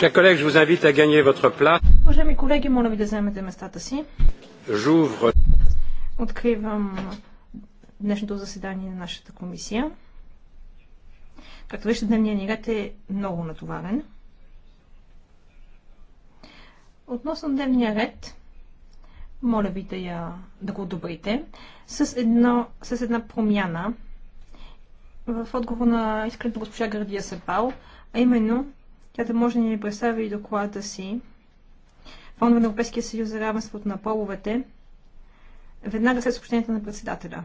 Chers collègues, je vous invite à gagner votre place. Уважаеми колеги, моля ви да вземете местата си. J'ouvre. Откривам днешното заседание на нашата комисия. Както вижте, дневният ни ред е много натоварен. Относно дневния ред, моля ви да, я, да го одобрите с, едно, с една промяна в отговор на искането госпожа Градия Сепал, а именно тя да може да ни представи и доклада си. Фондове на Европейския съюз за равенството на половете, веднага след съобщението на председателя.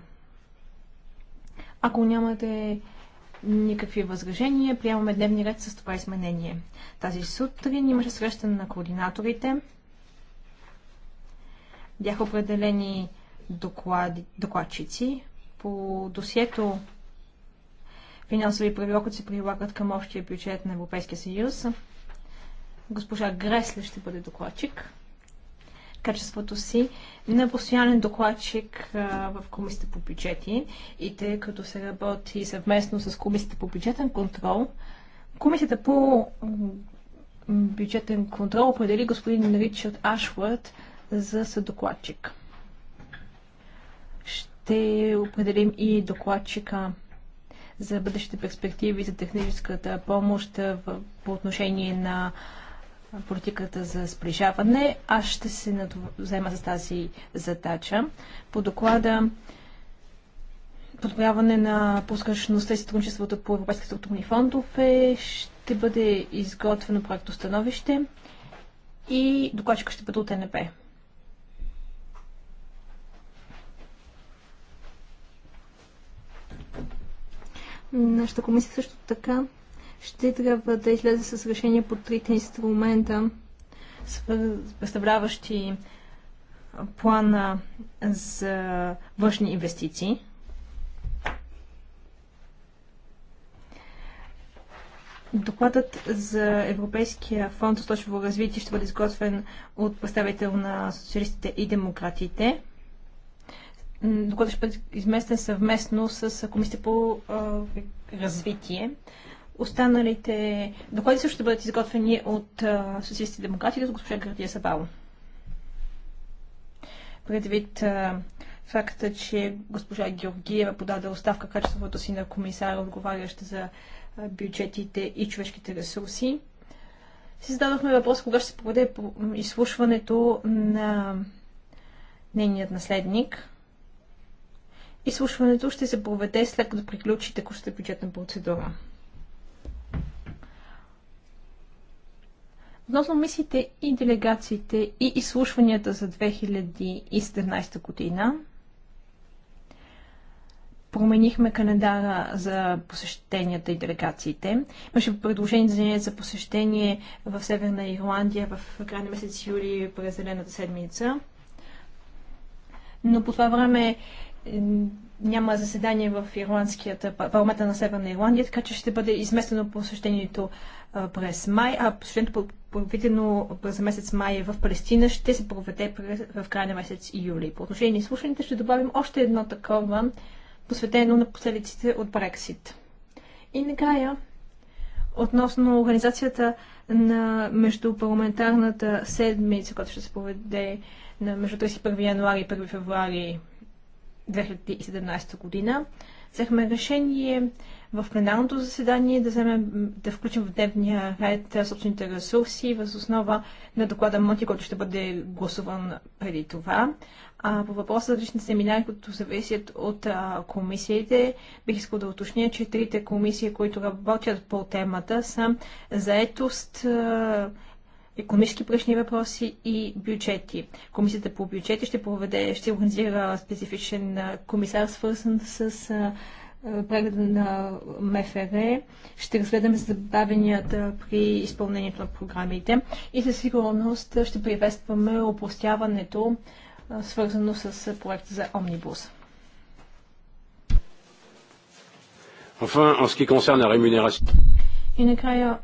Ако нямате никакви възражения, приемаме дневни ред с това изменение. Тази сутрин имаше среща на координаторите. Бяха определени доклади, докладчици по досието финансови правила, които се прилагат към общия бюджет на Европейския съюз. Госпожа Гресле ще бъде докладчик. Качеството си на постоянен докладчик в Комисията по бюджети и тъй като се работи съвместно с Комисията по бюджетен контрол, Комисията по бюджетен контрол определи господин Ричард Ашвард за съдокладчик. Ще определим и докладчика за бъдещите перспективи за техническата помощ по отношение на политиката за сближаване. Аз ще се взема с тази задача. По доклада подобряване на пускащността и сътрудничеството по европейските структурни фондове ще бъде изготвено проектостановище и докладчика ще бъде от НП. Нашата комисия също така ще трябва да излезе с решение по трите инструмента, представляващи плана за външни инвестиции. Докладът за Европейския фонд за устойчиво развитие ще бъде изготвен от представител на социалистите и демократите докато ще бъде изместен съвместно с Комисията по развитие. Останалите доклади също ще бъдат изготвени от социалисти демократи от госпожа Гардия Сабало. Предвид факта, че госпожа Георгиева подаде оставка качеството си на комисар, отговарящ за бюджетите и човешките ресурси, си зададохме въпрос кога ще се проведе изслушването на нейният наследник. Изслушването ще се проведе след като приключи текущата бюджетна процедура. Относно мисиите и делегациите и изслушванията за 2017 година, променихме календара за посещенията и делегациите. Имаше предложение за посещение в Северна Ирландия в края на месец юли през Зелената седмица. Но по това време няма заседание в Ирландската парламента на Северна Ирландия, така че ще бъде изместено посещението през май, а посещението проведено през месец май е в Палестина ще се проведе в края на месец юли. По отношение на изслушаните ще добавим още едно такова, посветено на последиците от Брексит. И накрая, относно организацията на междупарламентарната седмица, която ще се проведе на между 31 януари и 1 февруари 2017 година. Взехме решение в пленарното заседание да, вземем, да включим в дневния ред собствените ресурси въз основа на доклада Монти, който ще бъде гласуван преди това. А по въпроса за различни семинари, които зависят от а, комисиите, бих искал да уточня, че трите комисии, които работят по темата са заетост, а, економически прешни въпроси и бюджети. Комисията по бюджети ще проведе, ще организира специфичен комисар, свързан с прегледа на МФР, ще разгледаме забавенията при изпълнението на програмите и със сигурност ще приветстваме опростяването, свързано с проекта за Омнибус. Enfin, en ce qui concerne la rémunération. И накрая,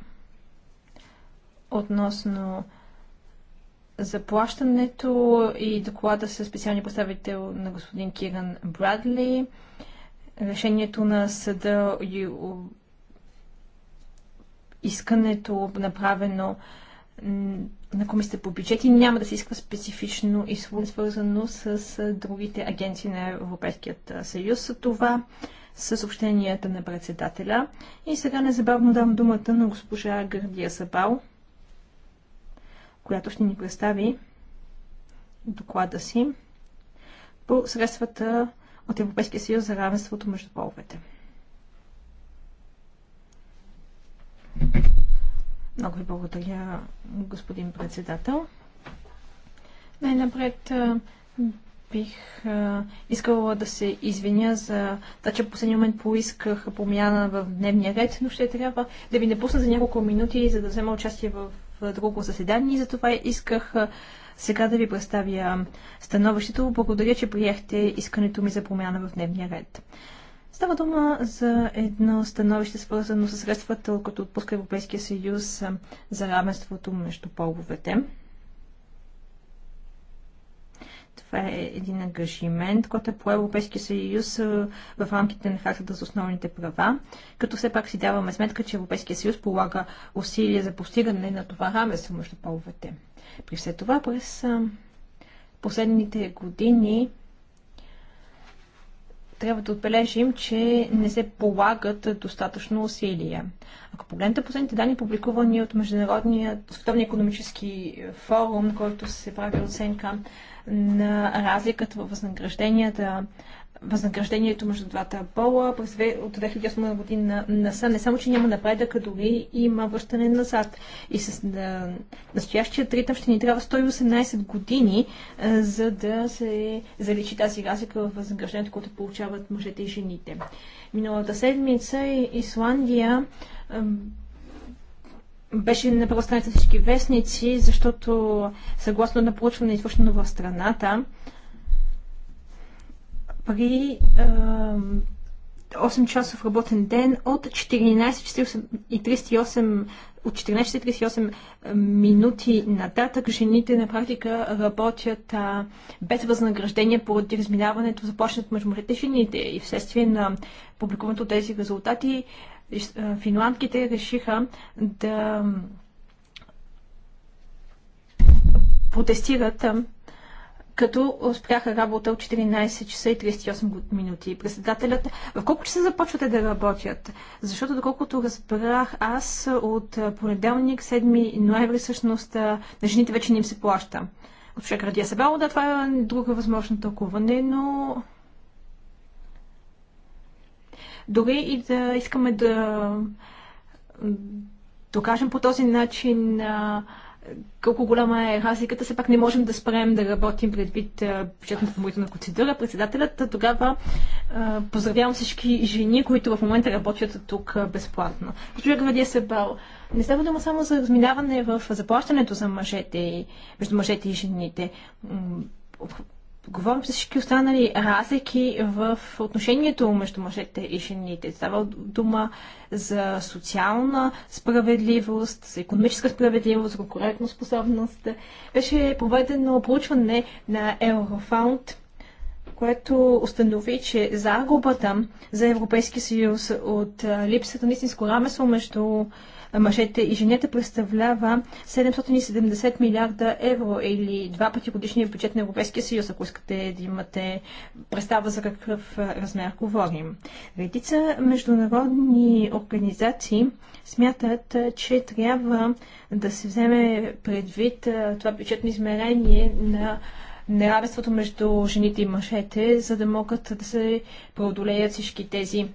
относно заплащането и доклада с специалния представител на господин Киран Брадли, решението на съда и искането направено на комисията по бюджети няма да се иска специфично и свързано с другите агенции на Европейският съюз. Това са съобщенията на председателя. И сега незабавно дам думата на госпожа Гърдия Сабал, която ще ни представи доклада си по средствата от Европейския съюз за равенството между половете. Много ви благодаря, господин председател. Най-напред бих искала да се извиня за това, че в последния момент поисках промяна в дневния ред, но ще трябва да ви не пусна за няколко минути, за да взема участие в друго заседание и затова исках сега да ви представя становището. Благодаря, че приехте искането ми за промяна в дневния ред. Става дума за едно становище, свързано с средствата, като отпуска Европейския съюз за равенството между половете. Това е един ангажимент, който е по Европейския съюз в рамките на хартата за основните права, като все пак си даваме сметка, че Европейския съюз полага усилия за постигане на това равенство между половете. При все това през последните години трябва да отбележим, че не се полагат достатъчно усилия. Ако погледнете последните данни, публикувани от Международния световния економически форум, който се прави оценка на разликата във възнагражденията възнаграждението между двата пола през от 2008 година наса, Не само, че няма напредък, а дори има връщане назад. И с да, настоящия ритъм ще ни трябва 118 години, а, за да се заличи тази разлика в възнаграждението, което получават мъжете и жените. Миналата седмица Исландия а, беше на първа страница всички вестници, защото съгласно на проучване, извършено в страната, при е, 8-часов работен ден от 14.38 от 14.38 минути нататък жените на практика работят а, без възнаграждение поради разминаването започнат между мъжете и жените. И вследствие на публикуването тези резултати, финландките решиха да протестират като спряха работа от 14 часа и 38 минути. Председателят, в колко часа започвате да работят? Защото, доколкото разбрах, аз от понеделник, 7 ноември, всъщност, на жените вече не им се плаща. От Шекрадия Сабало, да, това е друга възможно тълкуване, но дори и да искаме да докажем по този начин колко голяма е разликата, все пак не можем да спрем да работим предвид бюджетната помолителна процедура. Председателят тогава поздравявам всички жени, които в момента работят тук безплатно. Госпожа Гвадия Себал, не става дума само за разминаване в заплащането за мъжете, между мъжете и жените говорим за всички останали разлики в отношението между мъжете и жените. Става дума за социална справедливост, за економическа справедливост, за конкурентна способност. Беше проведено проучване на Еврофаунд, което установи, че загубата за Европейски съюз от липсата на истинско рамесло между мъжете и жените представлява 770 милиарда евро или два пъти годишния бюджет на Европейския съюз, ако искате да имате представа за какъв размер говорим. Редица международни организации смятат, че трябва да се вземе предвид това бюджетно измерение на неравенството между жените и мъжете, за да могат да се преодолеят всички тези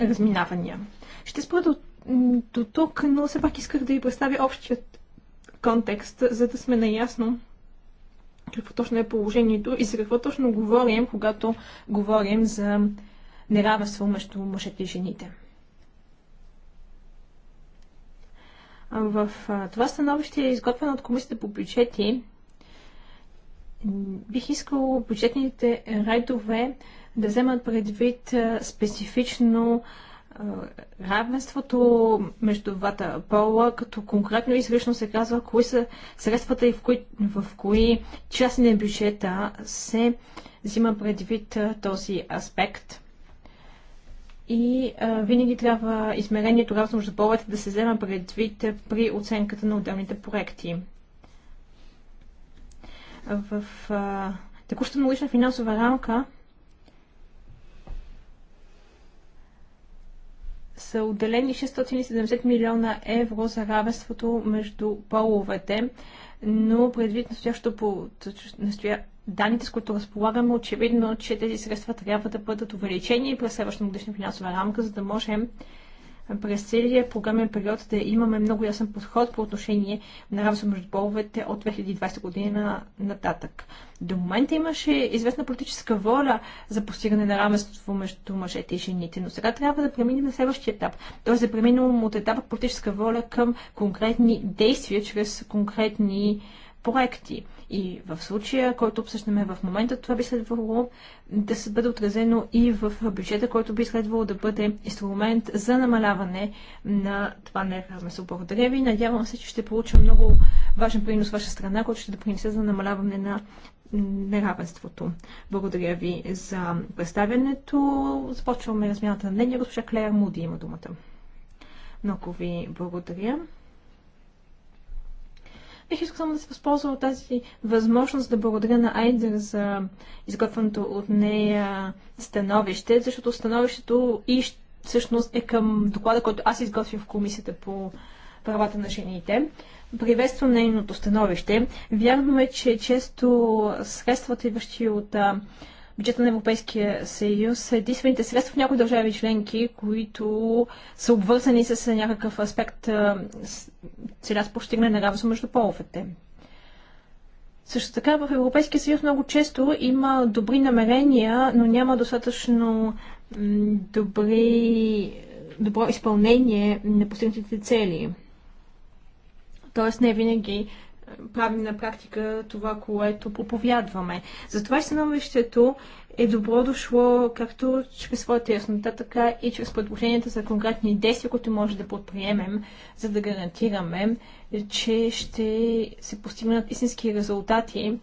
разминавания. Ще спра до до тук, но все пак исках да ви представя общият контекст, за да сме наясно какво точно е положението и за какво точно говорим, когато говорим за неравенство между мъжете и жените. В това становище, е изготвено от Комисията по бюджети, бих искал бюджетните райдове да вземат предвид специфично равенството между двата пола, като конкретно изрично се казва кои са средствата и в кои, в кои части на бюджета се взима предвид този аспект. И а, винаги трябва измерението равно между половете да се взема предвид при оценката на отделните проекти. В а, текущата налична финансова рамка са отделени 670 милиона евро за равенството между половете, но предвид настоящото по настоя... данните, с които разполагаме, очевидно, че тези средства трябва да бъдат увеличени през следващата годишна финансова рамка, за да можем през целия програмен период да имаме много ясен подход по отношение на равенство между половете от 2020 година нататък. До момента имаше известна политическа воля за постигане на равенство между мъжете и жените, но сега трябва да преминем на следващия етап. Тоест да преминем от етапа политическа воля към конкретни действия чрез конкретни проекти. И в случая, който обсъждаме в момента, това би следвало да се бъде отразено и в бюджета, който би следвало да бъде инструмент за намаляване на това неравенство. Благодаря ви. Надявам се, че ще получа много важен принос ваша страна, който ще допринесе за намаляване на неравенството. Благодаря ви за представянето. Започваме размяната на мнение. Госпожа Клея Муди има думата. Много ви благодаря. Бих искал само да се възползвам от тази възможност да благодаря на Айдер за изготвеното от нея становище, защото становището и всъщност е към доклада, който аз изготвих в комисията по правата на жените. Приветствам нейното становище. Вярно е, че често средствата, идващи от бюджета на Европейския съюз са единствените средства в някои държави членки, които са обвързани с някакъв аспект целя с постигане на равенство между половете. Също така в Европейския съюз много често има добри намерения, но няма достатъчно добри, добро изпълнение на постигнатите цели. Тоест не винаги правим на практика това, което проповядваме. Затова становището е добро дошло както чрез своята яснота, така и чрез предложенията за конкретни действия, които може да подприемем, за да гарантираме, че ще се постигнат истински резултати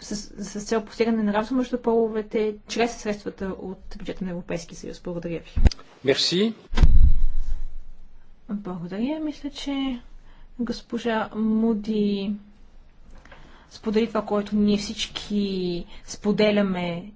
с, с цел постигане на равно между половете чрез средствата от бюджета на Европейския съюз. Благодаря ви. Мерси. Благодаря. Мисля, че Госпожа Муди сподели това, което ние всички споделяме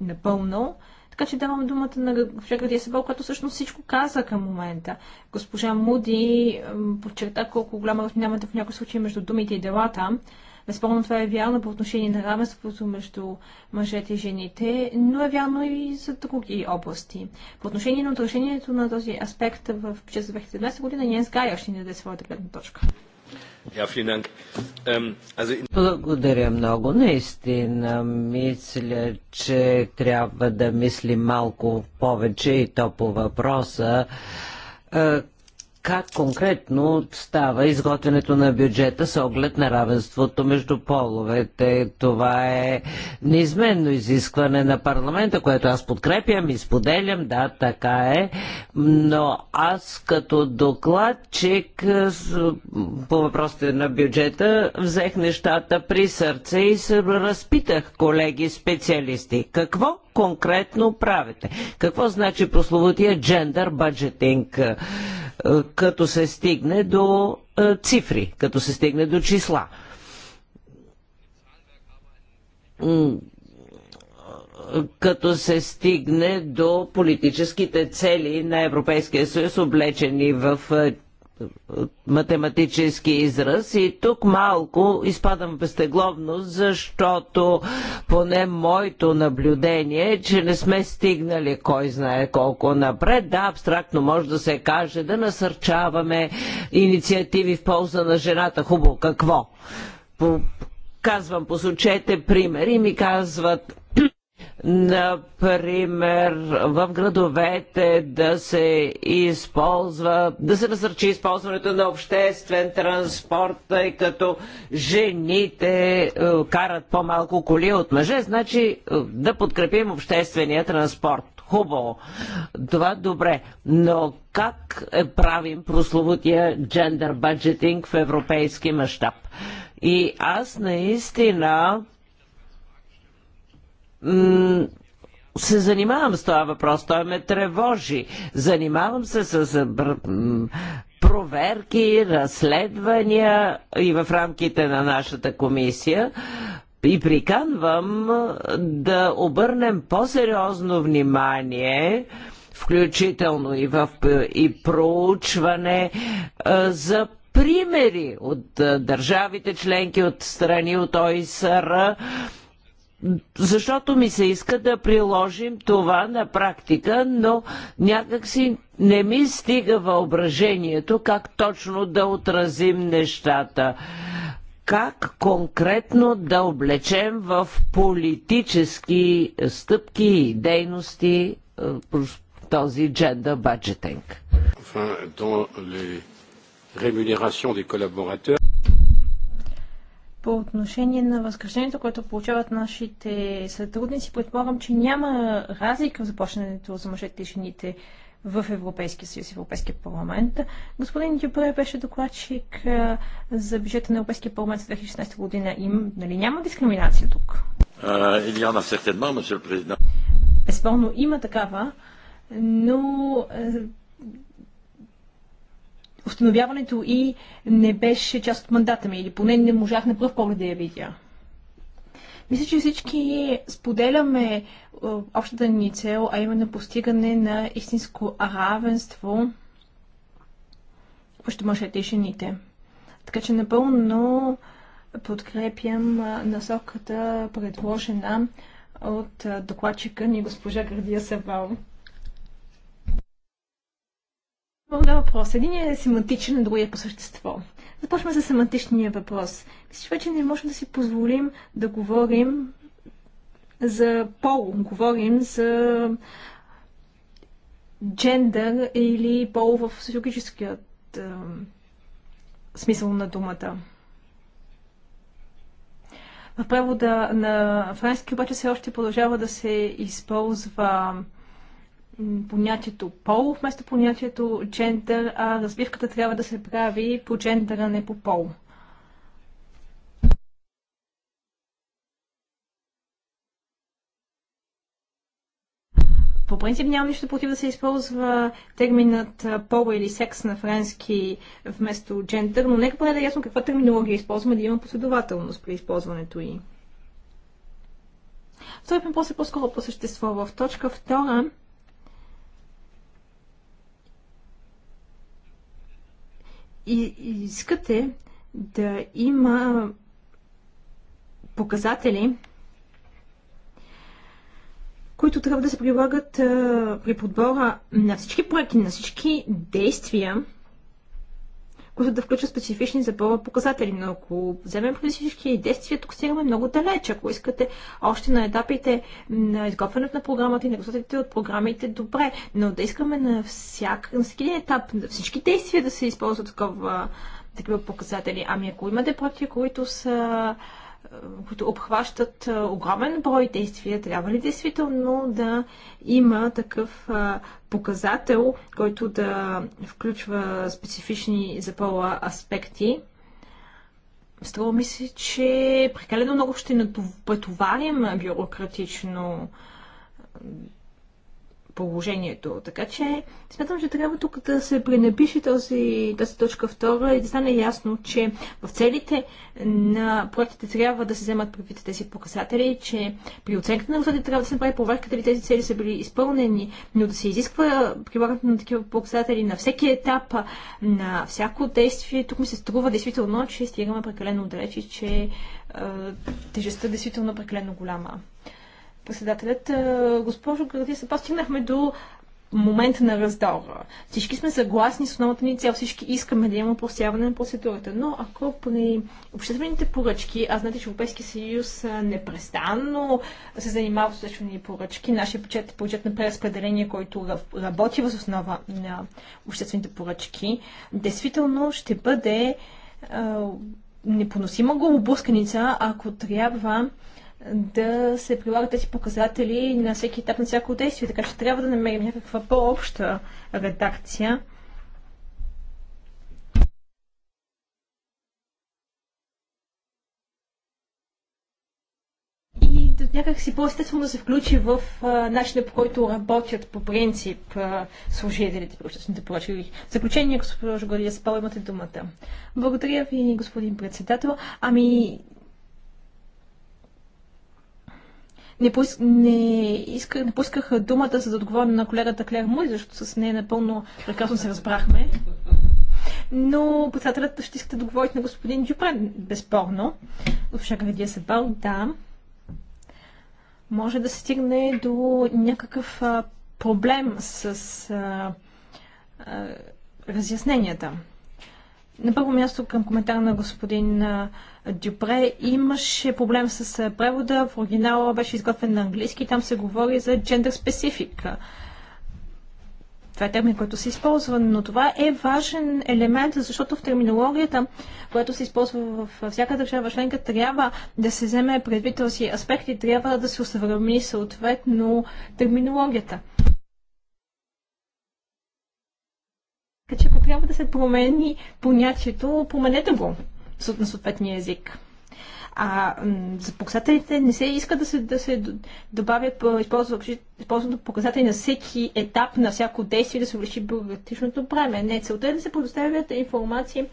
напълно. Така че давам думата на госпожа Градия Сабал, която всъщност всичко каза към момента. Госпожа Муди подчерта колко голяма разминамата в някои случаи между думите и делата. Безспорно това е вярно по отношение на равенството между мъжете и жените, но е вярно и за други области. По отношение на отражението на този аспект в бюджет за 2017 година, Ниенс Гайер ще ни даде своята гледна точка. Ähm, Благодаря много. Наистина мисля, че трябва да мислим малко повече и то по въпроса как конкретно става изготвянето на бюджета с оглед на равенството между половете. Това е неизменно изискване на парламента, което аз подкрепям и споделям, да, така е, но аз като докладчик е, по въпросите на бюджета взех нещата при сърце и се разпитах колеги специалисти. Какво конкретно правите? Какво значи прословутия джендър баджетинг, като се стигне до е, цифри, като се стигне до числа? като се стигне до политическите цели на Европейския съюз, облечени в е, математически израз и тук малко изпадам в безтегловност, защото поне моето наблюдение е, че не сме стигнали кой знае колко напред. Да, абстрактно може да се каже да насърчаваме инициативи в полза на жената. Хубаво, какво? По, казвам, посочете пример и ми казват Например, в градовете да се използва, да се насърчи използването на обществен транспорт, тъй като жените е, карат по-малко коли от мъже, значи е, да подкрепим обществения транспорт. Хубаво. Това добре. Но как е, правим прословутия джендър баджетинг в европейски мащаб? И аз наистина се занимавам с това въпрос, той ме тревожи. Занимавам се с проверки, разследвания и в рамките на нашата комисия и приканвам да обърнем по-сериозно внимание включително и в и проучване е, за примери от е, държавите членки, от страни от ОИСР, защото ми се иска да приложим това на практика, но някакси не ми стига въображението как точно да отразим нещата. Как конкретно да облечем в политически стъпки и дейности е, този gender budgeting? Enfin, dans les rémunérations des collaborateurs, по отношение на възкрешението, което получават нашите сътрудници, предполагам, че няма разлика в започването за мъжете и жените в Европейския съюз и Европейския парламент. Господин Дюпре беше докладчик за бюджета на Европейския парламент за 2016 година. И, нали, няма дискриминация тук? Илиана, президент. Безспорно има такава, но установяването и не беше част от мандата ми, или поне не можах на пръв поглед да я видя. Мисля, че всички споделяме е, общата ни цел, а именно постигане на истинско равенство, ще мъжете и жените. Така че напълно подкрепям е, насоката, предложена от е, докладчика ни госпожа Градия Савал два въпрос. Един е семантичен, другия е по същество. Започваме с семантичния въпрос. Мисля, че не можем да си позволим да говорим за пол, говорим за джендър или пол в социологическият е, смисъл на думата. В превода на френски обаче все още продължава да се използва понятието пол вместо понятието джендър, а разбивката трябва да се прави по джендъра, не по пол. По принцип нямам нищо против да се използва терминът пол или секс на френски вместо джендър, но нека поне да е ясно каква терминология използваме, да има последователност при използването й. Втори въпрос е по-скоро по същество. В точка втора и искате да има показатели, които трябва да се прилагат при подбора на всички проекти, на всички действия, които да включат специфични за пола показатели. Но ако вземем преди всички действия, тук стигаме много далеч. Ако искате още на етапите на изготвянето на програмата и на резултатите от програмите, добре. Но да искаме на, всяк, на всеки един етап, на всички действия да се използват такова такива показатели. Ами ако имате проекти, които са е, които обхващат е, огромен брой действия, трябва ли действително да има такъв е, показател, който да включва специфични за пола аспекти? Струва ми се, че прекалено много ще претоварим бюрократично положението. Така че смятам, че трябва тук да се пренапише този, тази точка втора и да стане ясно, че в целите на проектите трябва да се вземат предвид тези показатели, че при оценката на резултатите трябва да се направи проверка дали тези цели са били изпълнени, но да се изисква прилагането на такива показатели на всеки етап, на всяко действие. Тук ми се струва действително, че стигаме прекалено далеч и че е, тежестта действително прекалено голяма. Председателят, е, госпожо Гради, се постигнахме до момент на раздора. Всички сме съгласни с основната ни цел, всички искаме да има просяване на процедурата, но ако поне обществените поръчки, а знаете, че Европейския съюз е, непрестанно се занимава с обществени поръчки, нашия бюджет, бюджет на преразпределение, който работи в основа на обществените поръчки, действително ще бъде е, непоносима голобусканица, ако трябва да се прилагат тези показатели на всеки етап на всяко действие, така че трябва да намерим някаква по-обща редакция. И някак си по-естествено да се включи в начина по който работят по принцип служителите по обществените поръчки. В заключение, госпожо Гория Спал, имате думата. Благодаря ви, господин председател. Ами, не, пус... не, иска... не пусках думата, за да отговоря на колегата Клер Мой, защото с нея напълно прекрасно се разбрахме. Но председателят ще искате да говорите на господин Дюпрен, безспорно. Госпожа Градия Бал, да. Може да стигне до някакъв проблем с а, а, разясненията. На първо място към коментар на господин Дюпре имаше проблем с превода. В оригинала беше изготвен на английски. Там се говори за gender specific. Това е термин, който се използва, но това е важен елемент, защото в терминологията, която се използва във всяка държава членка, трябва да се вземе предвид този аспект и трябва да се усъвремени съответно терминологията. Така че ако трябва да се промени понятието, променете го на съответния език. А за показателите не се иска да се, да се добавя използването показатели на всеки етап, на всяко действие, да се увеличи бюрократичното бреме. Не, целта е да се предоставят информации,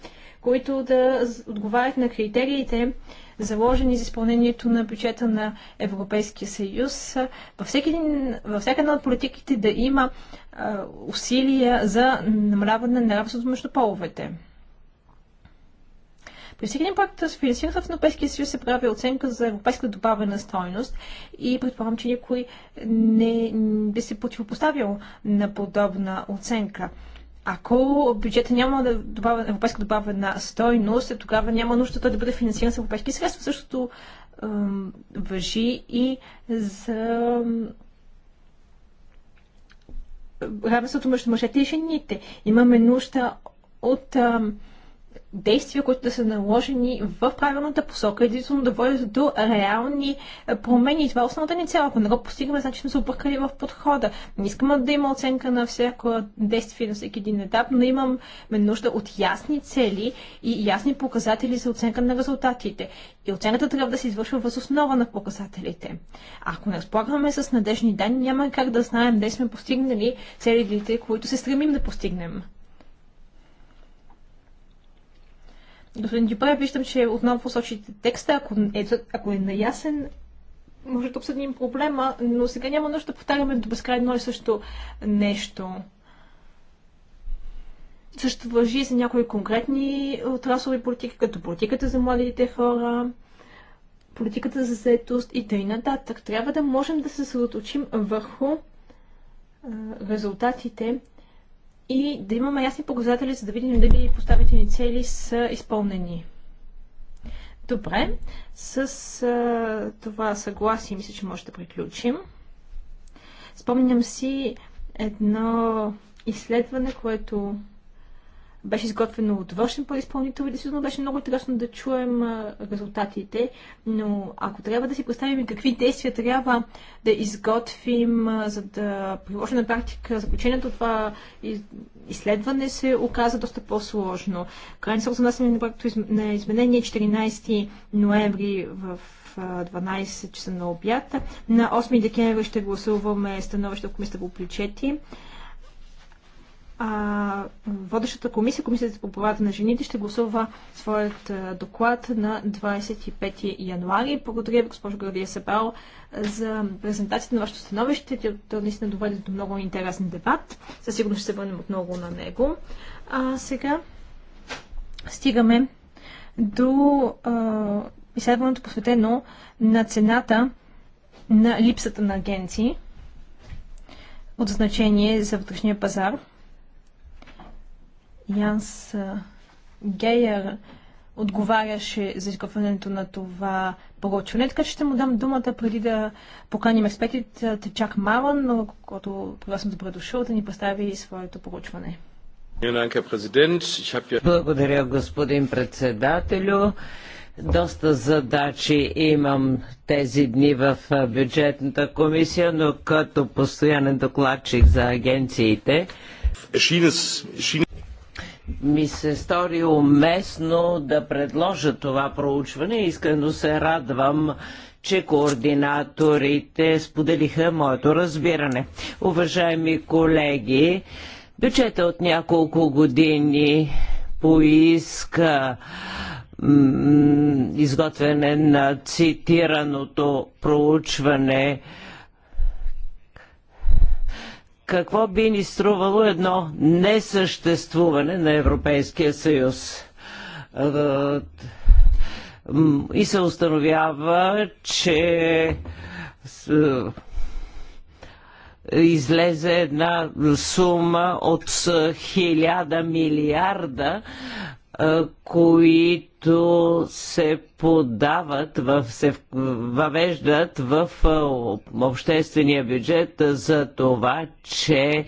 които да отговарят на критериите заложени за изпълнението на бюджета на Европейския съюз. Във, всеки, във всяка една от политиките да има а, усилия за намаляване на равенството между половете. При всеки един проект с финансирането в Европейския съюз се прави оценка за европейска добавена стойност и предполагам, че никой не би се противопоставил на подобна оценка. Ако бюджета няма да добавя, европейска добавена стойност, тогава няма нужда той да бъде финансиран с европейски средства. Същото ем, въжи и за равенството между мъжете и жените. Имаме нужда от действия, които да са наложени в правилната посока, единствено да водят до реални е, промени. Това е основната ни цел. Ако не го постигаме, значи сме се объркали в подхода. Не искам да има оценка на всяко действие, на всеки един етап, но имаме нужда от ясни цели и ясни показатели за оценка на резултатите. И оценката трябва да се извършва въз основа на показателите. Ако не разполагаме с надежни данни, няма как да знаем дали сме постигнали целите, които се стремим да постигнем. Господин Дюпре, виждам, че отново посочите текста. Ако е, ако е наясен, може да обсъдим проблема, но сега няма нужда да повтаряме до безкрайно и също нещо. Също въжи за някои конкретни отраслови политики, като политиката за младите хора, политиката за заетост и т.н. Трябва да можем да се съсредоточим върху резултатите и да имаме ясни показатели, за да видим дали поставите ни цели са изпълнени. Добре, с а, това съгласие мисля, че може да приключим. Спомням си едно изследване, което беше изготвено от външен подизпълнител и действително беше много интересно да чуем резултатите, но ако трябва да си представим какви действия трябва да изготвим, за да приложим на практика заключението това изследване, се оказа доста по-сложно. Крайна срок за нас е на изменение 14 е ноември в 12 часа на обяд. На 8 декември ще гласуваме становище в комисията го причети а, водещата комисия, комисията по правата на жените, ще гласува своят доклад на 25 януари. Благодаря ви, госпожо Градия Сабал, за презентацията на вашето становище. Тя наистина доведе до много интересен дебат. Със сигурност ще се върнем отново на него. А сега стигаме до а, изследването посветено на цената на липсата на агенции от значение за вътрешния пазар. Янс Гейер отговаряше за изготвянето на това поручване, така че ще му дам думата преди да поканим експертите Чак Малан, но когато прекрасно добре дошъл да ни представи своето поручване. Благодаря, господин председателю. Доста задачи имам тези дни в бюджетната комисия, но като постоянен докладчик за агенциите. Шинес, шин ми се стори уместно да предложа това проучване. Искрено се радвам, че координаторите споделиха моето разбиране. Уважаеми колеги, бюджета от няколко години поиска изготвяне на цитираното проучване какво би ни струвало едно несъществуване на Европейския съюз? И се установява, че излезе една сума от хиляда милиарда които се подават, в, се въвеждат в обществения бюджет за това, че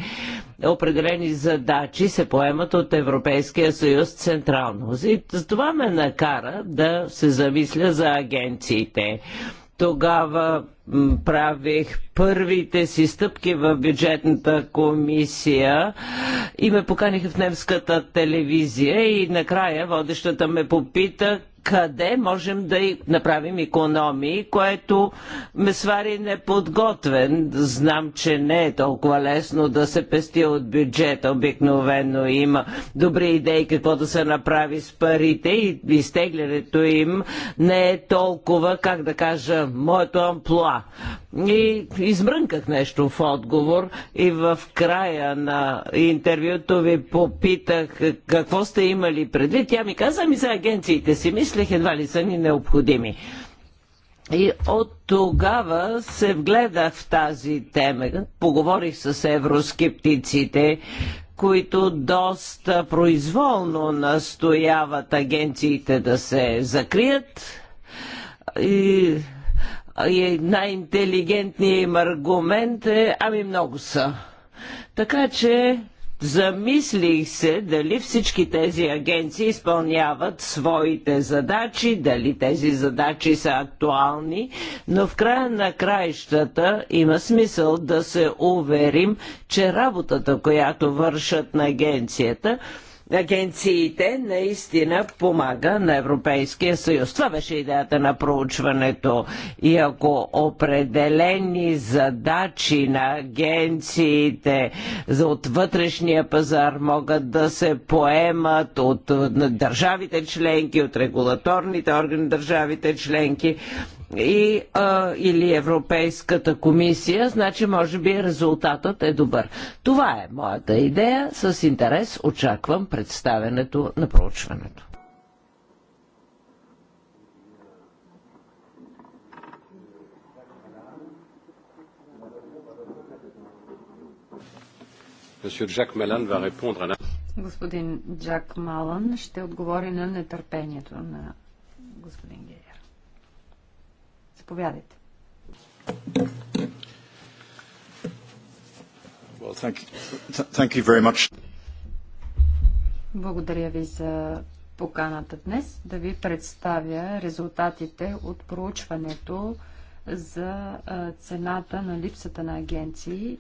определени задачи се поемат от Европейския съюз централно. И това ме накара да се замисля за агенциите. Тогава правих първите си стъпки в бюджетната комисия и ме поканиха в немската телевизия и накрая водещата ме попита къде можем да направим економии, което ме свари неподготвен. Знам, че не е толкова лесно да се пести от бюджета. Обикновено има добри идеи какво да се направи с парите и изтеглянето им не е толкова, как да кажа, моето амплуа. И измрънках нещо в отговор и в края на интервюто ви попитах какво сте имали предвид. Тя ми каза, ми за агенциите си мисля, мислех, едва ли са ни необходими. И от тогава се вгледах в тази тема, поговорих с евроскептиците, които доста произволно настояват агенциите да се закрият. И, и най-интелигентният им аргумент е, ами много са. Така че Замислих се дали всички тези агенции изпълняват своите задачи, дали тези задачи са актуални, но в края на краищата има смисъл да се уверим, че работата, която вършат на агенцията, агенциите наистина помага на Европейския съюз. Това беше идеята на проучването. И ако определени задачи на агенциите за от вътрешния пазар могат да се поемат от държавите членки, от регулаторните органи на държавите членки, и, а, или Европейската комисия, значи може би резултатът е добър. Това е моята идея. С интерес очаквам представенето на проучването. Господин Джак Малан ще отговори на нетърпението на господин Заповядайте. Well, thank you. Thank you very much. Благодаря ви за поканата днес да ви представя резултатите от проучването за цената на липсата на агенции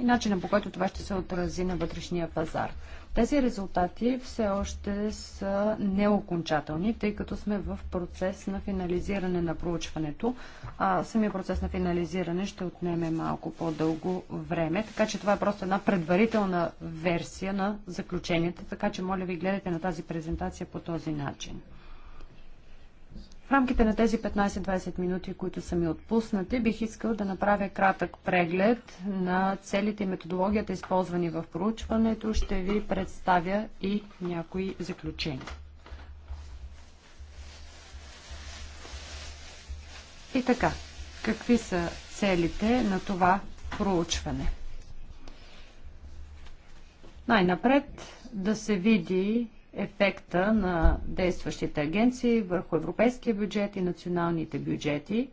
и начина по който това ще се отрази на вътрешния пазар. Тези резултати все още са неокончателни, тъй като сме в процес на финализиране на проучването. А, самия процес на финализиране ще отнеме малко по-дълго време, така че това е просто една предварителна версия на заключенията, така че моля ви гледайте на тази презентация по този начин. В рамките на тези 15-20 минути, които са ми отпуснати, бих искал да направя кратък преглед на целите и методологията, използвани в проучването. Ще ви представя и някои заключения. И така, какви са целите на това проучване? Най-напред да се види ефекта на действащите агенции върху европейския бюджет и националните бюджети,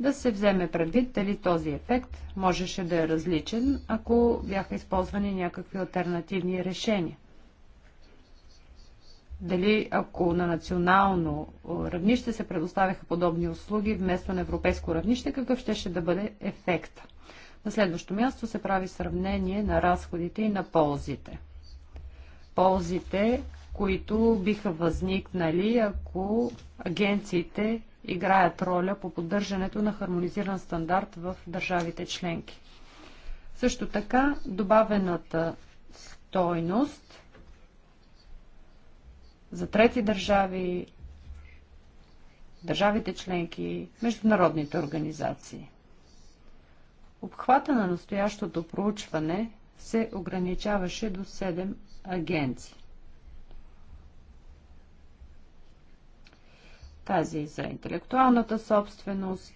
да се вземе предвид дали този ефект можеше да е различен, ако бяха използвани някакви альтернативни решения. Дали ако на национално равнище се предоставяха подобни услуги вместо на европейско равнище, какъв ще да бъде ефекта. На следващо място се прави сравнение на разходите и на ползите – ползите, които биха възникнали, ако агенциите играят роля по поддържането на хармонизиран стандарт в държавите членки. Също така, добавената стойност за трети държави, държавите членки, международните организации. Обхвата на настоящото проучване се ограничаваше до 7 агенции. Тази е за интелектуалната собственост,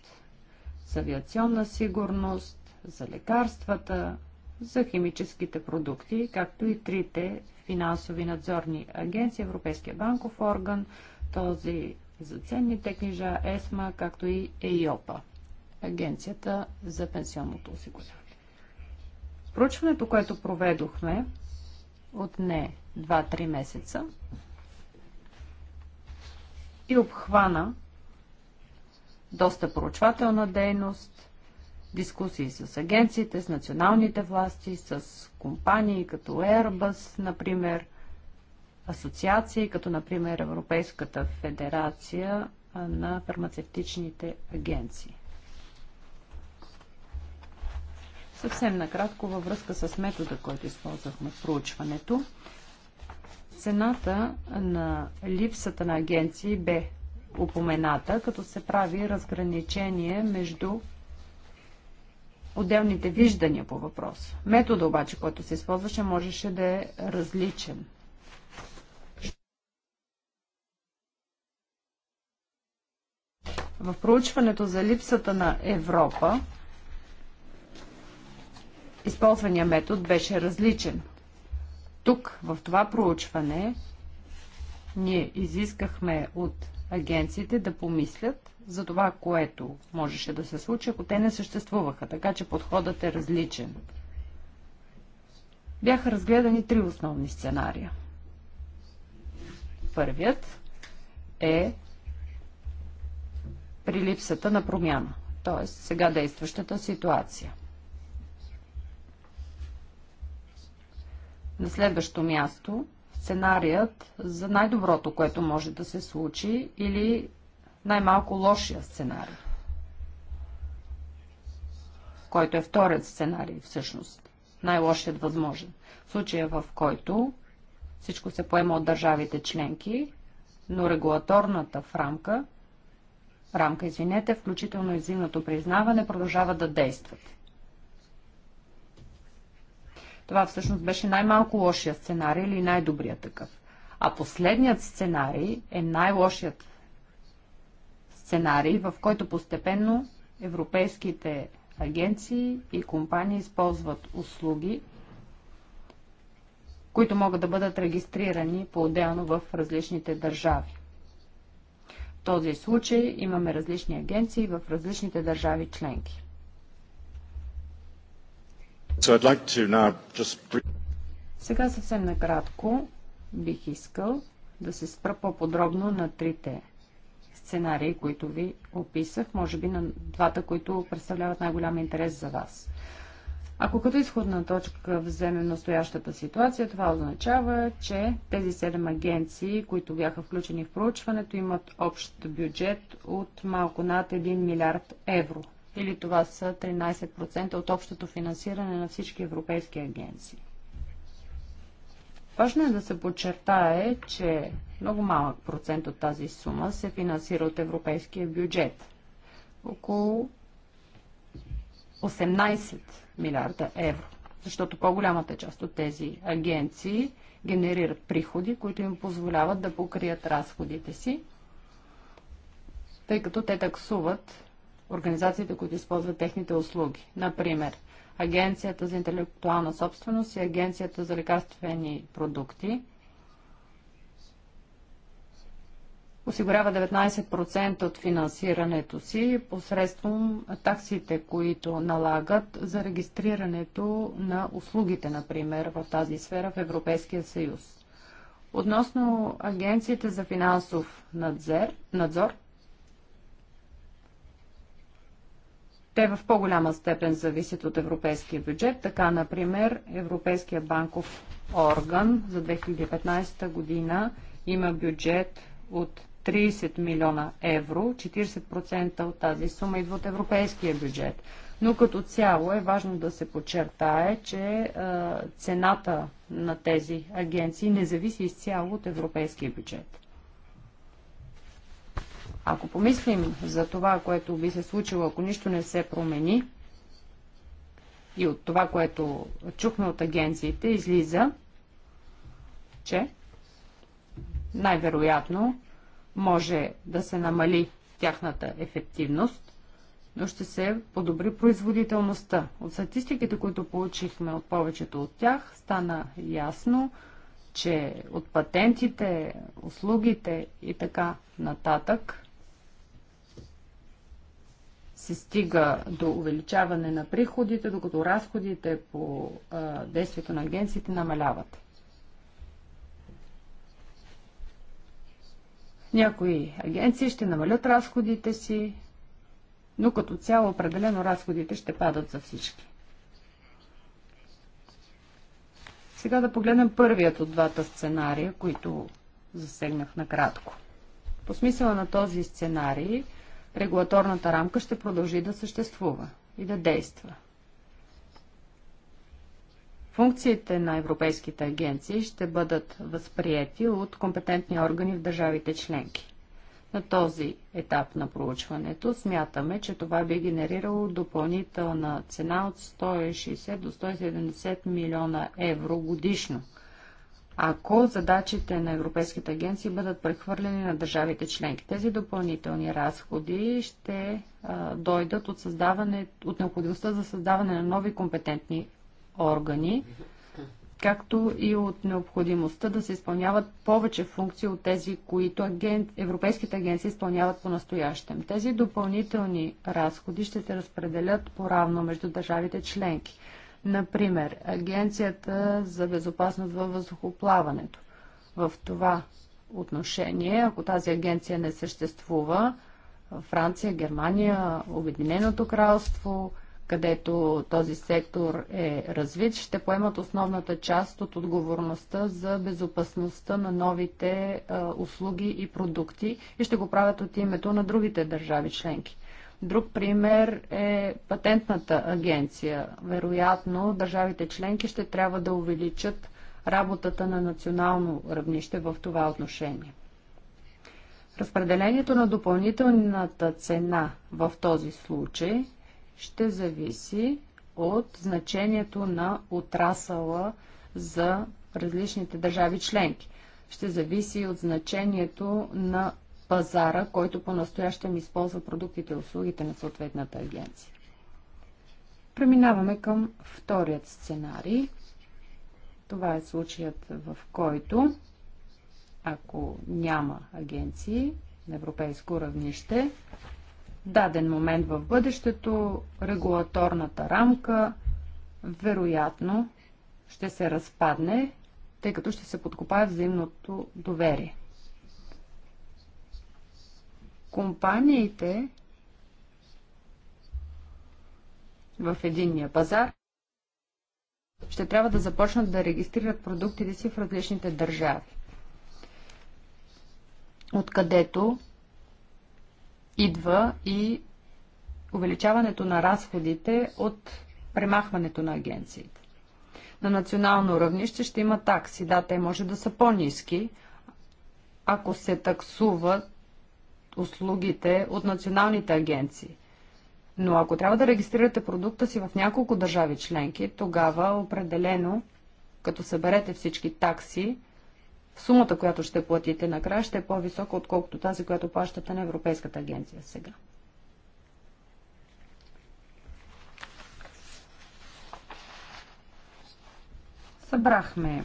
за авиационна сигурност, за лекарствата, за химическите продукти, както и трите финансови надзорни агенции, Европейския банков орган, този за ценните книжа, ЕСМА, както и ЕИОПА, Агенцията за пенсионното осигуряване. Проучването, което проведохме, отне 2-3 месеца и обхвана доста проучвателна дейност, дискусии с агенциите, с националните власти, с компании като Airbus, например, асоциации, като например Европейската федерация на фармацевтичните агенции. Съвсем накратко във връзка с метода, който използвахме в проучването. Цената на липсата на агенции бе упомената, като се прави разграничение между отделните виждания по въпрос. Метода обаче, който се използваше, можеше да е различен. В проучването за липсата на Европа използвания метод беше различен. Тук, в това проучване, ние изискахме от агенциите да помислят за това, което можеше да се случи, ако те не съществуваха. Така че подходът е различен. Бяха разгледани три основни сценария. Първият е при липсата на промяна, т.е. сега действащата ситуация – На следващо място, сценарият за най-доброто, което може да се случи или най-малко лошия сценарий, който е вторият сценарий всъщност, най-лошият възможен. В случая, в който всичко се поема от държавите членки, но регулаторната в рамка, рамка, извинете, включително и взаимното признаване, продължава да действат. Това всъщност беше най-малко лошия сценарий или най-добрият такъв. А последният сценарий е най-лошият сценарий, в който постепенно европейските агенции и компании използват услуги, които могат да бъдат регистрирани по-отделно в различните държави. В този случай имаме различни агенции в различните държави членки. Сега съвсем накратко бих искал да се спра по-подробно на трите сценарии, които ви описах, може би на двата, които представляват най-голям интерес за вас. Ако като изходна точка вземем настоящата ситуация, това означава, че тези седем агенции, които бяха включени в проучването, имат общ бюджет от малко над 1 милиард евро или това са 13% от общото финансиране на всички европейски агенции. Важно е да се подчертае, че много малък процент от тази сума се финансира от европейския бюджет. Около 18 милиарда евро. Защото по-голямата част от тези агенции генерират приходи, които им позволяват да покрият разходите си, тъй като те таксуват организациите, които използват техните услуги. Например, Агенцията за интелектуална собственост и Агенцията за лекарствени продукти осигурява 19% от финансирането си посредством таксите, които налагат за регистрирането на услугите, например, в тази сфера в Европейския съюз. Относно агенциите за финансов надзор, надзор Те в по-голяма степен зависят от европейския бюджет. Така, например, Европейския банков орган за 2015 година има бюджет от 30 милиона евро. 40% от тази сума идва от европейския бюджет. Но като цяло е важно да се подчертае, че цената на тези агенции не зависи изцяло от европейския бюджет. Ако помислим за това, което би се случило, ако нищо не се промени, и от това, което чухме от агенциите, излиза, че най-вероятно може да се намали тяхната ефективност, но ще се подобри производителността. От статистиките, които получихме от повечето от тях, стана ясно, че от патентите, услугите и така нататък се стига до увеличаване на приходите, докато разходите по действието на агенциите намаляват. Някои агенции ще намалят разходите си, но като цяло определено разходите ще падат за всички. Сега да погледнем първият от двата сценария, които засегнах накратко. По смисъла на този сценарий, регулаторната рамка ще продължи да съществува и да действа. Функциите на европейските агенции ще бъдат възприяти от компетентни органи в държавите членки. На този етап на проучването смятаме, че това би генерирало допълнителна цена от 160 до 170 милиона евро годишно – ако задачите на европейските агенции бъдат прехвърлени на държавите членки. Тези допълнителни разходи ще а, дойдат от, създаване, от необходимостта за създаване на нови компетентни органи, както и от необходимостта да се изпълняват повече функции от тези, които аген... европейските агенции изпълняват по-настоящем. Тези допълнителни разходи ще се разпределят по-равно между държавите членки. Например, Агенцията за безопасност във въздухоплаването. В това отношение, ако тази агенция не съществува, Франция, Германия, Обединеното кралство, където този сектор е развит, ще поемат основната част от отговорността за безопасността на новите а, услуги и продукти и ще го правят от името на другите държави членки. Друг пример е патентната агенция. Вероятно, държавите членки ще трябва да увеличат работата на национално равнище в това отношение. Разпределението на допълнителната цена в този случай ще зависи от значението на отрасъла за различните държави членки. Ще зависи от значението на пазара, който по-настоящем използва продуктите и услугите на съответната агенция. Преминаваме към вторият сценарий. Това е случаят, в който, ако няма агенции на европейско равнище, даден момент в бъдещето, регулаторната рамка вероятно ще се разпадне, тъй като ще се подкопае взаимното доверие компаниите в единния пазар ще трябва да започнат да регистрират продуктите си в различните държави, откъдето идва и увеличаването на разходите от премахването на агенциите. На национално равнище ще има такси. Да, те може да са по-низки, ако се таксуват услугите от националните агенции. Но ако трябва да регистрирате продукта си в няколко държави членки, тогава определено, като съберете всички такси, сумата, която ще платите накрая, ще е по-висока, отколкото тази, която плащате на Европейската агенция сега. Събрахме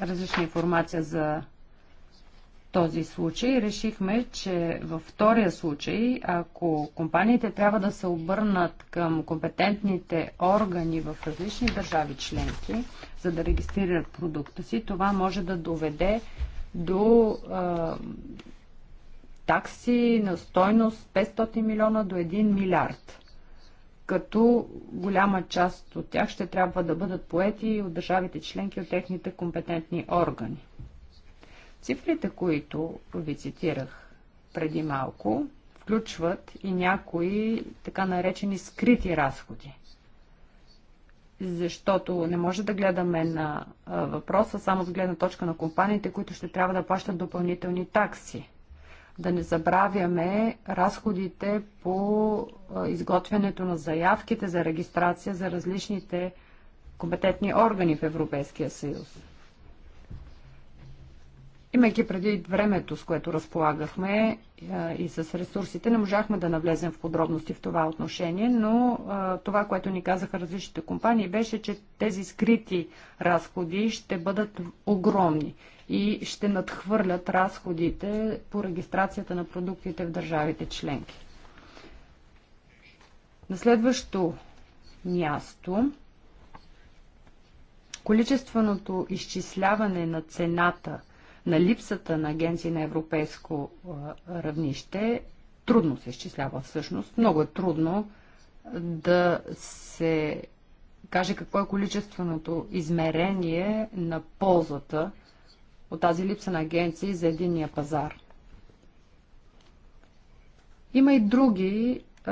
различна информация за този случай. Решихме, че във втория случай, ако компаниите трябва да се обърнат към компетентните органи в различни държави членки, за да регистрират продукта си, това може да доведе до а, такси на стойност 500 милиона до 1 милиард като голяма част от тях ще трябва да бъдат поети от държавите членки от техните компетентни органи. Цифрите, които ви цитирах преди малко, включват и някои така наречени скрити разходи. Защото не може да гледаме на въпроса само с гледна точка на компаниите, които ще трябва да плащат допълнителни такси. Да не забравяме разходите по изготвянето на заявките за регистрация за различните компетентни органи в Европейския съюз Имайки преди времето, с което разполагахме е, и с ресурсите, не можахме да навлезем в подробности в това отношение, но е, това, което ни казаха различните компании, беше, че тези скрити разходи ще бъдат огромни и ще надхвърлят разходите по регистрацията на продуктите в държавите членки. На следващо място количественото изчисляване на цената – на липсата на агенции на европейско равнище трудно се изчислява всъщност. Много е трудно да се каже какво е количественото измерение на ползата от тази липса на агенции за единния пазар. Има и други е,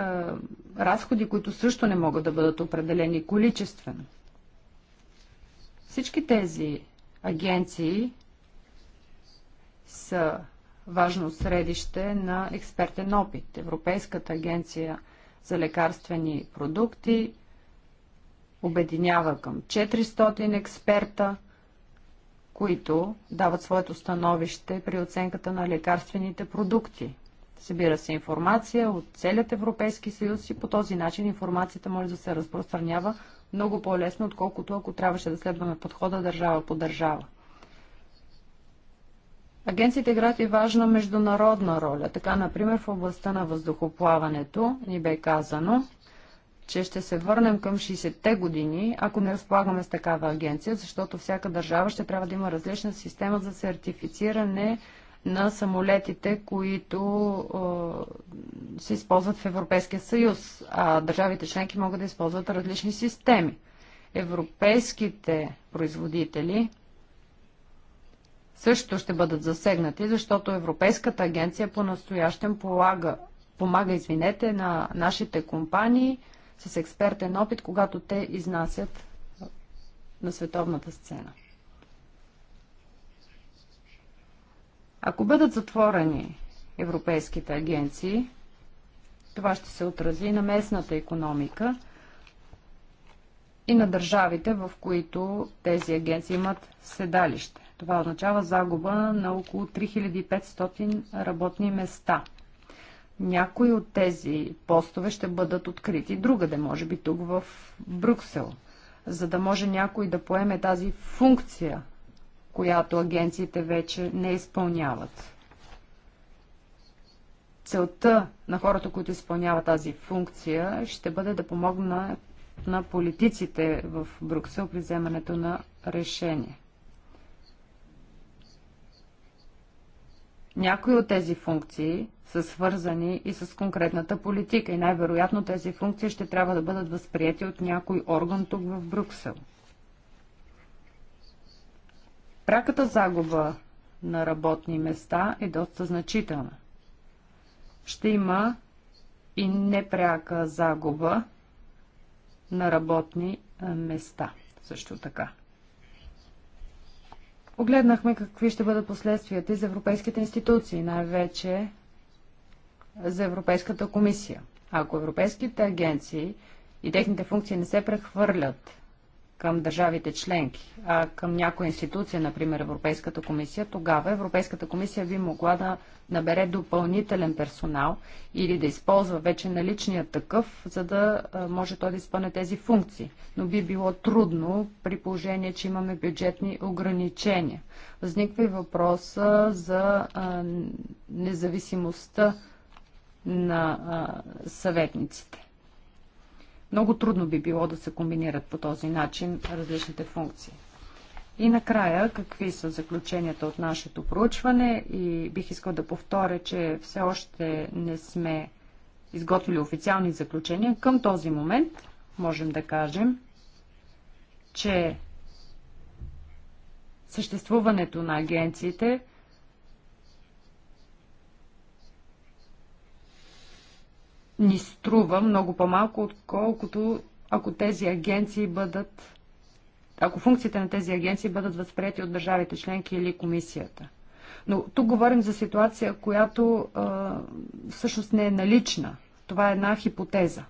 разходи, които също не могат да бъдат определени количествено. Всички тези агенции са важно средище на експертен опит. Европейската агенция за лекарствени продукти обединява към 400 експерта, които дават своето становище при оценката на лекарствените продукти. Събира се информация от целият Европейски съюз и по този начин информацията може да се разпространява много по-лесно, отколкото ако трябваше да следваме подхода държава по държава. Агенциите играят и важна международна роля. Така, например, в областта на въздухоплаването ни бе казано, че ще се върнем към 60-те години, ако не разполагаме с такава агенция, защото всяка държава ще трябва да има различна система за сертифициране на самолетите, които е, се използват в Европейския съюз, а държавите членки могат да използват различни системи. Европейските производители също ще бъдат засегнати, защото Европейската агенция по-настоящем полага, помага извинете, на нашите компании с експертен опит, когато те изнасят на световната сцена. Ако бъдат затворени европейските агенции, това ще се отрази на местната економика и на държавите, в които тези агенции имат седалище. Това означава загуба на около 3500 работни места. Някои от тези постове ще бъдат открити другаде, може би тук в Брюксел, за да може някой да поеме тази функция, която агенциите вече не изпълняват. Целта на хората, които изпълняват тази функция, ще бъде да помогна на политиците в Брюксел при вземането на решение. Някои от тези функции са свързани и с конкретната политика и най-вероятно тези функции ще трябва да бъдат възприяти от някой орган тук в Брюксел. Пряката загуба на работни места е доста значителна. Ще има и непряка загуба на работни места също така. Огледнахме какви ще бъдат последствията за европейските институции, най-вече за Европейската комисия. Ако европейските агенции и техните функции не се прехвърлят към държавите членки, а към някоя институция, например Европейската комисия, тогава Европейската комисия би могла да набере допълнителен персонал или да използва вече наличния такъв, за да може той да изпълне тези функции. Но би било трудно при положение, че имаме бюджетни ограничения. Възниква и въпроса за независимостта на съветниците. Много трудно би било да се комбинират по този начин различните функции. И накрая, какви са заключенията от нашето проучване и бих искал да повторя, че все още не сме изготвили официални заключения. Към този момент можем да кажем, че съществуването на агенциите ни струва много по-малко, отколкото ако тези агенции бъдат ако функциите на тези агенции бъдат възприяти от държавите членки или комисията. Но тук говорим за ситуация, която а, всъщност не е налична. Това е една хипотеза.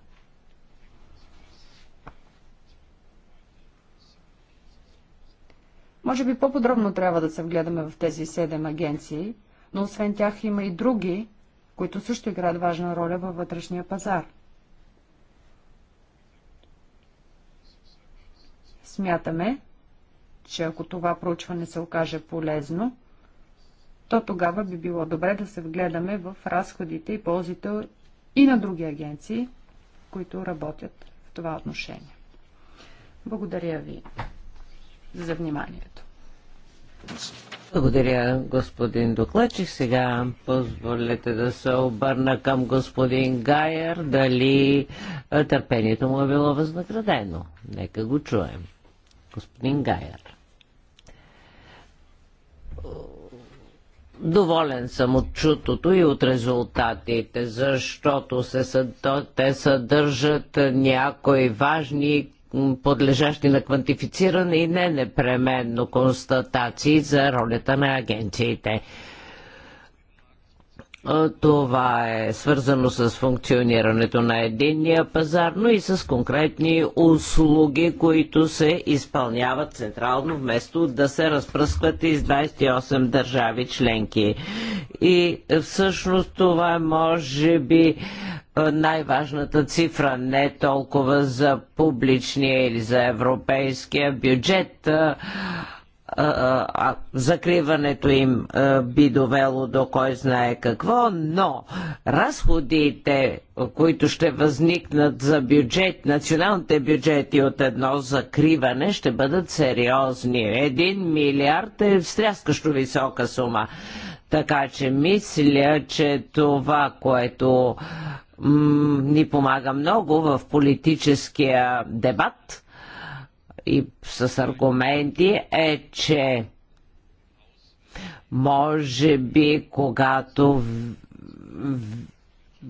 Може би по-подробно трябва да се вгледаме в тези седем агенции, но освен тях има и други, които също играят важна роля във вътрешния пазар. Смятаме, че ако това проучване се окаже полезно, то тогава би било добре да се вгледаме в разходите и ползите и на други агенции, които работят в това отношение. Благодаря ви за вниманието. Благодаря, господин докладчик. Сега позволете да се обърна към господин Гайер, дали търпението му е било възнаградено. Нека го чуем. Господин Гайер. Доволен съм от чутото и от резултатите, защото се, те съдържат някои важни подлежащи на квантифициране и не непременно констатации за ролята на агенциите. Това е свързано с функционирането на единния пазар, но и с конкретни услуги, които се изпълняват централно, вместо да се разпръскват из 28 държави членки. И всъщност това може би най-важната цифра, не толкова за публичния или за европейския бюджет. Закриването им би довело до кой знае какво, но разходите, които ще възникнат за бюджет, националните бюджети от едно закриване ще бъдат сериозни. Един милиард е стряскащо висока сума. Така че мисля, че това, което ни помага много в политическия дебат и с аргументи е, че може би когато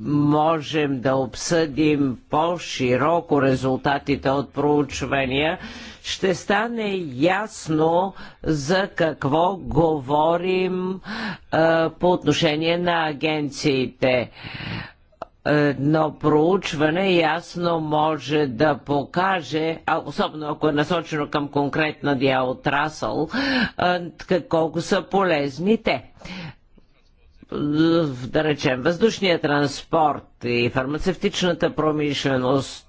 можем да обсъдим по-широко резултатите от проучвания, ще стане ясно за какво говорим е, по отношение на агенциите едно проучване ясно може да покаже, особено ако е насочено към конкретна диаотрасъл, колко са полезни те да речем, въздушния транспорт и фармацевтичната промишленост,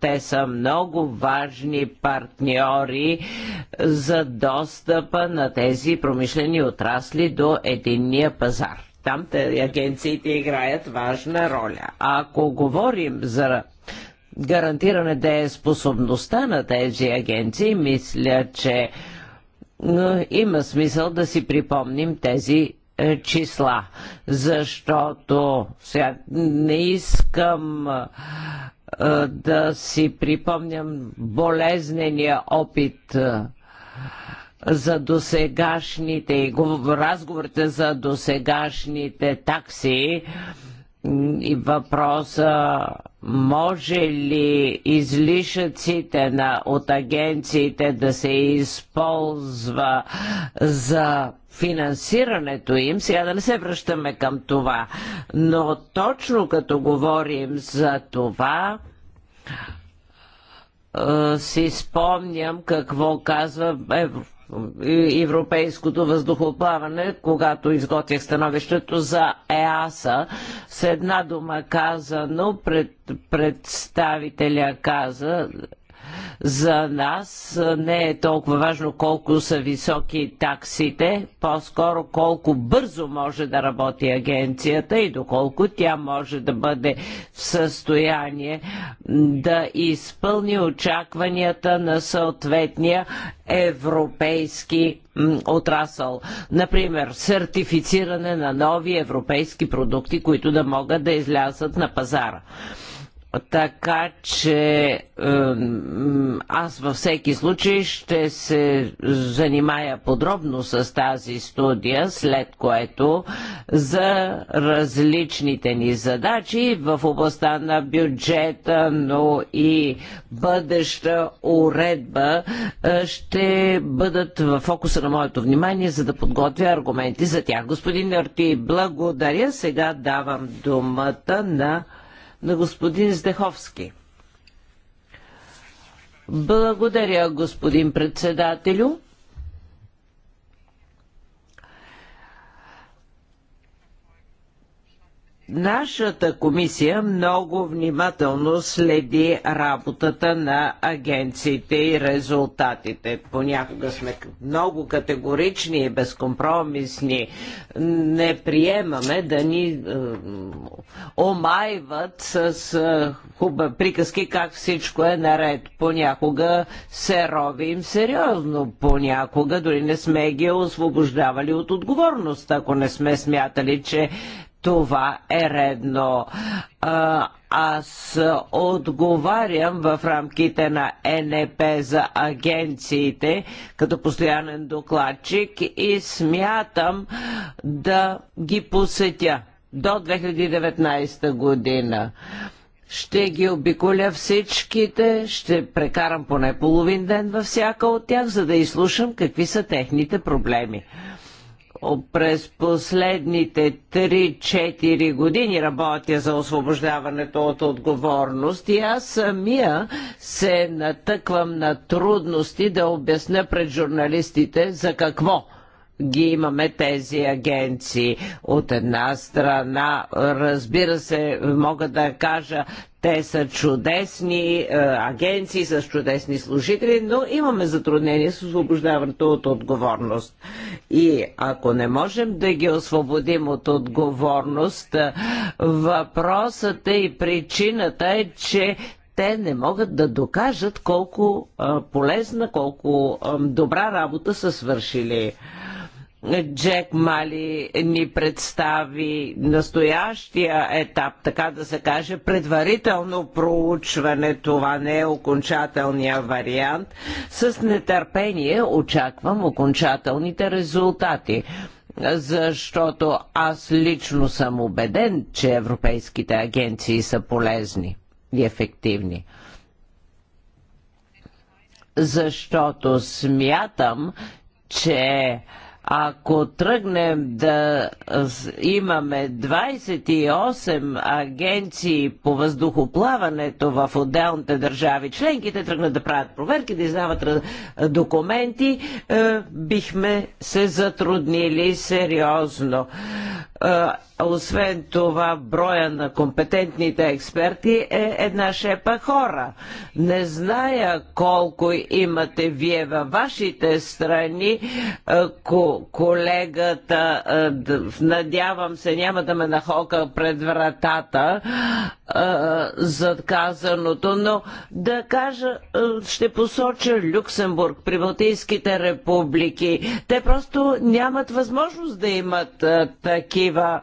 те са много важни партньори за достъпа на тези промишлени отрасли до единния пазар. Там агенциите играят важна роля. Ако говорим за гарантиране способността на тези агенции, мисля, че има смисъл да си припомним тези е, числа, защото сега не искам е, да си припомням болезнения опит е, за досегашните и разговорите за досегашните такси и въпроса може ли излишъците на, от агенциите да се използва за финансирането им. Сега да не се връщаме към това, но точно като говорим за това, е, си спомням какво казва европейското въздухоплаване, когато изготвях становището за ЕАСА. С една дума казано, пред, представителя каза, за нас не е толкова важно колко са високи таксите, по-скоро колко бързо може да работи агенцията и доколко тя може да бъде в състояние да изпълни очакванията на съответния европейски отрасъл. Например, сертифициране на нови европейски продукти, които да могат да излязат на пазара. Така че е, аз във всеки случай ще се занимая подробно с тази студия, след което за различните ни задачи в областта на бюджета, но и бъдеща уредба е, ще бъдат в фокуса на моето внимание, за да подготвя аргументи за тях. Господин Арти, благодаря. Сега давам думата на на господин Здеховски. Благодаря, господин председателю. Нашата комисия много внимателно следи работата на агенциите и резултатите. Понякога сме много категорични и безкомпромисни. Не приемаме да ни е, омайват с е, хуба приказки как всичко е наред. Понякога се ровим сериозно. Понякога дори не сме ги освобождавали от отговорност, ако не сме смятали, че това е редно. А, аз отговарям в рамките на НП за агенциите като постоянен докладчик и смятам да ги посетя до 2019 година. Ще ги обиколя всичките, ще прекарам поне половин ден във всяка от тях, за да изслушам какви са техните проблеми през последните 3-4 години работя за освобождаването от отговорност и аз самия се натъквам на трудности да обясня пред журналистите за какво ги имаме тези агенции. От една страна, разбира се, мога да кажа, те са чудесни е, агенции с чудесни служители, но имаме затруднение с освобождаването от отговорност. И ако не можем да ги освободим от отговорност, е, въпросът е и причината е, че те не могат да докажат колко е, полезна, колко добра работа са свършили. Джек Мали ни представи настоящия етап, така да се каже, предварително проучване. Това не е окончателния вариант. С нетърпение очаквам окончателните резултати защото аз лично съм убеден, че европейските агенции са полезни и ефективни. Защото смятам, че ако тръгнем да имаме 28 агенции по въздухоплаването в отделните държави, членките тръгнат да правят проверки, да издават документи, е, бихме се затруднили сериозно е, освен това, броя на компетентните експерти е една шепа хора. Не зная колко имате вие във вашите страни. Е, колегата, е, надявам се, няма да ме нахока пред вратата е, за казаното, но да кажа, ще посоча Люксембург, Прибалтийските републики. Те просто нямат възможност да имат такива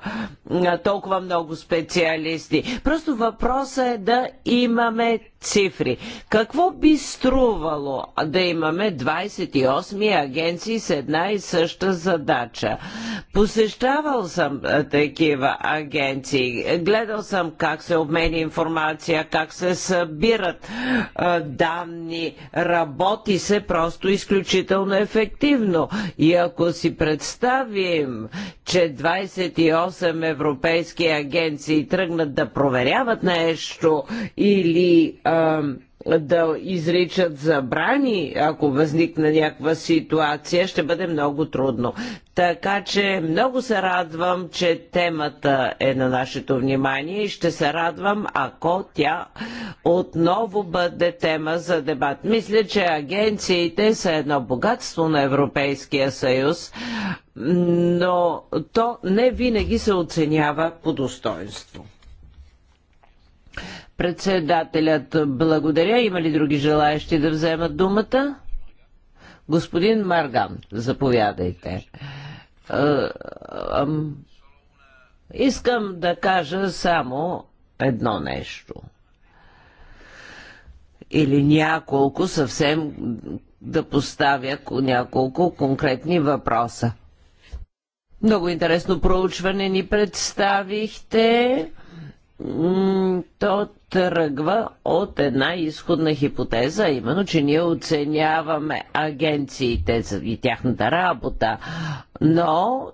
толкова много специалисти. Просто въпросът е да имаме цифри. Какво би струвало да имаме 28 агенции с една и съща задача? Посещавал съм такива агенции, гледал съм как се обменя информация, как се събират данни, работи се просто изключително ефективно. И ако си представим, че 28 европейски агенции тръгнат да проверяват нещо или да изричат забрани, ако възникне някаква ситуация, ще бъде много трудно. Така че много се радвам, че темата е на нашето внимание и ще се радвам, ако тя отново бъде тема за дебат. Мисля, че агенциите са едно богатство на Европейския съюз, но то не винаги се оценява по достоинство. Председателят благодаря. Има ли други желаящи да вземат думата? Господин Марган, заповядайте. Е, искам да кажа само едно нещо. Или няколко съвсем да поставя няколко конкретни въпроса. Много интересно проучване ни представихте то тръгва от една изходна хипотеза, именно, че ние оценяваме агенциите и тяхната работа, но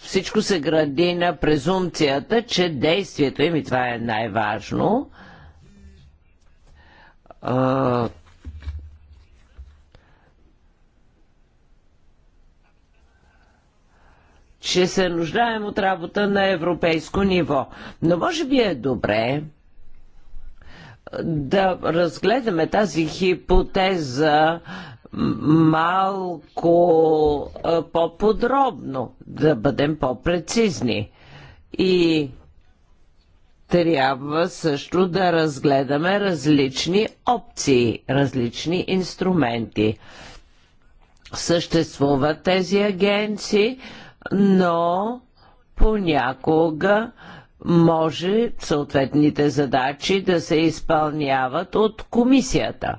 всичко се гради на презумцията, че действието им, и това е най-важно, че се нуждаем от работа на европейско ниво. Но може би е добре да разгледаме тази хипотеза малко по-подробно, да бъдем по-прецизни. И трябва също да разгледаме различни опции, различни инструменти. Съществуват тези агенции, но понякога може съответните задачи да се изпълняват от комисията.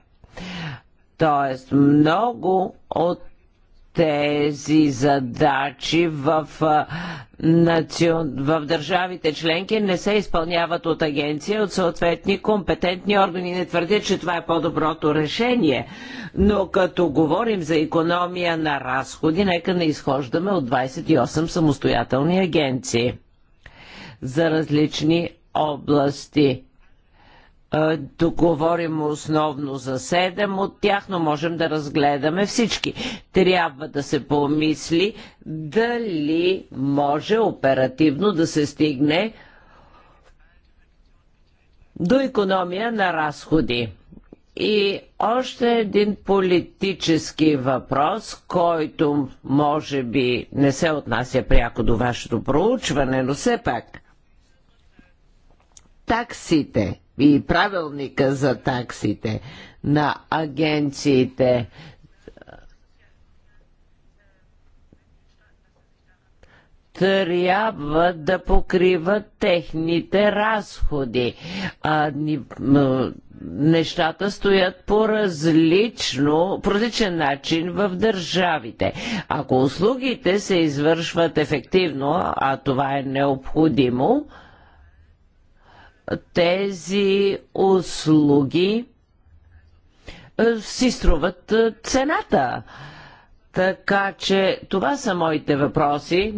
Тоест много от тези задачи в, национ... в държавите членки не се изпълняват от агенция, от съответни компетентни органи. Не твърдя, че това е по-доброто решение, но като говорим за економия на разходи, нека не изхождаме от 28 самостоятелни агенции за различни области е, говорим основно за седем от тях, но можем да разгледаме всички. Трябва да се помисли дали може оперативно да се стигне до економия на разходи. И още един политически въпрос, който може би не се отнася пряко до вашето проучване, но все пак. Таксите и правилника за таксите на агенциите. трябва да покриват техните разходи. А, ни, нещата стоят по различно, по различен начин в държавите. Ако услугите се извършват ефективно, а това е необходимо, тези услуги е, си струват е, цената. Така че това са моите въпроси.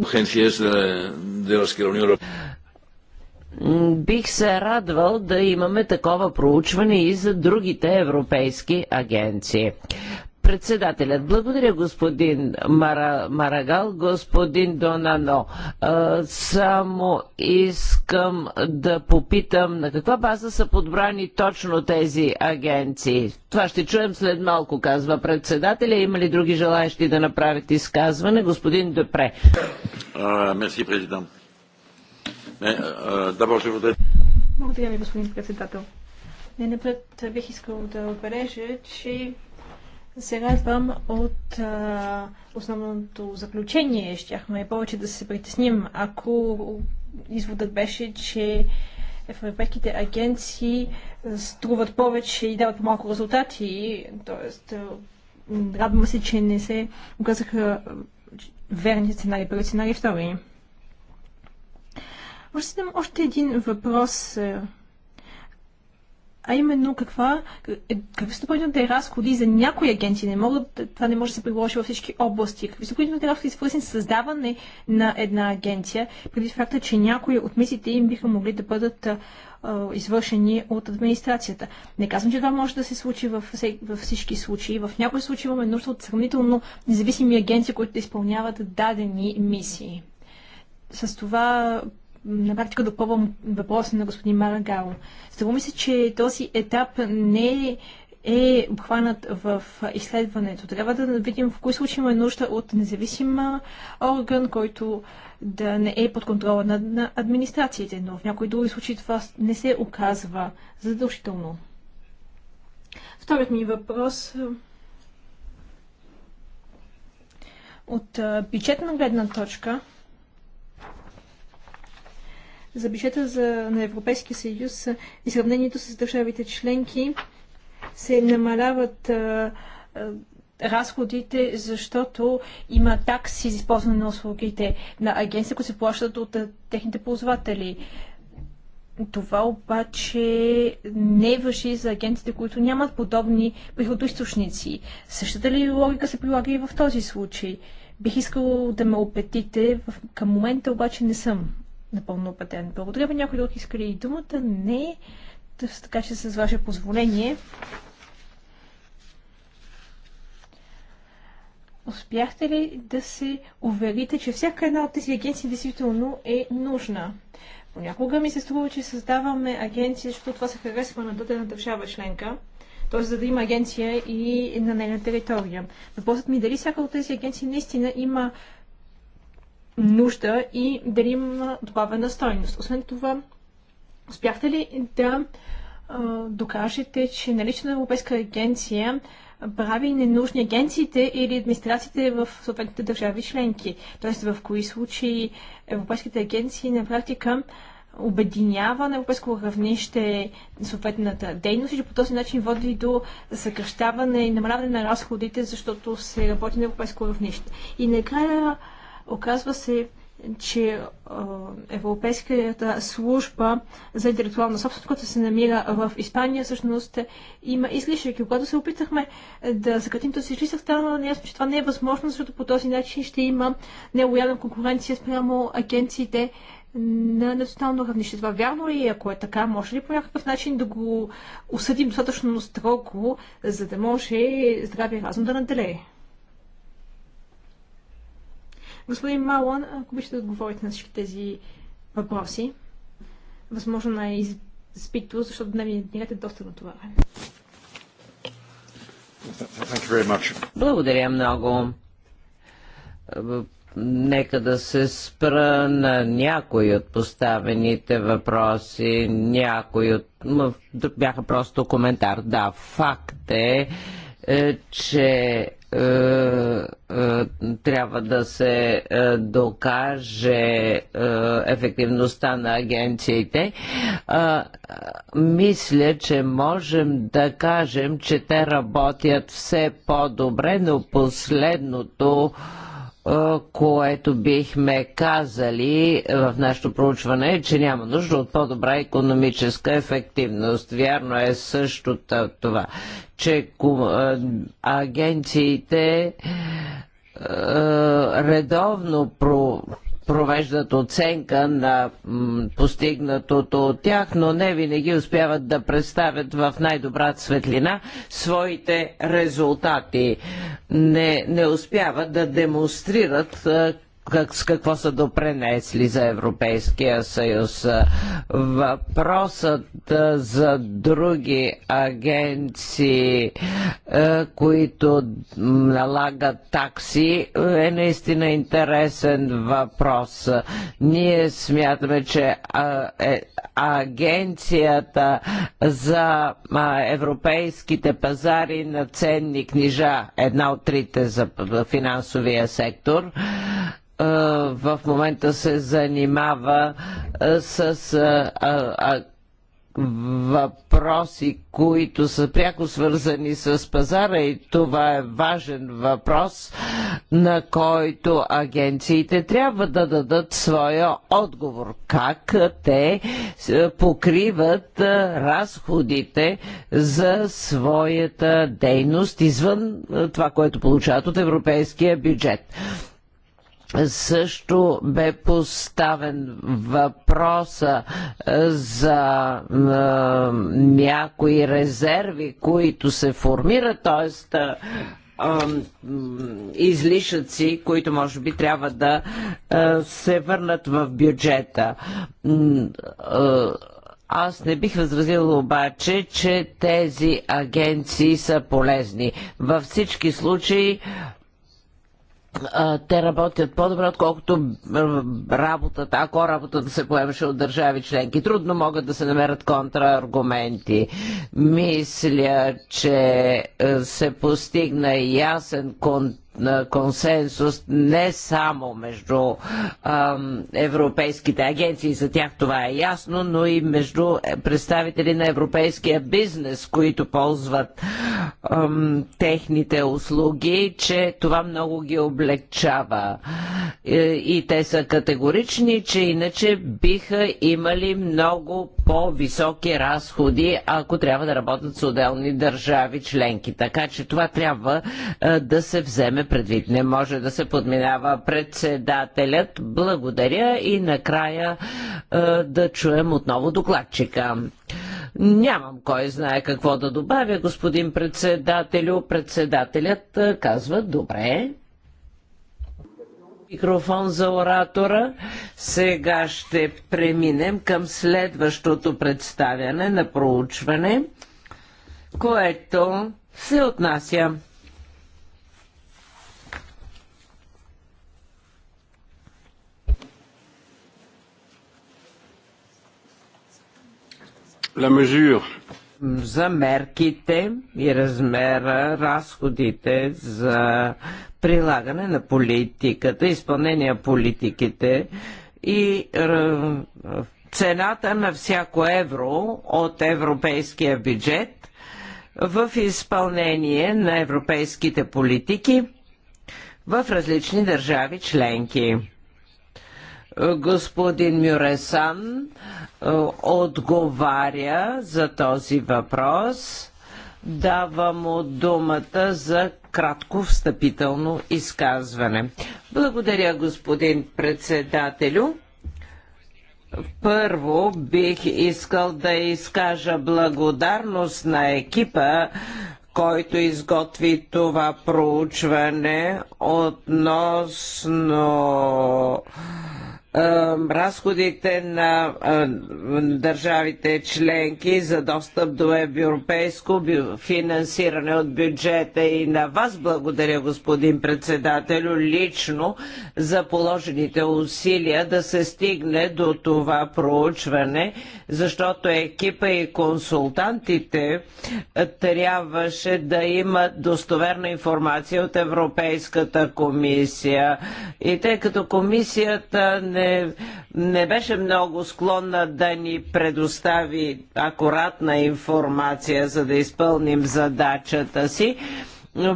Бих се радвал да имаме такова проучване и за другите европейски агенции. Председателят, благодаря господин Мара, Марагал, господин Донано. Само искам да попитам на каква база са подбрани точно тези агенции. Това ще чуем след малко, казва председателя. Има ли други желаящи да направят изказване? Господин Депре. Мерси, президент. Благодаря ви, господин председател. Не, напред бих искал да отбележа, че се радвам от а, основното заключение. Щяхме повече да се притесним, ако изводът беше, че европейските агенции струват повече и дават малко резултати. Тоест, радвам се, че не се оказаха верни сценари, първи сценарии втори. още един въпрос а именно каква, какви са допълнителните разходи за някои агенции? Не могат, това не може да се приложи във всички области. Какви са допълнителните разходи свързани с създаване на една агенция, преди факта, че някои от мислите им биха могли да бъдат извършени от администрацията. Не казвам, че това може да се случи във, във всички случаи. В някои случаи имаме нужда от сравнително независими агенции, които да изпълняват дадени мисии. С това на практика допълвам въпроса на господин Марагал. Става ми се, че този етап не е е обхванат в изследването. Трябва да видим в кои случаи има нужда от независим орган, който да не е под контрола на, на администрациите, но в някои други случаи това не се оказва задължително. Вторият ми въпрос от бюджетна гледна точка – за бюджета за, на Европейския съюз и сравнението с държавите членки се намаляват а, а, разходите, защото има такси за използване на услугите на агенции, които се плащат от а, техните ползватели. Това обаче не въжи за агентите, които нямат подобни приходоисточници. Същата ли логика се прилага и в този случай? Бих искал да ме опетите, към момента обаче не съм напълно убеден. Благодаря ви. Някой друг иска ли думата? Не. Така че с ваше позволение успяхте ли да се уверите, че всяка една от тези агенции действително е нужна? Понякога ми се струва, че създаваме агенция, защото това се харесва на дадена държава членка, т.е. за да има агенция и на нейна територия. Въпросът ми е дали всяка от тези агенции наистина има нужда и дали има добавена стойност. Освен това, успяхте ли да докажете, че налична Европейска агенция прави ненужни агенциите или администрациите в съответните държави членки. Тоест в кои случаи европейските агенции на практика обединява на европейско равнище съответната дейност и че по този начин води до съкръщаване и намаляване на разходите, защото се работи на европейско равнище. И накрая Оказва се, че Европейската служба за интелектуална собственост, която се намира в Испания, всъщност има излишък. И когато се опитахме да съкратим този излишък, стана неясно, че това не е възможно, защото по този начин ще има нелоялна конкуренция спрямо агенциите на национално равнище. Това вярно ли е? Ако е така, може ли по някакъв начин да го осъдим достатъчно строго, за да може здравия разум да наделее? Господин Малън, ако обичате да отговорите на всички тези въпроси, възможно най-спито, защото дневният ни е доста натоварен. Благодаря много. Нека да се спра на някои от поставените въпроси, някои от... бяха просто коментар. Да, факт е, е че е, е, трябва да се е, докаже ефективността на агенциите, мисля, че можем да кажем, че те работят все по-добре, но последното което бихме казали в нашето проучване е, че няма нужда от по-добра економическа ефективност. Вярно е също това, че агенциите редовно про провеждат оценка на постигнатото от тях, но не винаги успяват да представят в най-добра светлина своите резултати. Не, не успяват да демонстрират как, с какво са допренесли за Европейския съюз. Въпросът за други агенции, които налагат такси, е наистина интересен въпрос. Ние смятаме, че е, агенцията за европейските пазари на ценни книжа, една от трите за финансовия сектор, в момента се занимава с въпроси, които са пряко свързани с пазара и това е важен въпрос, на който агенциите трябва да дадат своя отговор. Как те покриват разходите за своята дейност извън това, което получават от европейския бюджет също бе поставен въпроса е, за е, някои резерви, които се формират, т.е. Е, излишъци, които може би трябва да се върнат в бюджета. Аз не бих възразила обаче, че тези агенции са полезни. Във всички случаи те работят по-добре, отколкото работата, ако работата се поемаше от държави членки. Трудно могат да се намерят контрааргументи. Мисля, че е, се постигна ясен контакт консенсус не само между а, европейските агенции, за тях това е ясно, но и между представители на европейския бизнес, които ползват а, техните услуги, че това много ги облегчава. И те са категорични, че иначе биха имали много по-високи разходи, ако трябва да работят с отделни държави членки. Така че това трябва а, да се вземе предвид. Не може да се подминава председателят. Благодаря и накрая е, да чуем отново докладчика. Нямам кой знае какво да добавя, господин председателю. Председателят е, казва добре. Микрофон за оратора. Сега ще преминем към следващото представяне на проучване, което се отнася за мерките и размера, разходите за прилагане на политиката, изпълнение на политиките и е, цената на всяко евро от европейския бюджет в изпълнение на европейските политики в различни държави членки. Господин Мюресан е, отговаря за този въпрос. Давам му думата за кратко встъпително изказване. Благодаря, господин председателю. Първо бих искал да изкажа благодарност на екипа, който изготви това проучване относно разходите на държавите членки за достъп до европейско финансиране от бюджета и на вас благодаря, господин председателю, лично за положените усилия да се стигне до това проучване, защото екипа и консултантите трябваше да имат достоверна информация от Европейската комисия. И тъй като комисията не не, беше много склонна да ни предостави акуратна информация, за да изпълним задачата си.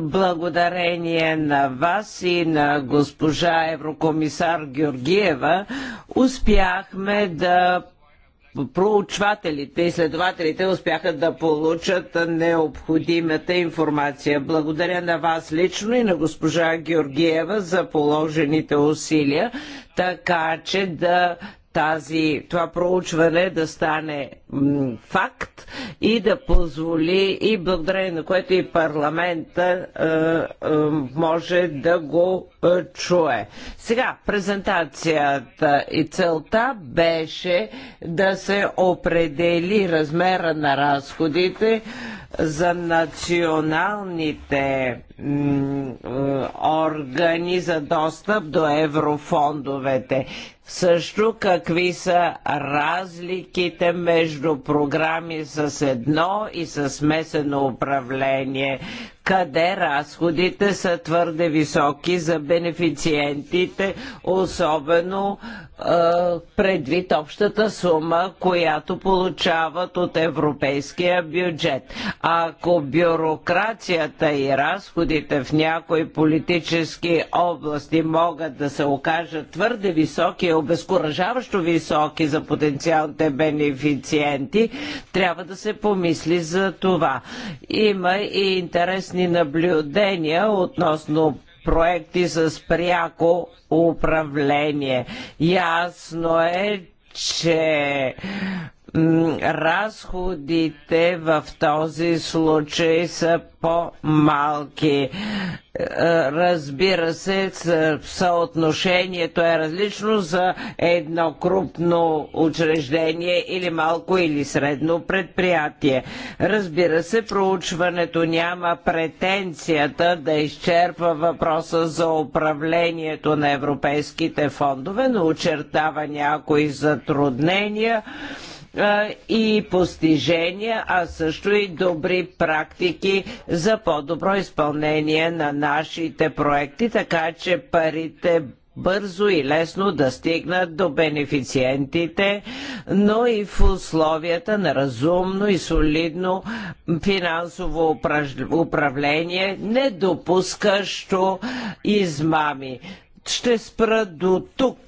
Благодарение на вас и на госпожа еврокомисар Георгиева успяхме да проучвателите, и следователите успяха да получат необходимата информация. Благодаря на вас лично и на госпожа Георгиева за положените усилия, така че да тази, това проучване да стане факт и да позволи и благодарение на което и парламента е, е, може да го е, чуе. Сега, презентацията и целта беше да се определи размера на разходите за националните е, органи за достъп до еврофондовете също какви са разликите между програми с едно и с смесено управление, къде разходите са твърде високи за бенефициентите, особено е, предвид общата сума, която получават от европейския бюджет. Ако бюрокрацията и разходите в някои политически области могат да се окажат твърде високи и е обезкуражаващо високи за потенциалните бенефициенти, трябва да се помисли за това. Има и интерес интересни наблюдения относно проекти с пряко управление. Ясно е, че разходите в този случай са по-малки. Е, разбира се, съотношението е различно за едно крупно учреждение или малко или средно предприятие. Разбира се, проучването няма претенцията да изчерпва въпроса за управлението на европейските фондове, но очертава някои затруднения и постижения, а също и добри практики за по-добро изпълнение на нашите проекти, така че парите бързо и лесно да стигнат до бенефициентите, но и в условията на разумно и солидно финансово управление, недопускащо измами. Ще спра до тук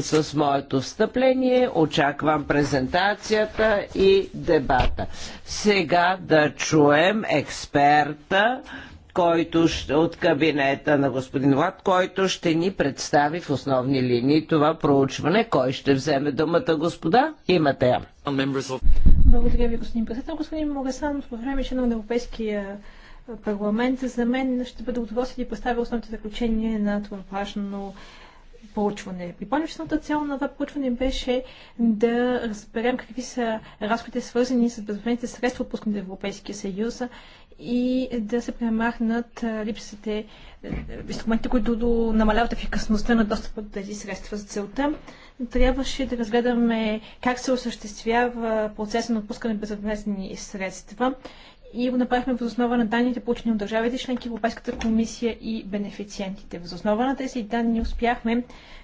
с моето встъпление. Очаквам презентацията и дебата. Сега да чуем експерта който ще, от кабинета на господин Влад, който ще ни представи в основни линии това проучване. Кой ще вземе думата, господа? Имате я. Благодаря ви, господин председател. Господин Могасанов, по време на Европейския парламент за мен ще бъде удоволствие да поставя основните заключения на това важно И Припомням, че цел на това проучване беше да разберем какви са разходите свързани с безвременните средства, отпускани в Европейския съюз и да се премахнат липсите, е, е, инструментите, които намаляват ефикасността на достъпа до тези средства за целта. Трябваше да разгледаме как се осъществява процеса на отпускане безвъзмездни средства и го направихме въз основа на данните, получени от държавите членки, Европейската комисия и бенефициентите. Въз основа на тези данни успяхме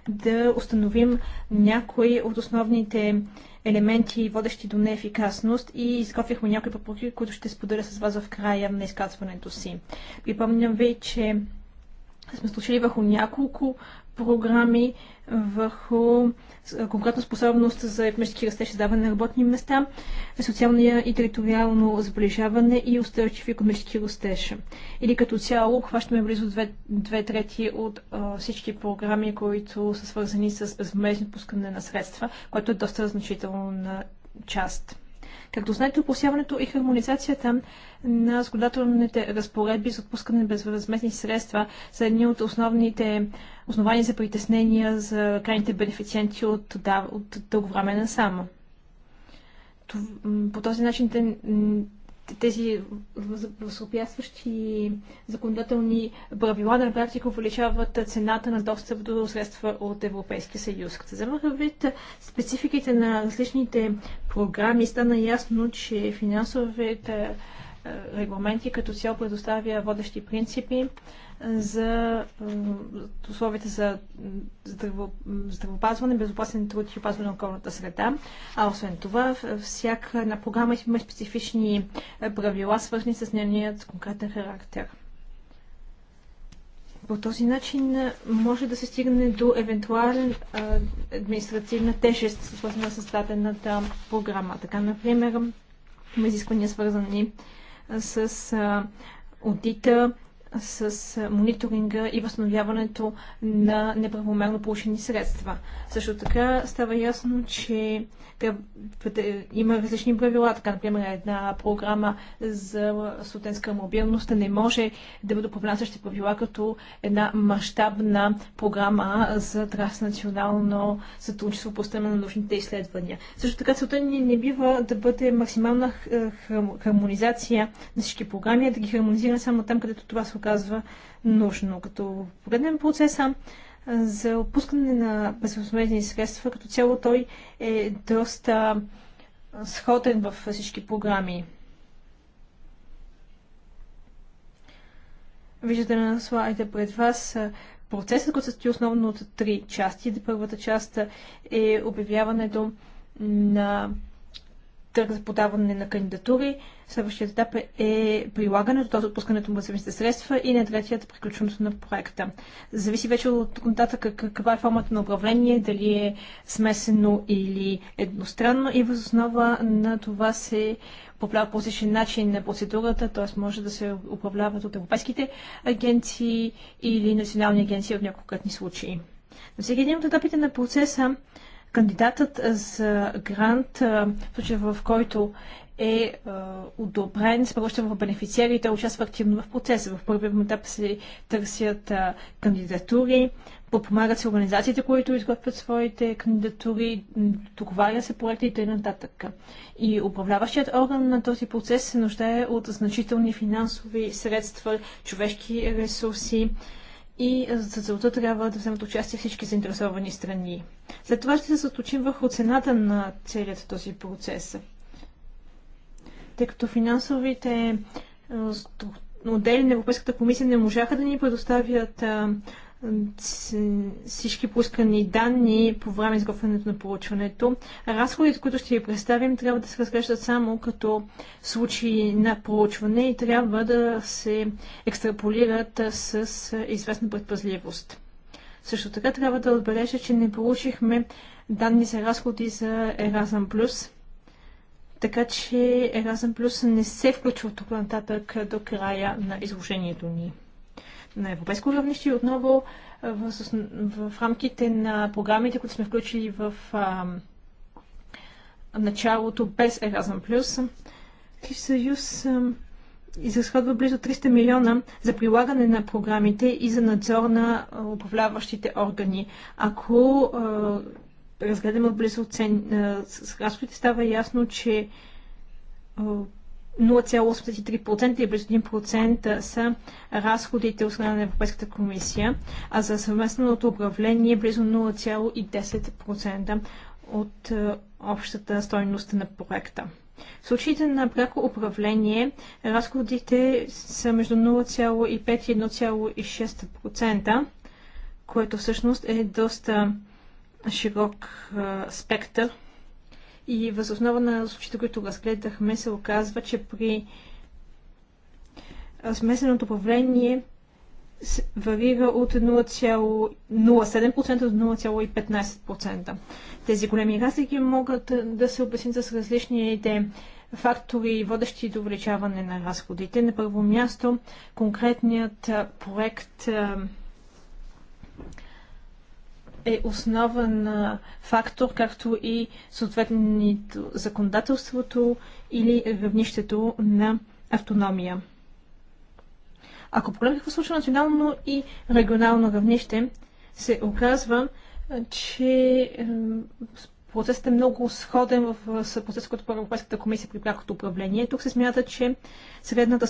да установим някои от основните елементи, водещи до неефикасност и изготвихме някои препоръки, които ще споделя с вас в края на изказването си. Припомням ви, че сме случили върху няколко програми върху конкретна способност за економически растеж, създаване на работни места, социалния и териториално сближаване и устойчив економически растеж. Или като цяло хващаме близо две, две трети от а, всички програми, които са свързани с безвъзмезно пускане на средства, което е доста значителна част. Както знаете, опосяването и хармонизацията на законодателните разпоредби за отпускане на безвъзместни средства са едни от основните основания за притеснения за крайните бенефициенти от, да, от дълго време насам. По този начин те тези възпрепятстващи законодателни правила на практика увеличават цената на достъп до средства от Европейския съюз. Като вземаха вид спецификите на различните програми, стана ясно, че финансовите регламенти като цяло предоставя водещи принципи, за условията за здравопазване, безопасен труд и опазване на околната среда. А освен това, всяка една програма има специфични е, правила, свързани с нейният конкретен характер. По този начин е, може да се стигне до евентуален е, административна тежест, свързана с дадената програма. Така, например, изисквания свързани с одита, с е, мониторинга и възстановяването на неправомерно получени средства. Също така става ясно, че има различни правила. Така, например, една програма за студентска мобилност не може да бъде управлена същите правила като една мащабна програма за транснационално сътрудничество по страна на научните изследвания. Също така целта ни не бива да бъде максимална е, хармонизация на всички програми, а да ги хармонизира само там, където това се оказва нужно. Като погледнем процеса за отпускане на безвъзмезни средства, като цяло той е доста сходен в всички програми. Виждате на слайда пред вас процесът, който състои основно от три части. Първата част е обявяването на търг за подаване на кандидатури. Следващият етап е прилагането, т.е. отпускането на за средства и на третият приключването на проекта. Зависи вече от тук нататък каква е формата на управление, дали е смесено или едностранно и въз основа на това се управлява по различен начин на процедурата, т.е. може да се управляват от европейските агенции или национални агенции в няколко случаи. На всеки един от етапите на процеса кандидатът за грант, в случай в който е одобрен, се превръща в бенефициер и той участва активно в процеса. В първият етап се търсят кандидатури, подпомагат се организациите, които изготвят своите кандидатури, договаря се проектите и нататък. И управляващият орган на този процес се нуждае от значителни финансови средства, човешки ресурси, и за целта трябва да вземат участие всички заинтересовани страни. След това ще се съточим върху цената на целият този процес. Тъй като финансовите отдели на Европейската комисия не можаха да ни предоставят всички пускани данни по време изготвянето на поручването. Разходите, които ще ви представим, трябва да се разглеждат само като случаи на проучване и трябва да се екстраполират с известна предпазливост. Също така трябва да отбележа, че не получихме данни за разходи за Erasmus Plus, така че Erasmus Plus не се включва тук нататък до края на изложението ни на европейско равнище и отново в, в, в рамките на програмите, които сме включили в а, началото без Еразъм Плюс. Съюз изразходва близо 300 милиона за прилагане на програмите и за надзор на управляващите органи. Ако а, разгледаме близо цен, а, с разходите, става ясно, че 0,83% и близо 1% са разходите от страна на Европейската комисия, а за съвместното управление близо 0,10% от е, общата стойност на проекта. В случаите на пряко управление разходите са между 0,5 и 1,6%, което всъщност е доста широк е, спектър и възоснова на случаите, които разгледахме, се оказва, че при смесеното управление варира от 0,07% до 0,15%. Тези големи разлики могат да се обяснят с различните фактори, водещи до увеличаване на разходите. На първо място конкретният проект е основен фактор, както и съответното законодателството или равнището на автономия. Ако погледнем какво случва национално и регионално равнище, се оказва, че Процесът е много сходен в процес, който по Европейската комисия при прякото управление. Тук се смята, че средната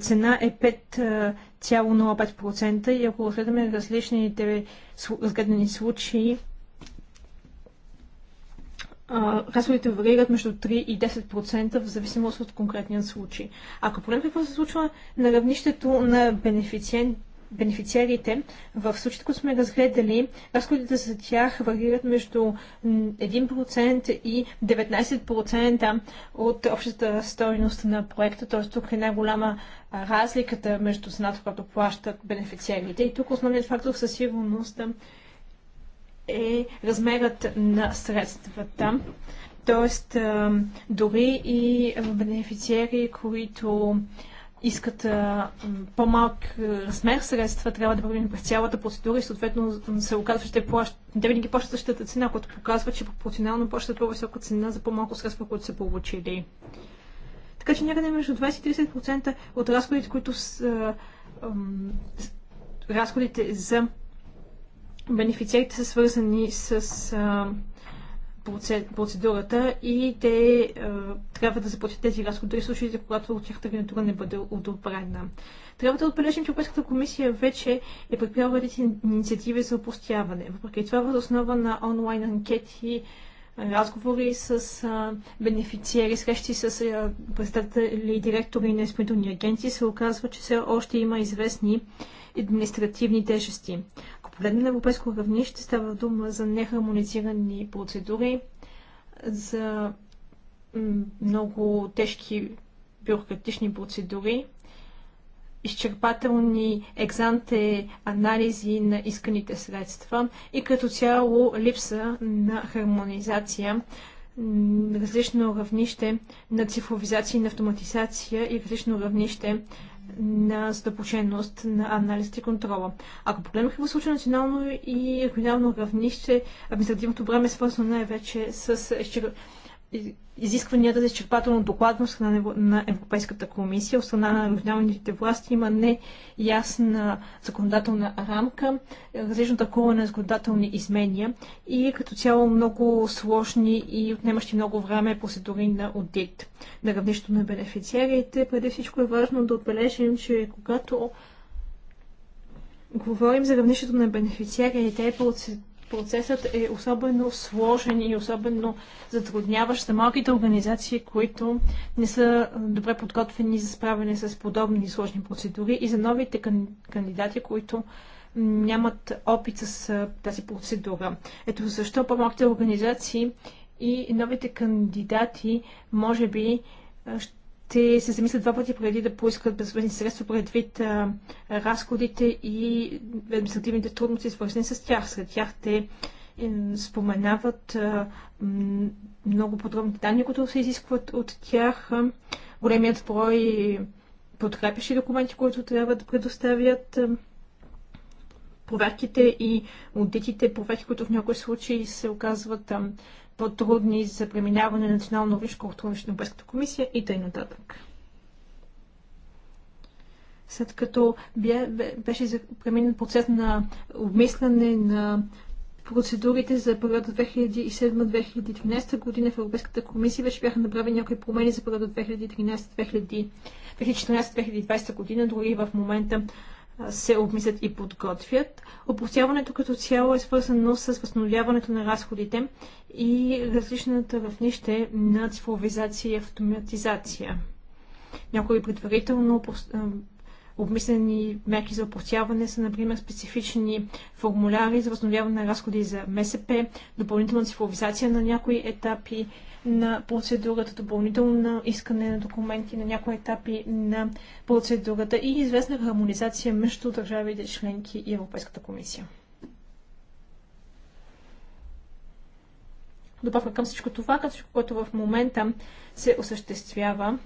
цена е 5,05% и ако разгледаме различните разгледани случаи, разходите варират между 3 и 10% в зависимост от конкретния случай. Ако погледнем какво се случва на равнището на бенефициент, бенефициарите. В случаите, които сме разгледали, разходите за тях варират между 1% и 19% от общата стоеност на проекта. Т.е. тук е най-голяма разликата между цената, която плащат бенефициарите. И тук основният фактор със сигурност е размерът на средствата. Тоест, дори и бенефициери, които искат по-малък размер средства, трябва да преминем през цялата процедура и съответно се оказва, че те, те винаги плащат същата цена, което показва, че пропорционално плащат по-висока цена за по-малко средства, които са получили. Така че някъде между 20 и 30% от разходите, които са разходите за бенефициарите са свързани с а, процедурата и те е, трябва да заплатят тези разходи и случаите, когато тяхната тях кандидатура не бъде одобрена. Трябва да отбележим, че Европейската комисия вече е предприела редица инициативи за опустяване. Въпреки това, въз основа на онлайн анкети, разговори с а, бенефициери, срещи с председатели и директори на изпълнителни агенции, се оказва, че все още има известни административни тежести погледнем на европейско равнище, става дума за нехармонизирани процедури, за много тежки бюрократични процедури, изчерпателни екзанте анализи на исканите средства и като цяло липса на хармонизация, на различно равнище на цифровизация и на автоматизация и различно равнище на задълбоченост на анализите и контрола. Ако погледнахме в случая национално и регионално равнище, административното време е свързано най-вече с изискванията за изчерпателно докладност на Европейската комисия. От страна на регионалните власти има неясна законодателна рамка, различно такова на законодателни изменения и е като цяло много сложни и отнемащи много време процедури на аудит. На равнището на бенефициарите, преди всичко е важно да отбележим, че когато говорим за равнището на бенефициарите, процедурите процесът е особено сложен и особено затрудняващ за малките организации, които не са добре подготвени за справяне с подобни сложни процедури и за новите кан кандидати, които нямат опит с тази процедура. Ето защо по-малките организации и новите кандидати може би ще те се замислят два пъти преди да поискат безвъзни средства предвид а, разходите и административните трудности, свързани с тях. Сред тях те е, споменават а, много подробни данни, които се изискват от тях, големият брой подкрепящи документи, които трябва да предоставят проверките и аудитите, проверки, които в някои случаи се оказват по-трудни за преминаване на национално висше културно комисия и т.н. нататък. След като беше преминен процес на обмисляне на процедурите за периода 2007-2013 година в Европейската комисия вече бяха направени някои промени за периода 2013-2014-2020 година, други в момента се обмислят и подготвят. Опустяването като цяло е свързано с възстановяването на разходите и различната в нище на цифровизация и автоматизация. Някои предварително обмислени мерки за опростяване са, например, специфични формуляри за възстановяване на разходи за МСП, допълнителна цифровизация на някои етапи на процедурата, допълнително искане на документи на някои етапи на процедурата и известна хармонизация между държавите членки и Европейската комисия. Добавка към всичко това, към всичко, което в момента се осъществява,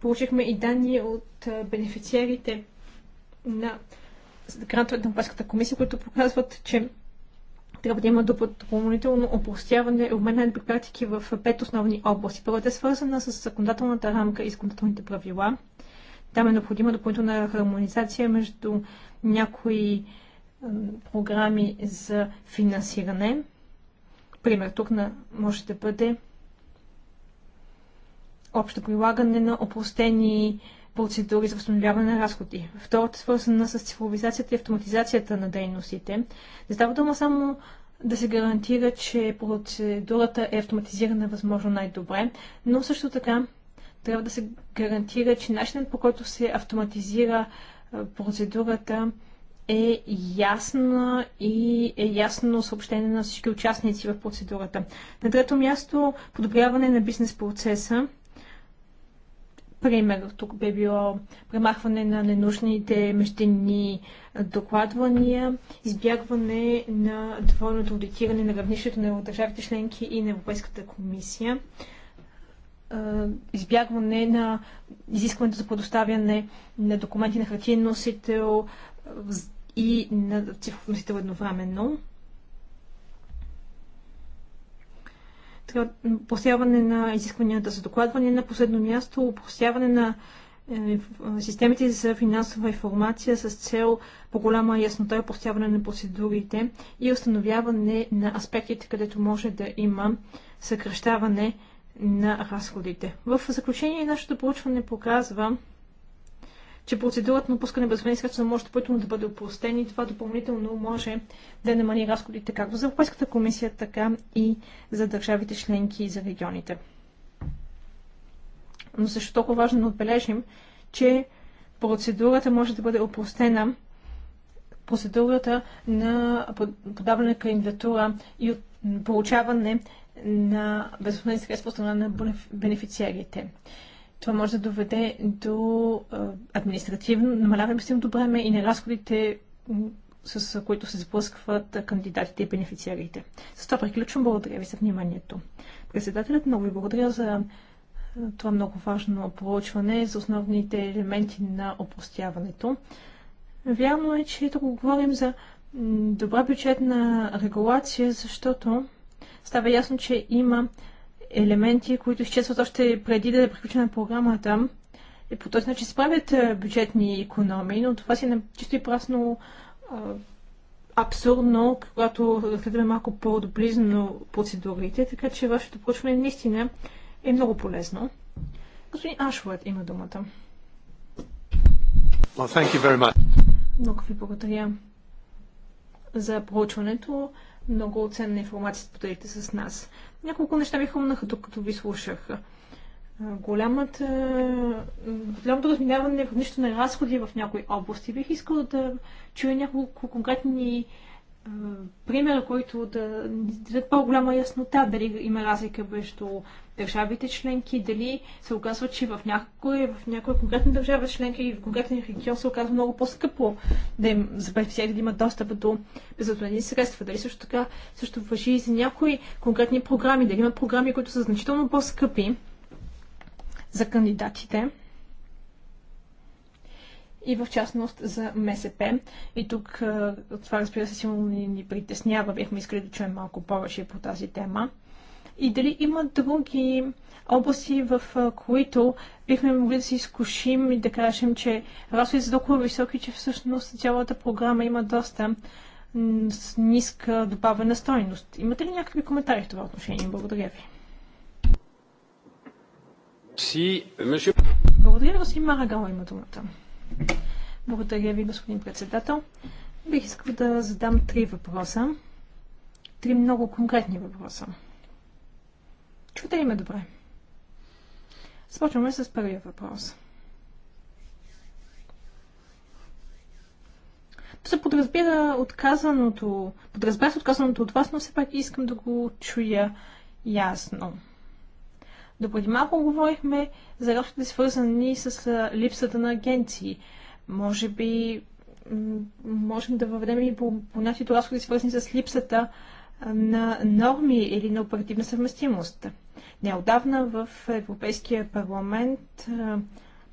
Получихме и данни от бенефициерите на грантовете на Европейската комисия, които показват, че трябва да има допълнително опростяване и обмена на практики в пет основни области. Първата е свързана с законодателната рамка и законодателните правила. Там е необходима допълнителна хармонизация между някои програми за финансиране. Пример тук на, може да бъде общо прилагане на опростени процедури за възстановяване на разходи. Втората е свързана с цифровизацията и автоматизацията на дейностите. Не става дума само да се гарантира, че процедурата е автоматизирана възможно най-добре, но също така трябва да се гарантира, че начинът по който се автоматизира процедурата е ясна и е ясно съобщение на всички участници в процедурата. На трето място, подобряване на бизнес процеса. Пример тук бе било премахване на ненужните мещени докладвания, избягване на двойното аудитиране на равнището на държавите членки и на Европейската комисия, избягване на изискването за предоставяне на документи на хартиен носител и на цифров носител едновременно Просяване на изискванията за докладване на последно място, просяване на е, е, системите за финансова информация с цел по-голяма яснота и постяване на процедурите и установяване на аспектите, където може да има съкръщаване на разходите. В заключение нашето проучване показва, че процедурата на пускане безвремени средства може допълнително да бъде опростена и това допълнително може да намали разходите както за Европейската комисия, така и за държавите членки и за регионите. Но също толкова важно да отбележим, че процедурата може да бъде опростена процедурата на подаване на кандидатура и получаване на безвъзмездни средства от страна на бенефициарите това може да доведе до административно намаляване на бреме и на разходите, с които се сблъскват кандидатите и бенефициарите. С това приключвам. Благодаря ви за вниманието. Председателят, много ви благодаря за това много важно проучване за основните елементи на опростяването. Вярно е, че тук говорим за добра бюджетна регулация, защото става ясно, че има елементи, които изчезват още преди да е програмата. И по този начин се правят бюджетни економии, но това си е чисто и прасно абсурдно, когато разгледаме малко по-доблизно процедурите, така че вашето проучване наистина е много полезно. Господин Ашвард има думата. Well, thank you very much. Много ви благодаря за проучването. Много ценна информация споделите с нас. Няколко неща ми хрумнаха, докато ви слушах. Голямата, голямото разминаване в нищо на разходи в някои области. Бих искала да чуя няколко конкретни примера, които да ни дадат по-голяма яснота, дали има разлика между държавите членки, дали се оказва, че в някоя, в някоя конкретна държава членка и в конкретен регион се оказва много по-скъпо да им за бенефициарите да имат достъп до безотменени средства. Дали също така също въжи и за някои конкретни програми, дали има програми, които са значително по-скъпи за кандидатите и в частност за МСП. И тук това разбира се силно ни, ни притеснява. Бихме искали да чуем малко повече по тази тема и дали има други области, в които бихме могли да се изкушим и да кажем, че разходите са толкова високи, че всъщност цялата програма има доста с ниска добавена стойност. Имате ли някакви коментари в това отношение? Благодаря ви. Благодаря, господин Марагал има думата. Благодаря ви, господин председател. Бих искал да задам три въпроса. Три много конкретни въпроса. Чухте ли ме добре? Започваме с първия въпрос. То се подразбира отказаното, подразбира се отказаното от вас, но все пак искам да го чуя ясно. До преди малко говорихме за работите свързани с липсата на агенции. Може би можем да въведем и по нашите разходи свързани с липсата на норми или на оперативна съвместимост. Неодавна в Европейския парламент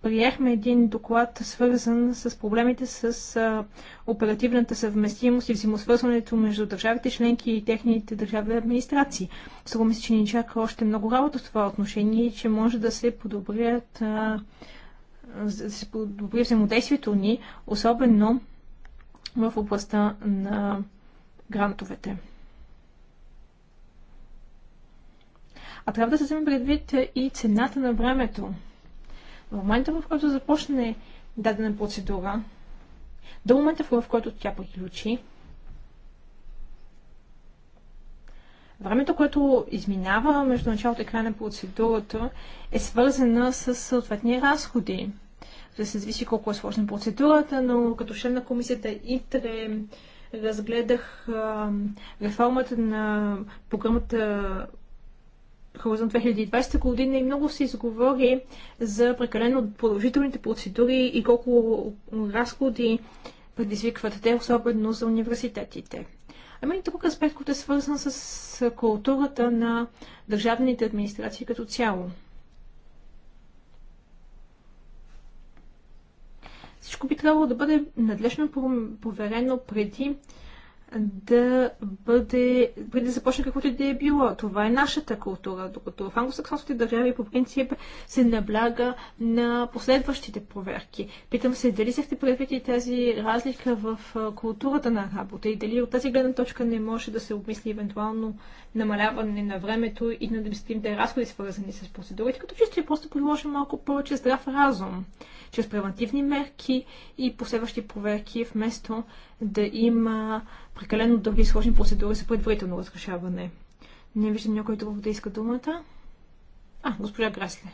приехме един доклад, свързан с проблемите с оперативната съвместимост и взаимосвързването между държавите членки и техните държавни администрации. Сега ми се, че ни чака още много работа в това отношение и че може да се подобрят да се подобри взаимодействието ни, особено в областта на грантовете. а трябва да се вземе предвид и цената на времето. В момента, в който започне дадена процедура, до момента, в който тя приключи, Времето, което изминава между началото и края на процедурата, е свързано с съответни разходи. Да се зависи колко е сложна процедурата, но като член на комисията ИТРЕ разгледах реформата на програмата Хоризонт 2020 година и много се изговори за прекалено продължителните процедури и колко разходи предизвикват те, особено за университетите. Ами и друг аспект, който е свързан с културата на държавните администрации като цяло. Всичко би трябвало да бъде надлежно проверено преди да бъде, преди да започне каквото и да е било. Това е нашата култура, докато в англосаксонските държави по принцип се набляга на последващите проверки. Питам се, дали сте предвид и тази разлика в културата на работа и дали от тази гледна точка не може да се обмисли евентуално намаляване на времето и на административните разходи, свързани с процедурите, като чисто просто приложим малко повече здрав разум, чрез превентивни мерки и последващи проверки, вместо да има прекалено дълги и сложни процедури за предварително разрешаване. Не виждам някой друг да иска думата. А, госпожа Грасле.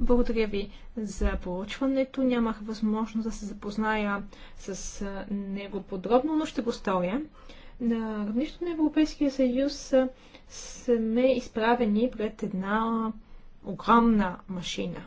благодаря ви за проучването. Нямах възможност да се запозная с него подробно, но ще го сторя. На равнището на Европейския съюз сме изправени пред една огромна машина –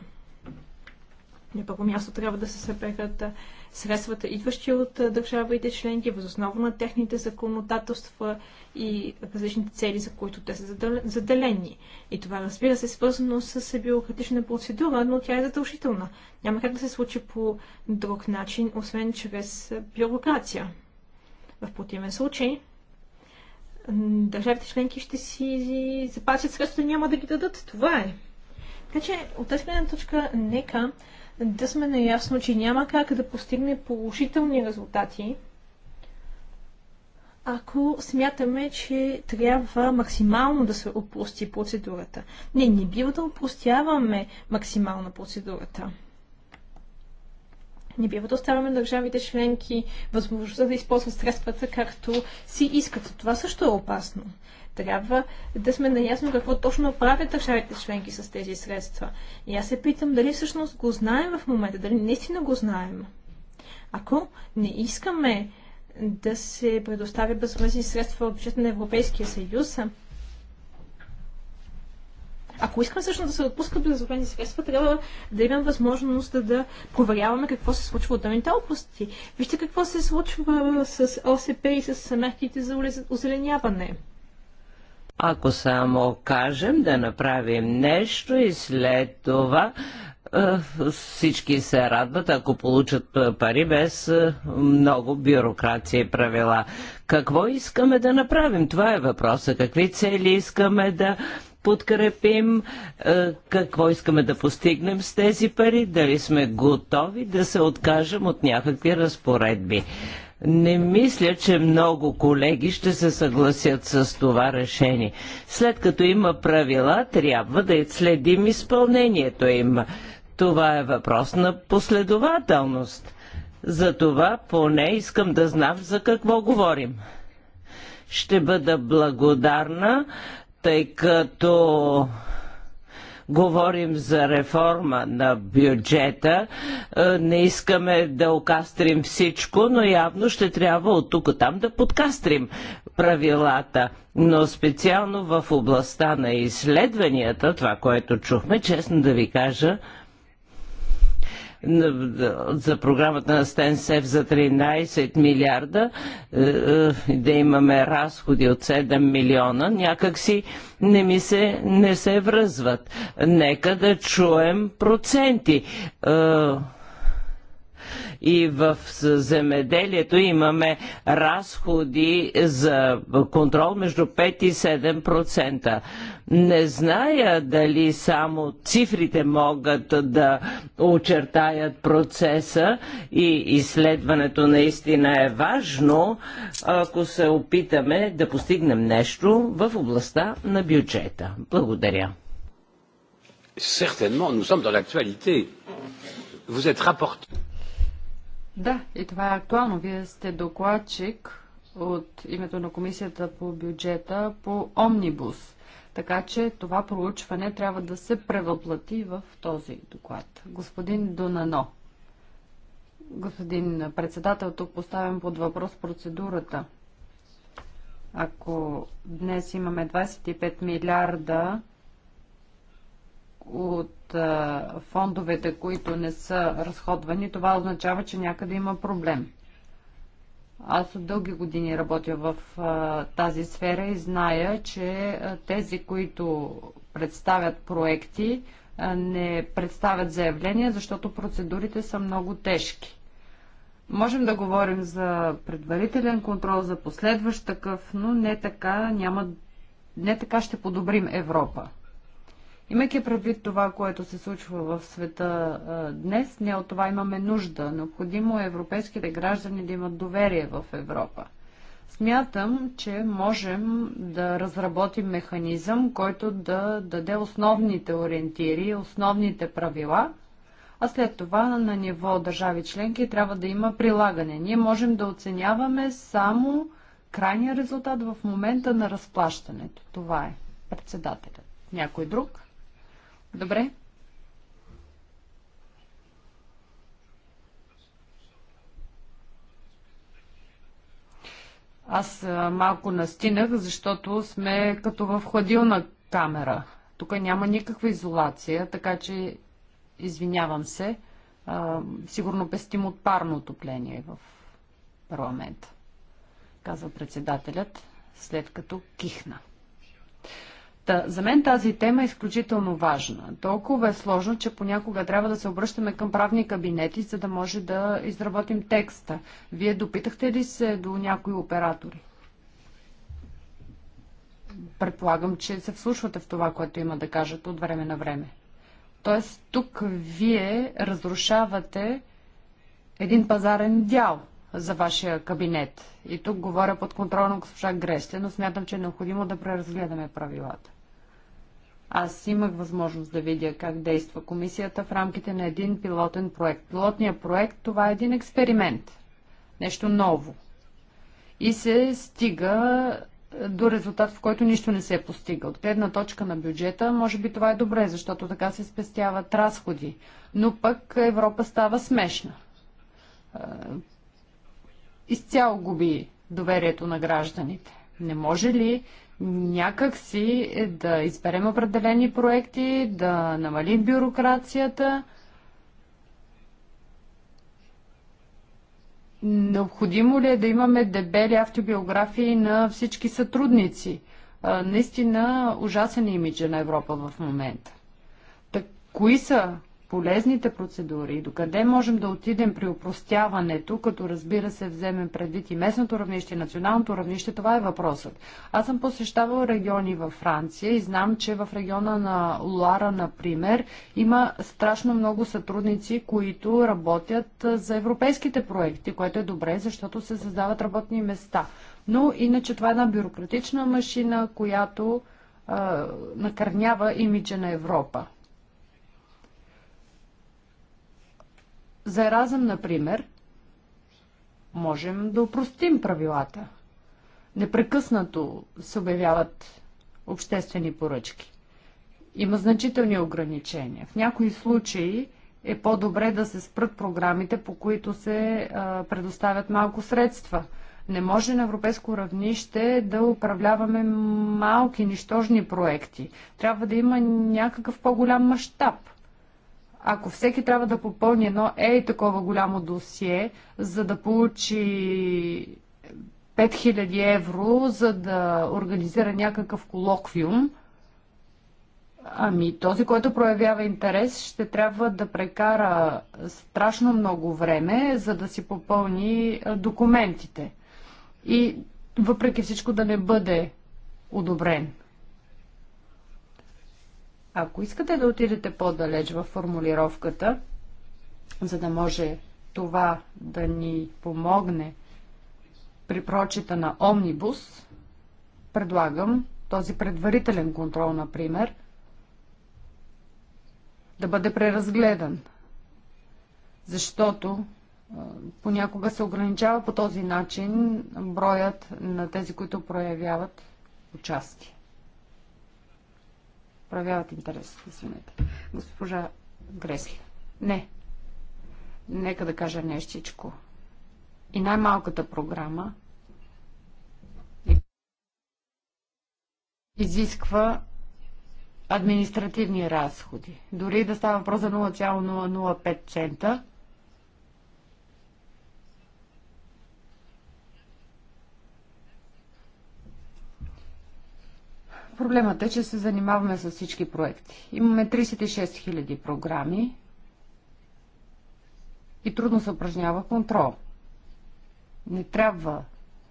на първо място трябва да се съберат средствата, идващи от държавите членки, възоснова на техните законодателства и различните цели, за които те са заделени. И това, разбира се, е свързано с бюрократична процедура, но тя е задължителна. Няма как да се случи по друг начин, освен чрез бюрокрация. В противен случай, държавите членки ще си запазят средства, няма да ги дадат. Това е. Така че, от тази гледна точка, нека да сме наясно, че няма как да постигне положителни резултати, ако смятаме, че трябва максимално да се опрости процедурата. Не, не бива да опростяваме максимално процедурата. Не бива да оставяме държавите членки възможността да използват средствата както си искат. Това също е опасно. Трябва да сме наясно какво точно правят държавите членки с тези средства. И аз се питам дали всъщност го знаем в момента, дали наистина го знаем. Ако не искаме да се предоставят безвъзни средства от бюджета на Европейския съюз, ако искаме всъщност да се отпускат безвъзни средства, трябва да имам възможност да, да проверяваме какво се случва в отделните области. Вижте какво се случва с ОСП и с мерките за озеленяване. Ако само кажем да направим нещо и след това е, всички се радват, ако получат е, пари без е, много бюрокрация и правила. Какво искаме да направим? Това е въпроса. Какви цели искаме да подкрепим, какво искаме да постигнем с тези пари, дали сме готови да се откажем от някакви разпоредби. Не мисля, че много колеги ще се съгласят с това решение. След като има правила, трябва да следим изпълнението им. Това е въпрос на последователност. Затова поне искам да знам за какво говорим. Ще бъда благодарна, тъй като говорим за реформа на бюджета. Е, не искаме да окастрим всичко, но явно ще трябва от тук там да подкастрим правилата. Но специално в областта на изследванията, това, което чухме, честно да ви кажа, за програмата на Стенсев за 13 милиарда, е, е, да имаме разходи от 7 милиона, някакси не ми се, не се връзват. Нека да чуем проценти. Е, и в земеделието имаме разходи за контрол между 5 и 7%. Не зная дали само цифрите могат да очертаят процеса и изследването наистина е важно, ако се опитаме да постигнем нещо в областта на бюджета. Благодаря. Certainement, nous sommes dans l'actualité. Vous êtes rapporteur. Да, и това е актуално. Вие сте докладчик от името на Комисията по бюджета по Омнибус. Така че това проучване трябва да се превъплати в този доклад. Господин Донано. Господин председател, тук поставям под въпрос процедурата. Ако днес имаме 25 милиарда от фондовете, които не са разходвани, това означава, че някъде има проблем. Аз от дълги години работя в а, тази сфера и зная, че а, тези, които представят проекти, а, не представят заявления, защото процедурите са много тежки. Можем да говорим за предварителен контрол, за последващ такъв, но не така, няма, не така ще подобрим Европа. Имайки предвид това, което се случва в света а, днес, ние от това имаме нужда. Необходимо е европейските граждани да имат доверие в Европа. Смятам, че можем да разработим механизъм, който да даде основните ориентири, основните правила, а след това на ниво държави членки трябва да има прилагане. Ние можем да оценяваме само крайния резултат в момента на разплащането. Това е председателят. Някой друг? Добре. Аз малко настинах, защото сме като в хладилна камера. Тук няма никаква изолация, така че извинявам се. А, сигурно пестим от парно отопление в парламента, казва председателят, след като кихна. Та, за мен тази тема е изключително важна. Толкова е сложно, че понякога трябва да се обръщаме към правни кабинети, за да може да изработим текста. Вие допитахте ли се до някои оператори? Предполагам, че се вслушвате в това, което има да кажат от време на време. Тоест, тук вие разрушавате един пазарен дял – за вашия кабинет. И тук говоря под контрол на госпожа Гресле, но смятам, че е необходимо да преразгледаме правилата. Аз имах възможност да видя как действа комисията в рамките на един пилотен проект. Пилотният проект това е един експеримент. Нещо ново. И се стига до резултат, в който нищо не се постига. От гледна точка на бюджета, може би това е добре, защото така се спестяват разходи. Но пък Европа става смешна изцяло губи доверието на гражданите. Не може ли някак си да изберем определени проекти, да намалим бюрокрацията? Необходимо ли е да имаме дебели автобиографии на всички сътрудници? Наистина ужасен е имидж на Европа в момента. Так, кои са полезните процедури и докъде можем да отидем при упростяването, като разбира се вземем предвид и местното равнище, и националното равнище, това е въпросът. Аз съм посещавал региони във Франция и знам, че в региона на Луара, например, има страшно много сътрудници, които работят за европейските проекти, което е добре, защото се създават работни места. Но иначе това е една бюрократична машина, която накърнява имиджа на Европа. За Еразъм, например, можем да упростим правилата. Непрекъснато се обявяват обществени поръчки. Има значителни ограничения. В някои случаи е по-добре да се спрат програмите, по които се а, предоставят малко средства. Не може на европейско равнище да управляваме малки, нищожни проекти. Трябва да има някакъв по-голям мащаб – ако всеки трябва да попълни едно е такова голямо досие, за да получи 5000 евро, за да организира някакъв колоквиум, Ами, този, който проявява интерес, ще трябва да прекара страшно много време, за да си попълни документите. И въпреки всичко да не бъде одобрен. Ако искате да отидете по-далеч във формулировката, за да може това да ни помогне при прочита на омнибус, предлагам този предварителен контрол, например, да бъде преразгледан. Защото понякога се ограничава по този начин броят на тези, които проявяват участие проявяват интерес. Извинете. Госпожа Гресли. Не. Нека да кажа нещичко. И най-малката програма изисква административни разходи. Дори да става въпрос за 0,005 цента, Проблемът е, че се занимаваме с всички проекти. Имаме 36 000 програми и трудно се упражнява контрол. Не трябва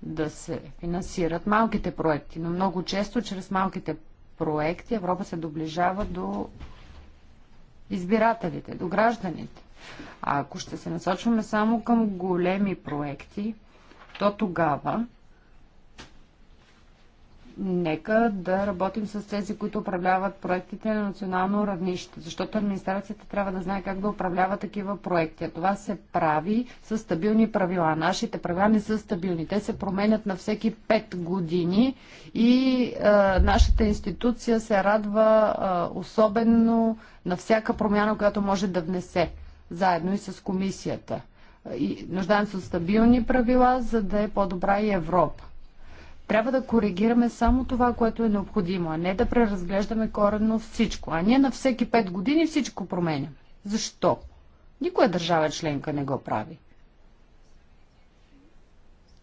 да се финансират малките проекти, но много често чрез малките проекти Европа се доближава до избирателите, до гражданите. А ако ще се насочваме само към големи проекти, то тогава нека да работим с тези, които управляват проектите на национално равнище, защото администрацията трябва да знае как да управлява такива проекти. А това се прави с стабилни правила. Нашите правила не са стабилни. Те се променят на всеки 5 години и е, нашата институция се радва е, особено на всяка промяна, която може да внесе, заедно и с комисията. И нуждаем се от стабилни правила, за да е по-добра и Европа. Трябва да коригираме само това, което е необходимо, а не да преразглеждаме коренно всичко. А ние на всеки 5 години всичко променяме. Защо? Никоя държава членка не го прави.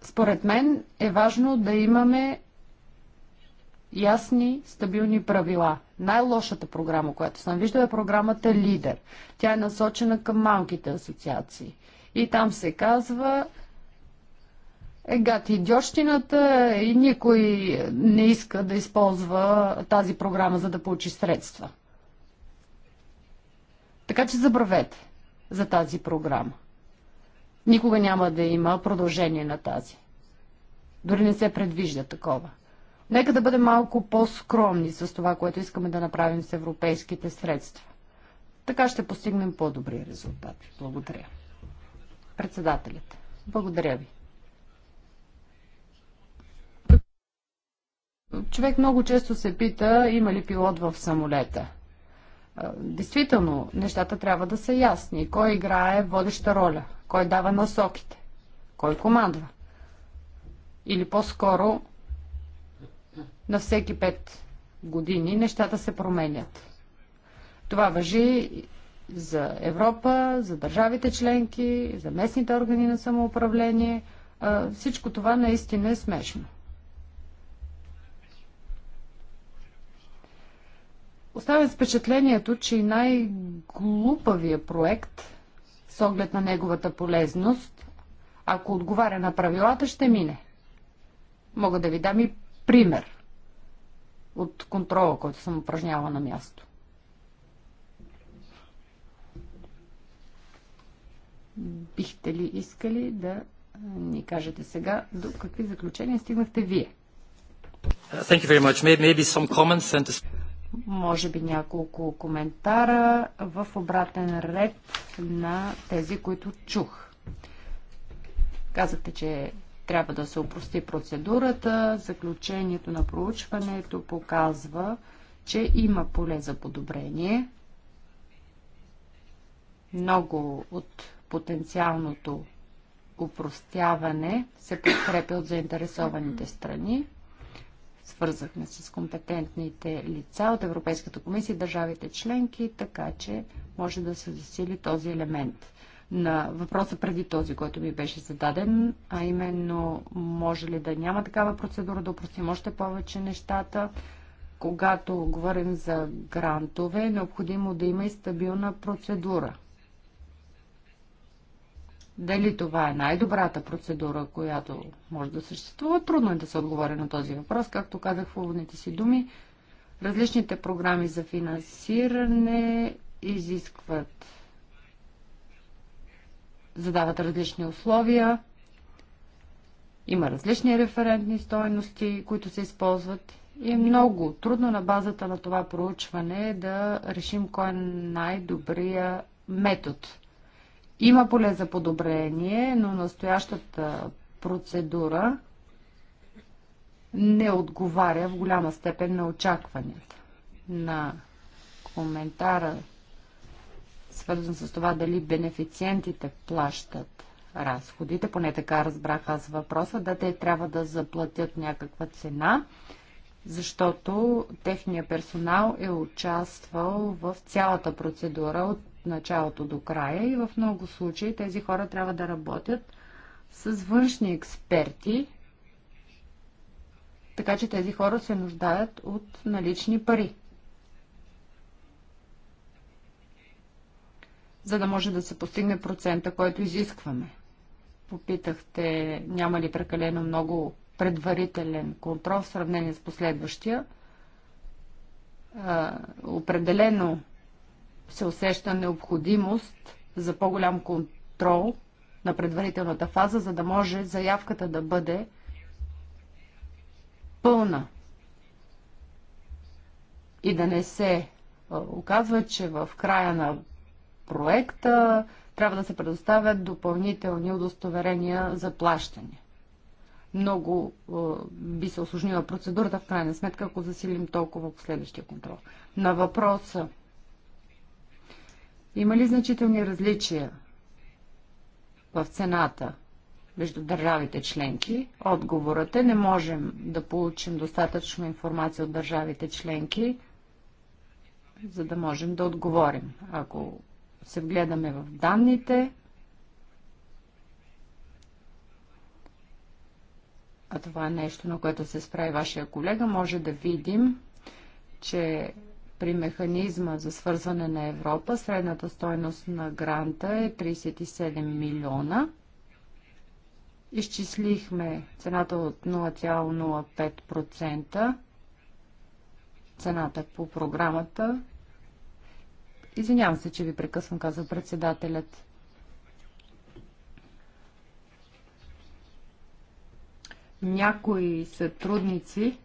Според мен е важно да имаме ясни, стабилни правила. Най-лошата програма, която съм виждала е програмата Лидер. Тя е насочена към малките асоциации. И там се казва, егат и дьощината и е, никой не иска да използва тази програма, за да получи средства. Така че забравете за тази програма. Никога няма да има продължение на тази. Дори не се предвижда такова. Нека да бъдем малко по-скромни с това, което искаме да направим с европейските средства. Така ще постигнем по-добри резултати. Благодаря. Председателите, благодаря ви. човек много често се пита има ли пилот в самолета. Действително, нещата трябва да са ясни. Кой играе водеща роля? Кой дава насоките? Кой командва? Или по-скоро, на всеки пет години нещата се променят. Това въжи за Европа, за държавите членки, за местните органи на самоуправление. Всичко това наистина е смешно. Оставя впечатлението, че и най-глупавия проект, с оглед на неговата полезност, ако отговаря на правилата, ще мине. Мога да ви дам и пример от контрола, който съм упражнявала на място. Бихте ли искали да ни кажете сега до какви заключения стигнахте вие? Thank you very much. Maybe some comments and може би няколко коментара в обратен ред на тези, които чух. Казахте, че трябва да се опрости процедурата. Заключението на проучването показва, че има поле за подобрение. Много от потенциалното упростяване се подкрепя от заинтересованите страни свързахме с компетентните лица от Европейската комисия и държавите членки, така че може да се засили този елемент. На въпроса преди този, който ми беше зададен, а именно може ли да няма такава процедура, да упростим още повече нещата, когато говорим за грантове, е необходимо да има и стабилна процедура – дали това е най-добрата процедура, която може да съществува, трудно е да се отговори на този въпрос. Както казах в уводните си думи, различните програми за финансиране изискват, задават различни условия, има различни референтни стоености, които се използват и е много трудно на базата на това проучване е да решим кой е най-добрия метод – има поле за подобрение, но настоящата процедура не отговаря в голяма степен на очакванията. На коментара, свързан с това дали бенефициентите плащат разходите, поне така разбрах аз въпроса, да те трябва да заплатят някаква цена, защото техният персонал е участвал в цялата процедура от началото до края и в много случаи тези хора трябва да работят с външни експерти, така че тези хора се нуждаят от налични пари. за да може да се постигне процента, който изискваме. Попитахте, няма ли прекалено много предварителен контрол в сравнение с последващия. А, определено се усеща необходимост за по-голям контрол на предварителната фаза, за да може заявката да бъде пълна и да не се оказва, че в края на проекта трябва да се предоставят допълнителни удостоверения за плащане. Много би се осложнила процедурата в крайна сметка, ако засилим толкова последващия контрол. На въпроса има ли значителни различия в цената между държавите членки? Отговорът е не можем да получим достатъчно информация от държавите членки, за да можем да отговорим. Ако се вгледаме в данните, а това е нещо, на което се справи вашия колега, може да видим, че при механизма за свързване на Европа средната стойност на гранта е 37 милиона. Изчислихме цената от 0,05%, цената по програмата. Извинявам се, че ви прекъсвам, каза председателят. Някои сътрудници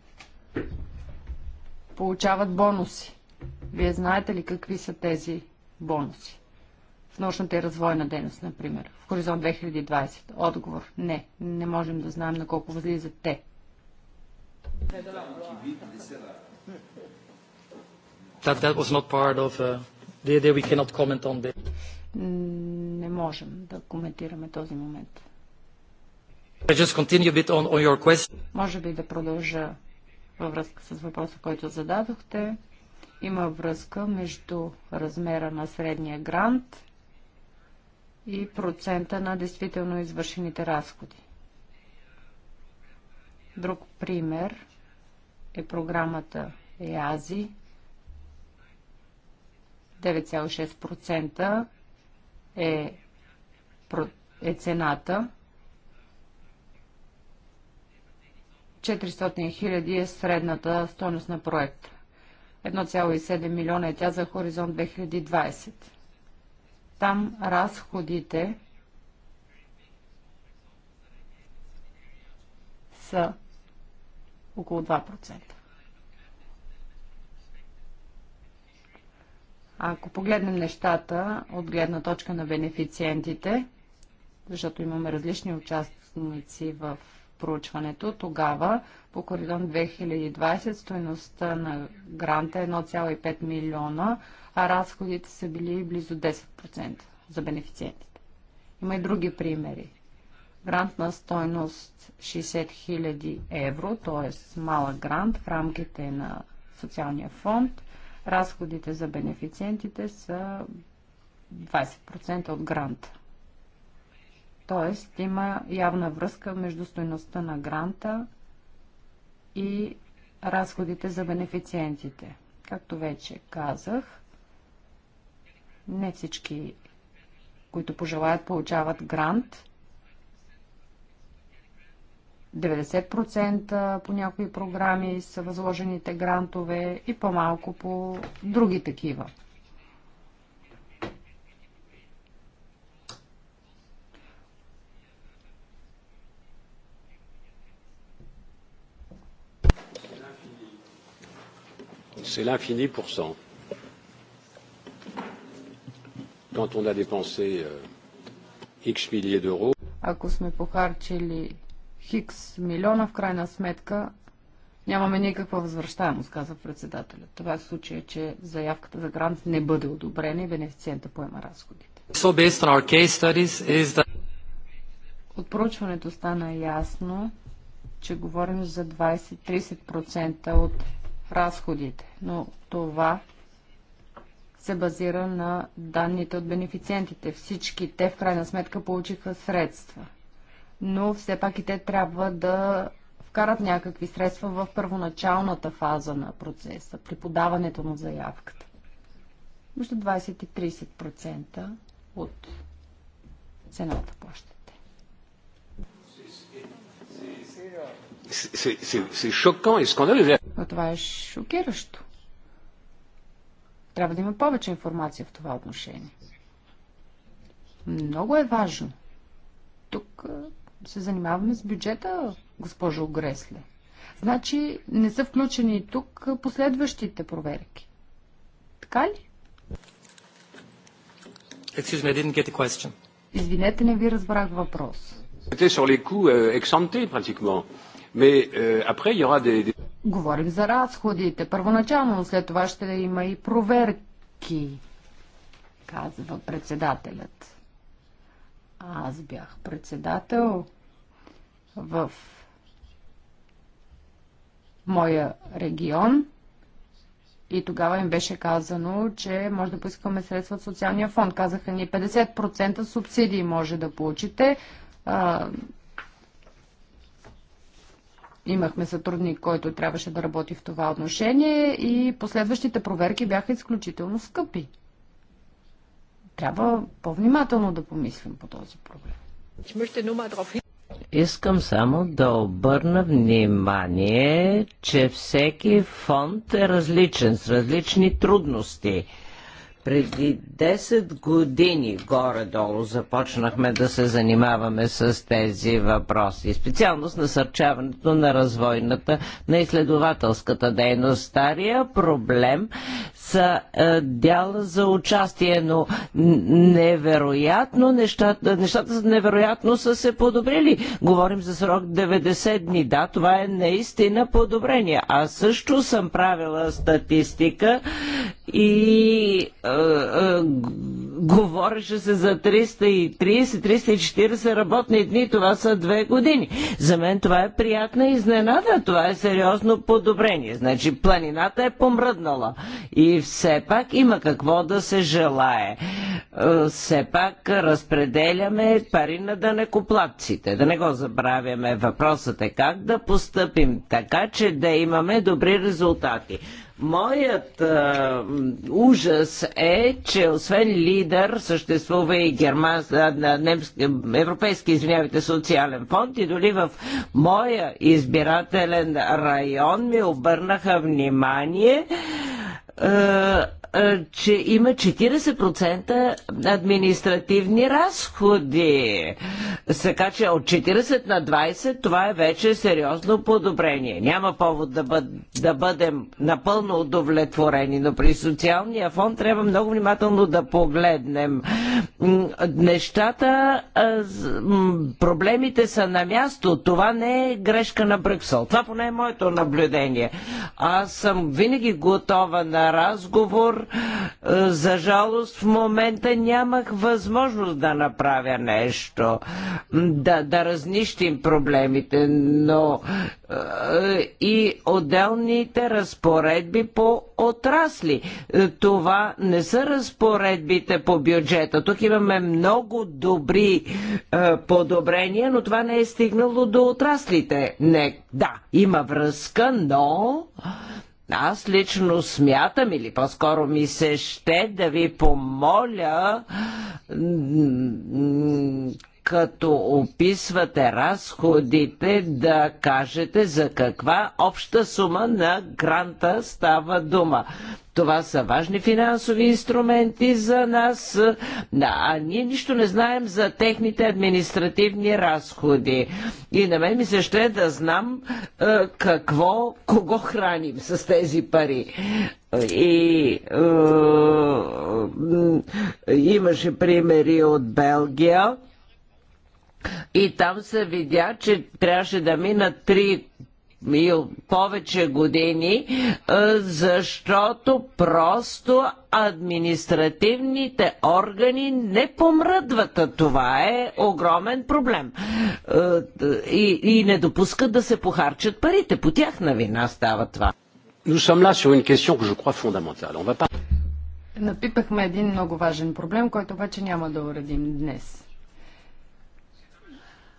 получават бонуси вие знаете ли какви са тези бонуси? В научната и развойна дейност, например. В Хоризонт 2020. Отговор – не. Не можем да знаем на колко възлизат те. That, that was not part of... Uh, we cannot comment on Не можем да коментираме този момент. I just continue a bit on, on your question. Може би да продължа във връзка с въпроса, който зададохте. Има връзка между размера на средния грант и процента на действително извършените разходи. Друг пример е програмата ЕАЗИ 9,6% е, е цената. 400 000 е средната стойност на проекта. 1,7 милиона е тя за хоризонт 2020. Там разходите са около 2%. Ако погледнем нещата от гледна точка на бенефициентите, защото имаме различни участници в проучването, тогава по Коридон 2020. Стоеността на гранта е 1,5 милиона, а разходите са били близо 10% за бенефициентите. Има и други примери. Грант на стоеност 60 000 евро, т.е. малък грант в рамките на социалния фонд. Разходите за бенефициентите са 20% от гранта. Тоест има явна връзка между стоеността на гранта и разходите за бенефициентите. Както вече казах, не всички, които пожелаят, получават грант. 90% по някои програми са възложените грантове и по-малко по други такива. c'est l'infini pour cent. Quand on a dépensé euh, X milliers d'euros. Ако сме похарчили хикс милиона, в крайна сметка нямаме никаква възвръщаемост, каза председателят. Това е в случая, че заявката за грант не бъде одобрена и бенефициента поема разходите. От проучването стана ясно, че говорим за 20-30% от разходите, но това се базира на данните от бенефициентите. Всички те в крайна сметка получиха средства, но все пак и те трябва да вкарат някакви средства в първоначалната фаза на процеса, при подаването на заявката. Между 20 е и 30% от цената плащат. Но това е шокиращо. Трябва да има повече информация в това отношение. Много е важно. Тук се занимаваме с бюджета, госпожо Гресле. Значи не са включени тук последващите проверки. Така ли? Excuse me, I didn't get the question. Извинете, не ви разбрах въпрос. C'était sur les coûts euh, pratiquement. Euh, Говорим за разходите. Първоначално, но след това ще има и проверки, казва председателят. Аз бях председател в моя регион и тогава им беше казано, че може да поискаме средства от социалния фонд. Казаха ни 50% субсидии може да получите. А, имахме сътрудник, който трябваше да работи в това отношение и последващите проверки бяха изключително скъпи. Трябва по-внимателно да помислим по този проблем. Искам само да обърна внимание, че всеки фонд е различен, с различни трудности преди 10 години горе-долу започнахме да се занимаваме с тези въпроси. Специално с насърчаването на развойната, на изследователската дейност. Стария проблем са е, дяла за участие, но невероятно нещата, нещата невероятно са се подобрили. Говорим за срок 90 дни. Да, това е наистина подобрение. Аз също съм правила статистика и а, а, говореше се за 330-340 работни дни. Това са две години. За мен това е приятна изненада. Това е сериозно подобрение. Значи планината е помръднала. И все пак има какво да се желае. Все пак разпределяме пари на данекоплатците. Да не го забравяме. Въпросът е как да постъпим така, че да имаме добри резултати. Моят а, ужас е, че освен лидер съществува и герман, а, немски, европейски извинявайте, социален фонд и дори в моя избирателен район ми обърнаха внимание а, че има 40% административни разходи. Така че от 40 на 20 това е вече сериозно подобрение. Няма повод да, бъд, да бъдем напълно удовлетворени, но при социалния фонд трябва много внимателно да погледнем. Нещата, проблемите са на място. Това не е грешка на Брюксел. Това поне е моето наблюдение. Аз съм винаги готова на разговор е, за жалост в момента нямах възможност да направя нещо, да, да разнищим проблемите, но е, и отделните разпоредби по отрасли. Е, това не са разпоредбите по бюджета. Тук имаме много добри подобрения, но това не е стигнало до отраслите. Не, да, има връзка, но аз лично смятам или по-скоро ми се ще да ви помоля като описвате разходите, да кажете за каква обща сума на гранта става дума. Това са важни финансови инструменти за нас, а ние нищо не знаем за техните административни разходи. И на мен ми се ще е да знам какво, кого храним с тези пари. И е, имаше примери от Белгия и там се видя, че трябваше да минат три и повече години, е, защото просто административните органи не помръдват. Това е огромен проблем. Е, и, и не допускат да се похарчат парите. По тях на вина става това. Напипахме един много важен проблем, който обаче няма да уредим днес.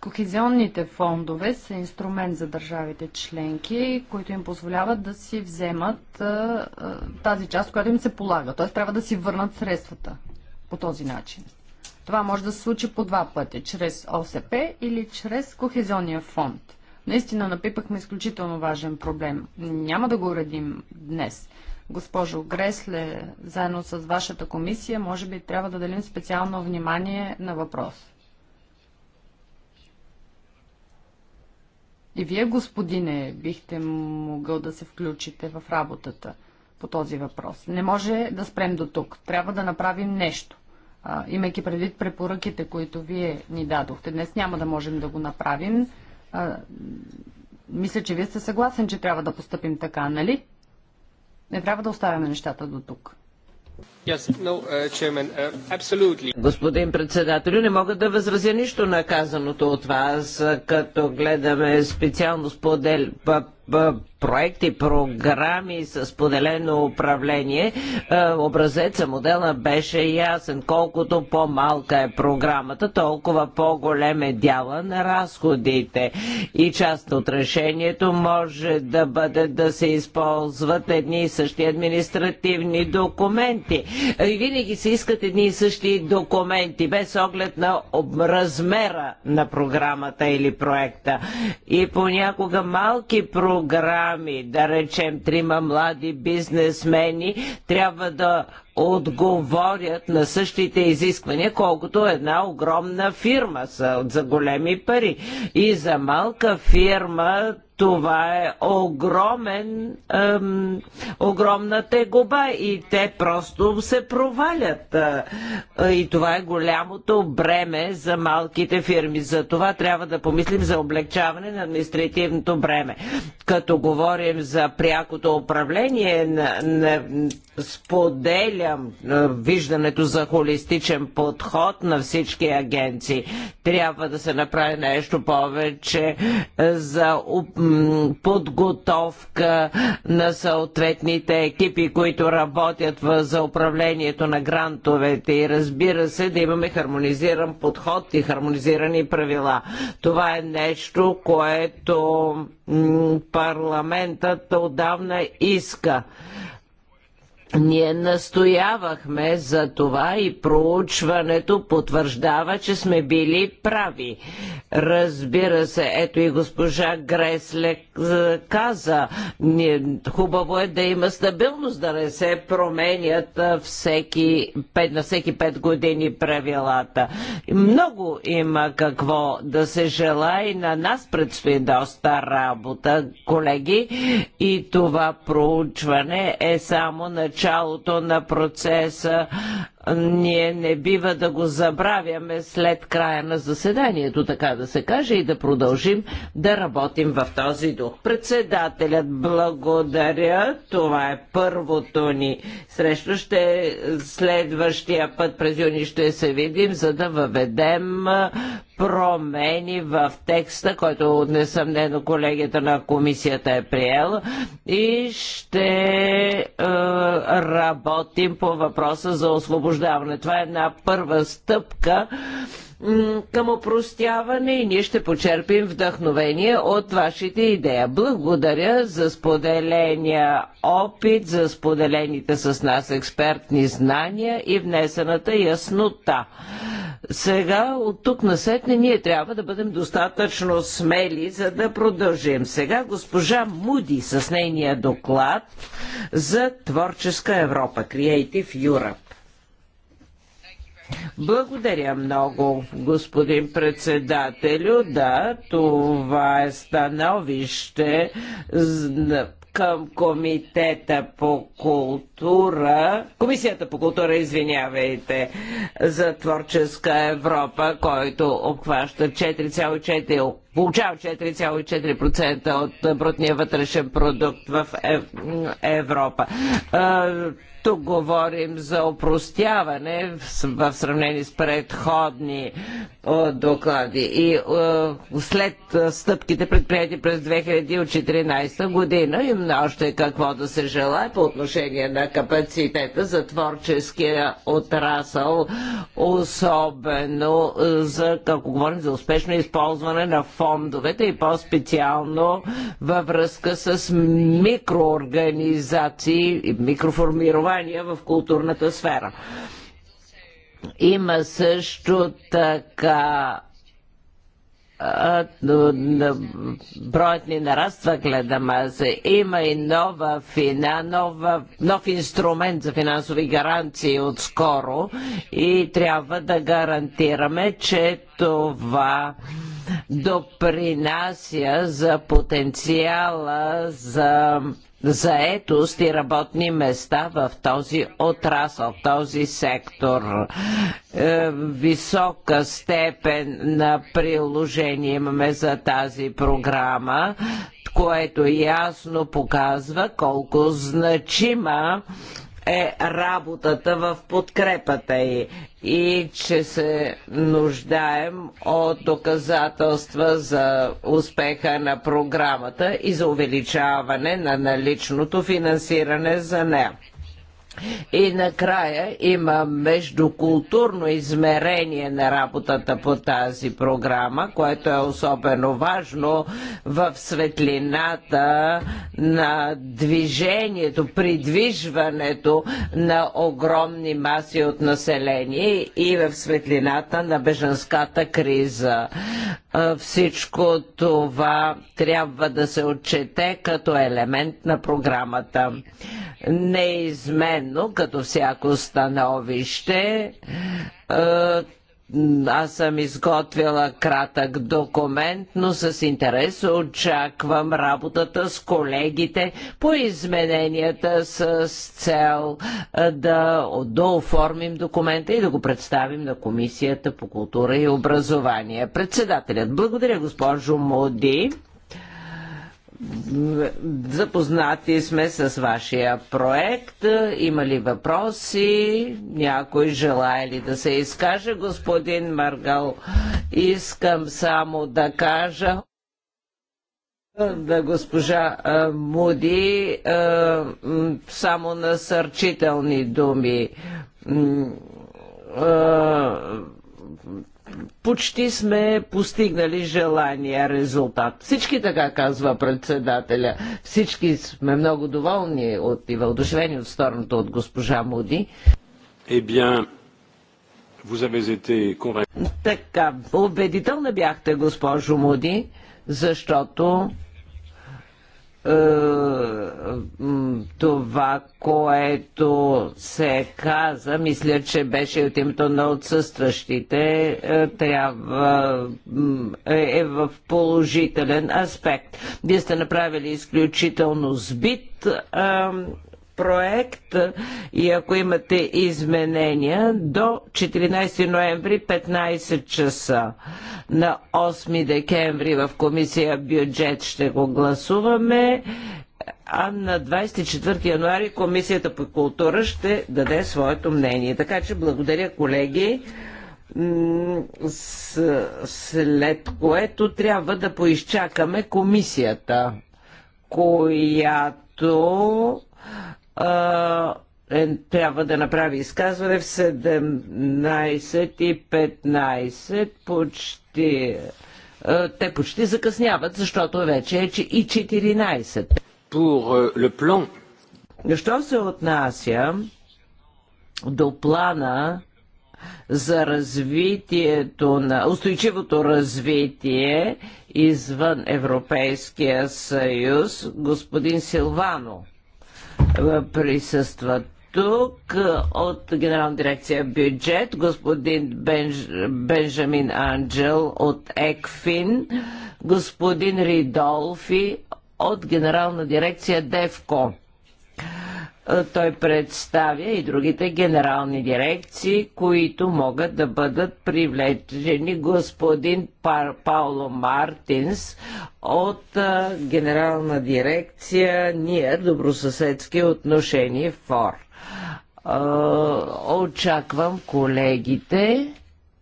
Кохезионните фондове са инструмент за държавите членки, които им позволяват да си вземат а, тази част, която им се полага. Т.е. трябва да си върнат средствата по този начин. Това може да се случи по два пъти, чрез ОСП или чрез Кохезионния фонд. Наистина напипахме изключително важен проблем. Няма да го уредим днес. Госпожо Гресле, заедно с вашата комисия, може би трябва да делим специално внимание на въпроса. И вие, господине, бихте могъл да се включите в работата по този въпрос. Не може да спрем до тук. Трябва да направим нещо. А, имайки предвид препоръките, които вие ни дадохте. Днес няма да можем да го направим. А, мисля, че вие сте съгласен, че трябва да поступим така, нали? Не трябва да оставяме нещата до тук. Uh, uh, Господин председател, не мога да възразя нищо на казаното от вас, като гледаме специално сподел, проекти, програми с поделено управление, е, образеца модела беше ясен. Колкото по-малка е програмата, толкова по-голем е дяла на разходите. И част от решението може да бъде да се използват едни и същи административни документи. Е, и винаги се искат едни и същи документи, без оглед на размера на програмата или проекта. И понякога малки програми програми, да речем трима млади бизнесмени, трябва да отговорят на същите изисквания, колкото една огромна фирма са за големи пари. И за малка фирма това е огромен, ем, огромна тегуба и те просто се провалят. Е, и това е голямото бреме за малките фирми. За това трябва да помислим за облегчаване на административното бреме. Като говорим за прякото управление, на, на, споделям е, виждането за холистичен подход на всички агенции. Трябва да се направи нещо повече е, за подготовка на съответните екипи, които работят за управлението на грантовете и разбира се да имаме хармонизиран подход и хармонизирани правила. Това е нещо, което парламентът отдавна иска. Ние настоявахме за това и проучването потвърждава, че сме били прави. Разбира се, ето и госпожа Гресле каза, хубаво е да има стабилност, да не се променят всеки, на всеки пет години правилата. Много има какво да се жела и на нас предстои доста работа, колеги, и това проучване е само начало началото на процеса ние не бива да го забравяме след края на заседанието, така да се каже, и да продължим да работим в този дух. Председателят, благодаря. Това е първото ни срещу. Ще следващия път през юни ще се видим, за да въведем промени в текста, който несъмнено колегията на комисията е приел и ще е, работим по въпроса за освобождението освобождаване. Това е една първа стъпка към опростяване и ние ще почерпим вдъхновение от вашите идеи. Благодаря за споделения опит, за споделените с нас експертни знания и внесената яснота. Сега, от тук на сетне, ние трябва да бъдем достатъчно смели, за да продължим. Сега госпожа Муди с нейния доклад за творческа Европа, Creative Europe. Благодаря много, господин председателю. Да, това е становище към комитета по култура, комисията по култура, извинявайте, за творческа Европа, който обхваща 4,4 получава 4,4% от брутния вътрешен продукт в Европа. Тук говорим за опростяване в сравнение с предходни доклади и след стъпките предприяти през 2014 година и още какво да се желае по отношение на капацитета за творческия отрасъл, особено за, ако говорим за успешно използване на фондовете и по-специално във връзка с микроорганизации и микроформирование образование в културната сфера. Има също така броят ни нараства, гледам аз. Има и нова фина, нова, нов инструмент за финансови гаранции отскоро и трябва да гарантираме, че това допринася за потенциала за заетост и работни места в този отрасъл, в този сектор. Е, висока степен на приложение имаме за тази програма, което ясно показва колко значима е работата в подкрепата й и че се нуждаем от доказателства за успеха на програмата и за увеличаване на наличното финансиране за нея. И накрая има междукултурно измерение на работата по тази програма, което е особено важно в светлината на движението, придвижването на огромни маси от население и в светлината на беженската криза. Всичко това трябва да се отчете като елемент на програмата. Неизменно Междувременно, като всяко становище, е, аз съм изготвила кратък документ, но с интерес очаквам работата с колегите по измененията с цел е, да дооформим документа и да го представим на Комисията по култура и образование. Председателят, благодаря госпожо Моди. Запознати сме с вашия проект. Има ли въпроси? Някой желая ли да се изкаже? Господин Маргал, искам само да кажа да госпожа Муди само насърчителни думи почти сме постигнали желания резултат. Всички така казва председателя. Всички сме много доволни от, и вълдушевени от стороната от госпожа Муди. Eh vous avez été Така, убедителна бяхте, госпожо Муди, защото е, това, което се каза, мисля, че беше от името на отсъстващите, е, трябва е, е в положителен аспект. Вие сте направили изключително сбит проект и ако имате изменения до 14 ноември 15 часа на 8 декември в комисия бюджет ще го гласуваме а на 24 януари Комисията по култура ще даде своето мнение. Така че благодаря, колеги, след което трябва да поизчакаме комисията, която е, трябва да направи изказване в 17 и 15 почти. Е, те почти закъсняват, защото вече е и 14. Pour euh, le plan. Що се отнася до плана за развитието на устойчивото развитие извън Европейския съюз, господин Силвано Присъства тук от Генерална дирекция бюджет, господин Бенж, Бенжамин Анджел от ЕКФИН, господин Ридолфи от Генерална дирекция ДЕВКО. Е, той представя и другите генерални дирекции, които могат да бъдат привлечени господин Пар, Пауло Мартинс от а, е, генерална дирекция ние добросъседски отношения ФОР. Е, очаквам колегите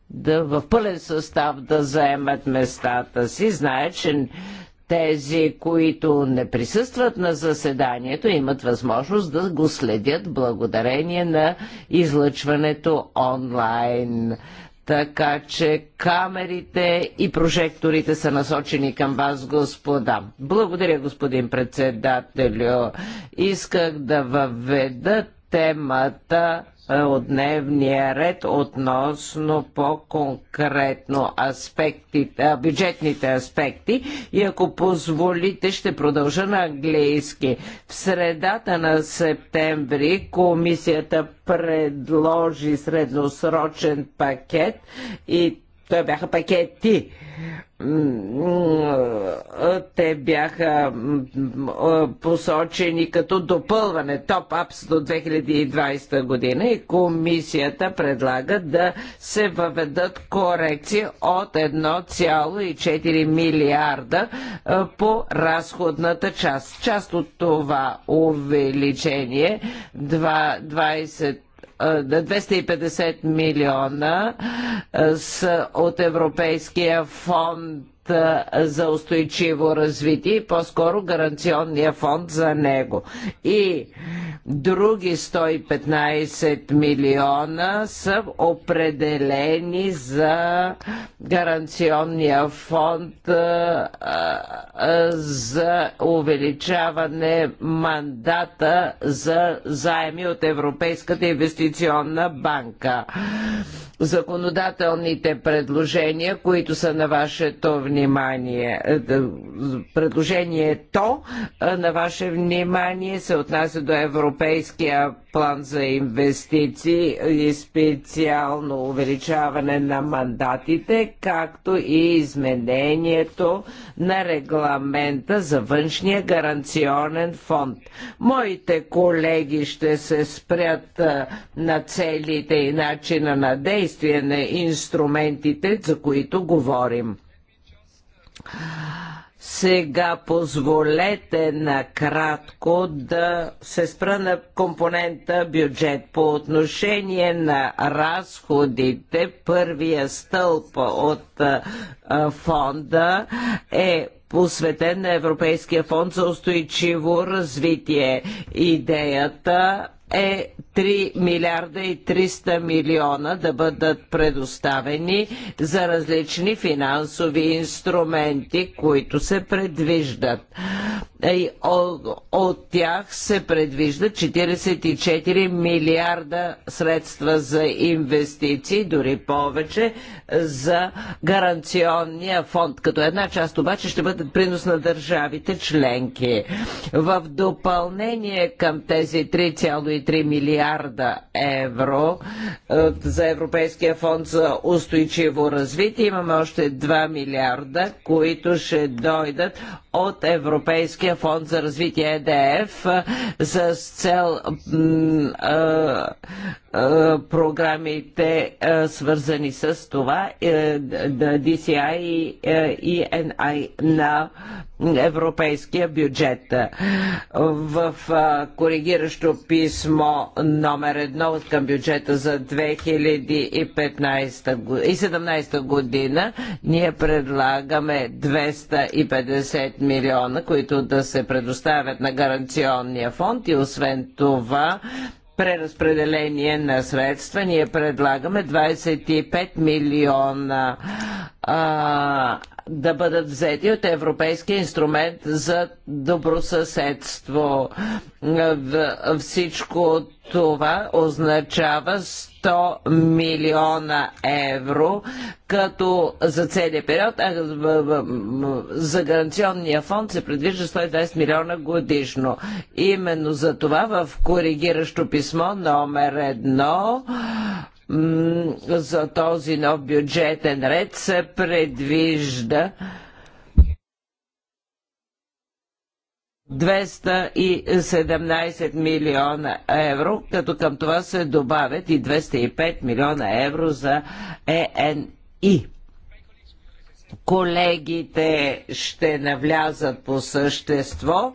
да в пълен състав да заемат местата си. Знае, че тези, които не присъстват на заседанието, имат възможност да го следят благодарение на излъчването онлайн. Така че камерите и прожекторите са насочени към вас, господа. Благодаря, господин председателю. Исках да въведа темата е, от дневния ред относно по-конкретно аспектите, бюджетните аспекти и ако позволите ще продължа на английски. В средата на септември комисията предложи средносрочен пакет и той бяха пакети те бяха посочени като допълване топ-апс до 2020 година и комисията предлага да се въведат корекции от 1,4 милиарда по разходната част. Част от това увеличение 20 250 милиона с, от Европейския фонд за устойчиво развитие и по-скоро гаранционния фонд за него. И други 115 милиона са определени за гаранционния фонд за увеличаване мандата за заеми от Европейската инвестиционна банка законодателните предложения, които са на вашето внимание. Е, предложението е, на ваше внимание се отнася до Европейския план за инвестиции и специално увеличаване на мандатите, както и изменението на регламента за външния гаранционен фонд. Моите колеги ще се спрят е, на целите и начина на действие действие на инструментите, за които говорим. Сега позволете накратко да се спра на компонента бюджет. По отношение на разходите, първия стълб от фонда е посветен на Европейския фонд за устойчиво развитие. Идеята е 3 милиарда и 300 милиона да бъдат предоставени за различни финансови инструменти, които се предвиждат. И от тях се предвиждат 44 милиарда средства за инвестиции, дори повече за гаранционния фонд. Като една част обаче ще бъдат принос на държавите членки. В допълнение към тези 3,3 3 милиарда евро е, за Европейския фонд за устойчиво развитие. Имаме още 2 милиарда, които ще дойдат от Европейския фонд за развитие ЕДФ с цел е, програмите, свързани с това, DCI е, е, и NI на европейския бюджет. В коригиращо писмо номер едно към бюджета за 2017 година ние предлагаме 250 милиона, които да се предоставят на гаранционния фонд и освен това преразпределение на средства. Ние предлагаме 25 милиона а, да бъдат взети от Европейския инструмент за добросъседство. Всичко това означава 100 милиона евро, като за целият период за гаранционния фонд се предвижда 120 милиона годишно. Именно за това в коригиращо писмо номер едно за този нов бюджетен ред се предвижда 217 милиона евро, като към това се добавят и 205 милиона евро за е ЕНИ. Колегите ще навлязат по същество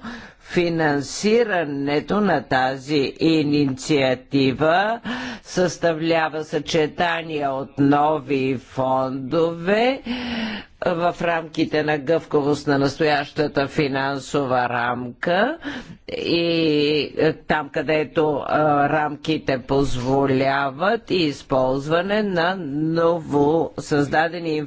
Финансирането на тази инициатива съставлява съчетание от нови фондове в рамките на гъвкавост на настоящата финансова рамка и там, където рамките позволяват и използване на ново създадени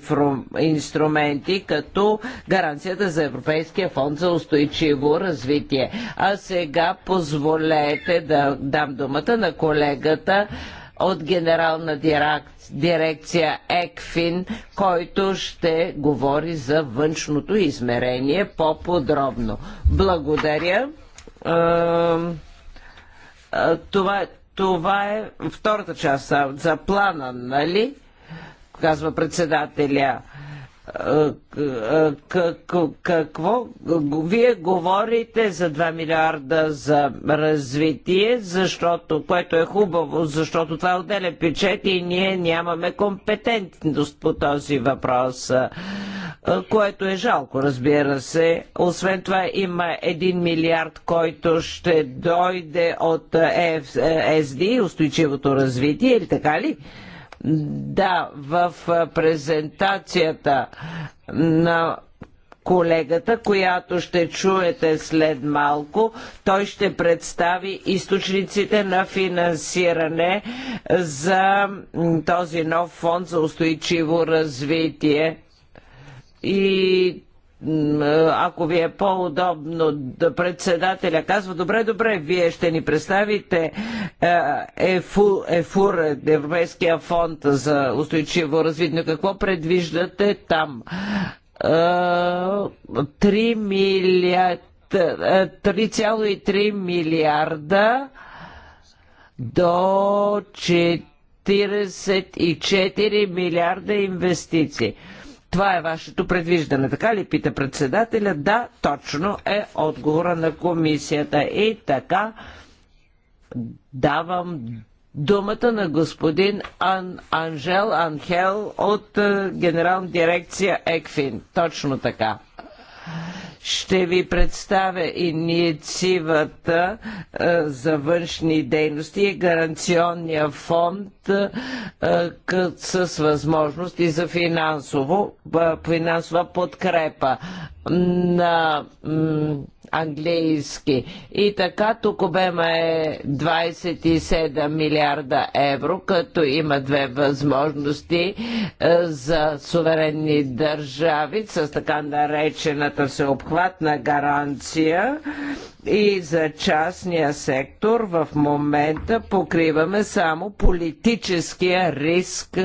инструменти, като гаранцията за Европейския фонд за устойчиво развитие развитие. А сега позволете да дам думата на колегата от генерална дирекция ЕКФИН, който ще говори за външното измерение по-подробно. Благодаря. Това, това е втората част за плана, нали? Казва председателя какво вие говорите за 2 милиарда за развитие, защото, което е хубаво, защото това е отделя бюджет, печет и ние нямаме компетентност по този въпрос, което е жалко, разбира се. Освен това има 1 милиард, който ще дойде от ЕСД, устойчивото развитие, или така ли? Да, в презентацията на колегата, която ще чуете след малко. Той ще представи източниците на финансиране за този нов фонд за устойчиво развитие. И ако ви е по-удобно, да председателя казва, добре, добре, вие ще ни представите е, ЕФУ, ЕФУР, Европейския фонд за устойчиво развитие. Какво предвиждате там? 3 милиарда 3,3 милиарда до 44 милиарда инвестиции. Това е вашето предвиждане, така ли пита председателя? Да, точно е отговора на комисията. И така давам думата на господин Ан, Анжел Анхел от е, Генерална дирекция ЕКФИН. Точно така. Ще ви представя инициативата е, за външни дейности и гаранционния фонд е, с възможности за финансово, е, финансова подкрепа на английски. И така тук обема е 27 милиарда евро, като има две възможности е, за суверенни държави с така наречената всеобхватна гаранция и за частния сектор в момента покриваме само политическия риск,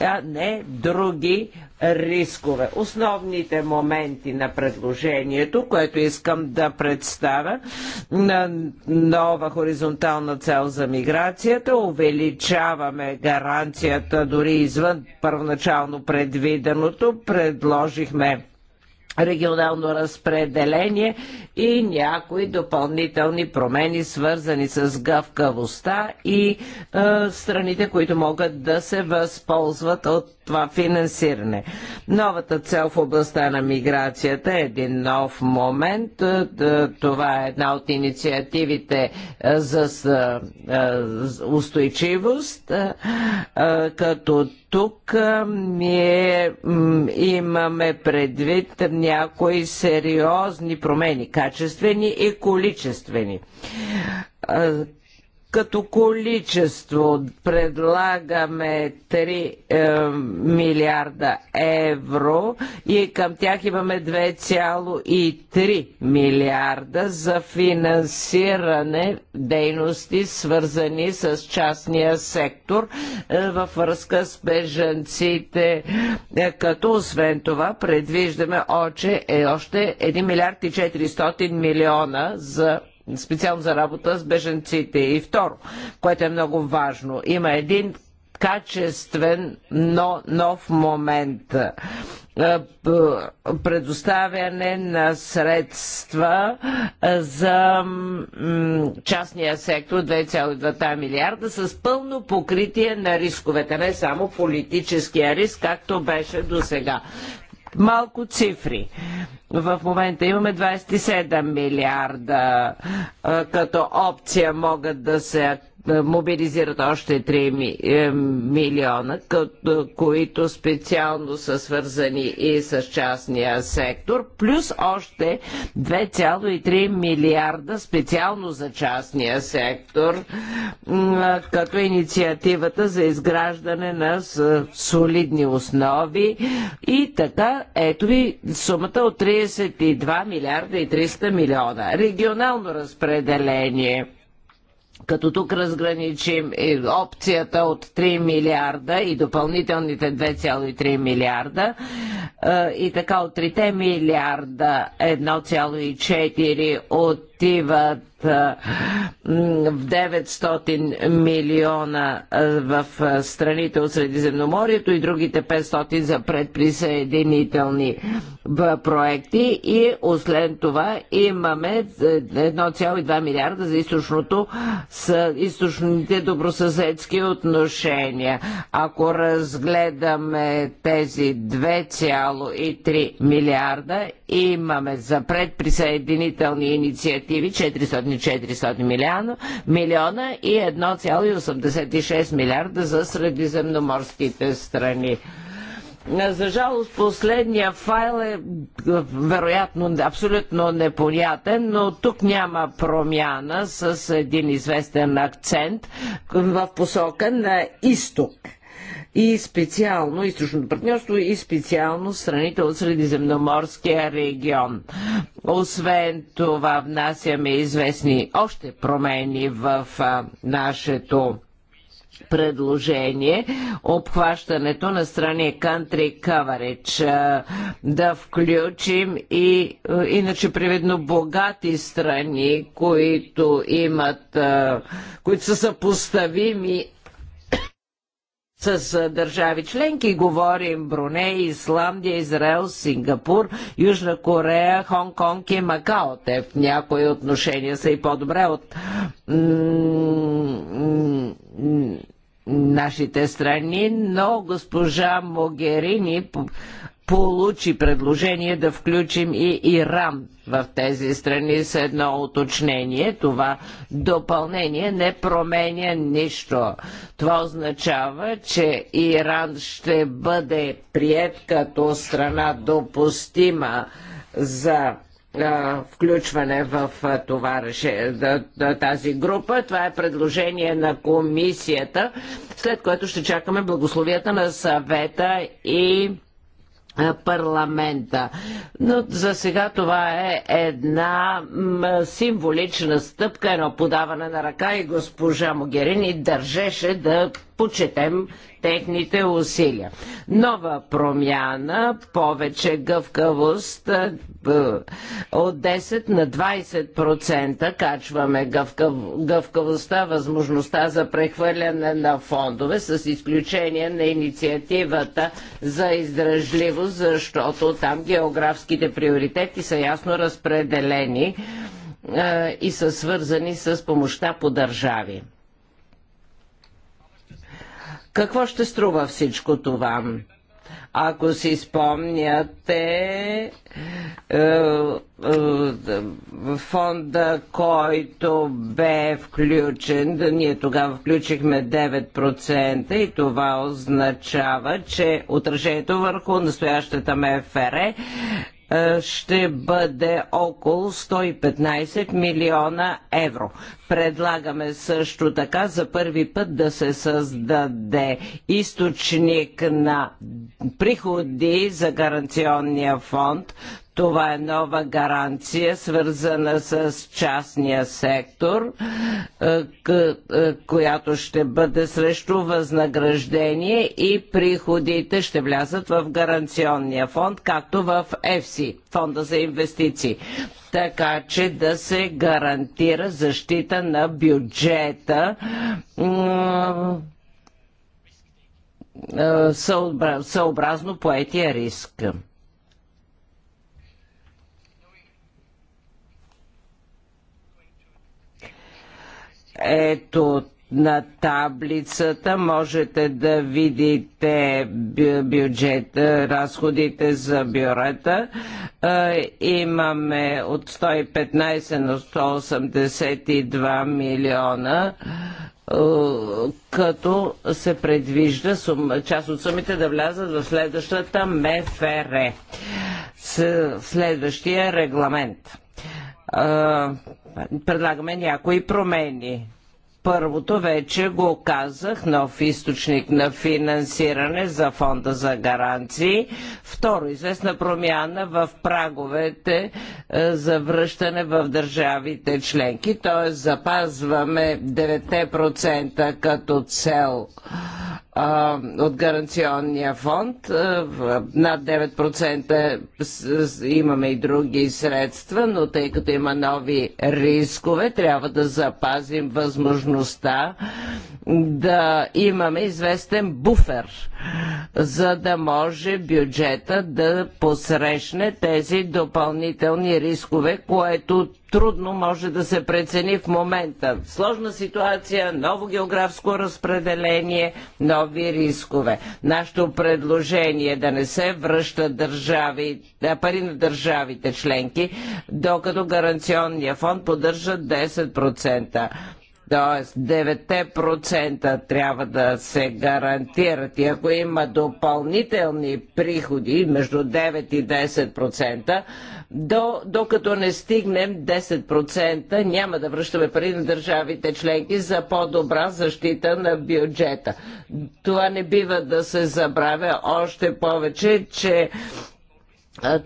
а не други рискове. Основните моменти на предложението, което искам да представя на нова хоризонтална цел за миграцията, увеличаваме гаранцията дори извън първоначално предвиденото. Предложихме регионално разпределение и някои допълнителни промени, свързани с гъвкавостта и е, страните, които могат да се възползват от това финансиране. Новата цел в областта на миграцията е един нов момент. Е, това е една от инициативите е, за е, устойчивост, като тук ние имаме предвид някои сериозни промени, качествени и количествени като количество предлагаме 3 е, милиарда евро и към тях имаме 2,3 милиарда за финансиране дейности, свързани с частния сектор е, във връзка с беженците, е, като освен това предвиждаме оче, е, още 1 милиард и 400 милиона за специално за работа с беженците. И второ, което е много важно, има един качествен, но нов момент. Е, предоставяне на средства за частния сектор 2,2 милиарда с пълно покритие на рисковете, не само политическия риск, както беше до сега. Малко цифри. В момента имаме 27 милиарда като опция могат да се мобилизират още 3 е, милиона, които специално са свързани и с частния сектор, плюс още 2,3 милиарда специално за частния сектор, като инициативата за изграждане на солидни основи и така, ето ви сумата от 32 милиарда и 300 милиона. Регионално разпределение – като тук разграничим опцията от 3 милиарда и допълнителните 2,3 милиарда е, и така от 3 милиарда 1,4 от отиват в 900 милиона в страните от Средиземноморието и другите 500 за предприсъединителни проекти и освен това имаме 1,2 е, милиарда за източното с източните добросъседски отношения. Ако разгледаме тези 2,3 милиарда Имаме за предприсъединителни инициативи 400-400 милиона, милиона и 1,86 милиарда за средиземноморските страни. За жалост последния файл е, е вероятно абсолютно непонятен, но тук няма промяна с един известен акцент в посока на изток и специално източното партньорство и специално страните от Средиземноморския регион. Освен това внасяме известни още промени в а, нашето предложение обхващането на страни Country Coverage да включим и иначе приведно богати страни, които имат които са съпоставими с държави членки. Говорим Броне, Исландия, Израел, Сингапур, Южна Корея, Хонг-Конг и Макао. Те в някои отношения са и по-добре от нашите страни, но госпожа Могерини получи предложение да включим и Иран в тези страни с едно уточнение. Това допълнение не променя нищо. Това означава, че Иран ще бъде прият като страна допустима за включване в това, тази група. Това е предложение на комисията, след което ще чакаме благословията на съвета и парламента. Но за сега това е една символична стъпка, едно подаване на ръка и госпожа Могерини държеше да почетем техните усилия. Нова промяна, повече гъвкавост е, от 10 на 20% качваме гъвкав, гъвкавостта, възможността за прехвърляне на фондове с изключение на инициативата за издръжливост, защото там географските приоритети са ясно разпределени е, и са свързани с помощта по държави. Какво ще струва всичко това? Ако си спомняте, е, е, фонда, който бе включен, да ние тогава включихме 9% и това означава, че отражението върху настоящата МФР е, ще бъде около 115 милиона евро. Предлагаме също така за първи път да се създаде източник на приходи за гаранционния фонд. Това е нова гаранция, свързана с частния сектор, е, е, която ще бъде срещу възнаграждение и приходите ще влязат в гаранционния фонд, както в ЕФСИ, фонда за инвестиции така че да се гарантира защита на бюджета е, съобразно поетия риск. Ето на таблицата можете да видите бюджета, е, разходите за бюрета. Е, имаме от 115 на 182 милиона, е, като се предвижда част от сумите да влязат в следващата МФР, следващия регламент предлагаме някои промени. Първото вече го казах, нов източник на финансиране за фонда за гаранции. Второ, известна промяна в праговете е, за връщане в държавите членки, т.е. запазваме 9% като цел от гаранционния фонд. Над 9% имаме и други средства, но тъй като има нови рискове, трябва да запазим възможността да имаме известен буфер, за да може бюджета да посрещне тези допълнителни рискове, което трудно може да се прецени в момента. Сложна ситуация, ново географско разпределение, нови рискове. Нашето предложение е да не се връща държави, пари на държавите членки, докато гаранционния фонд поддържа 10%. Тоест 9% трябва да се гарантират и ако има допълнителни приходи между 9 и 10%, до, докато не стигнем 10%, няма да връщаме пари на държавите членки за по-добра защита на бюджета. Това не бива да се забравя още повече, че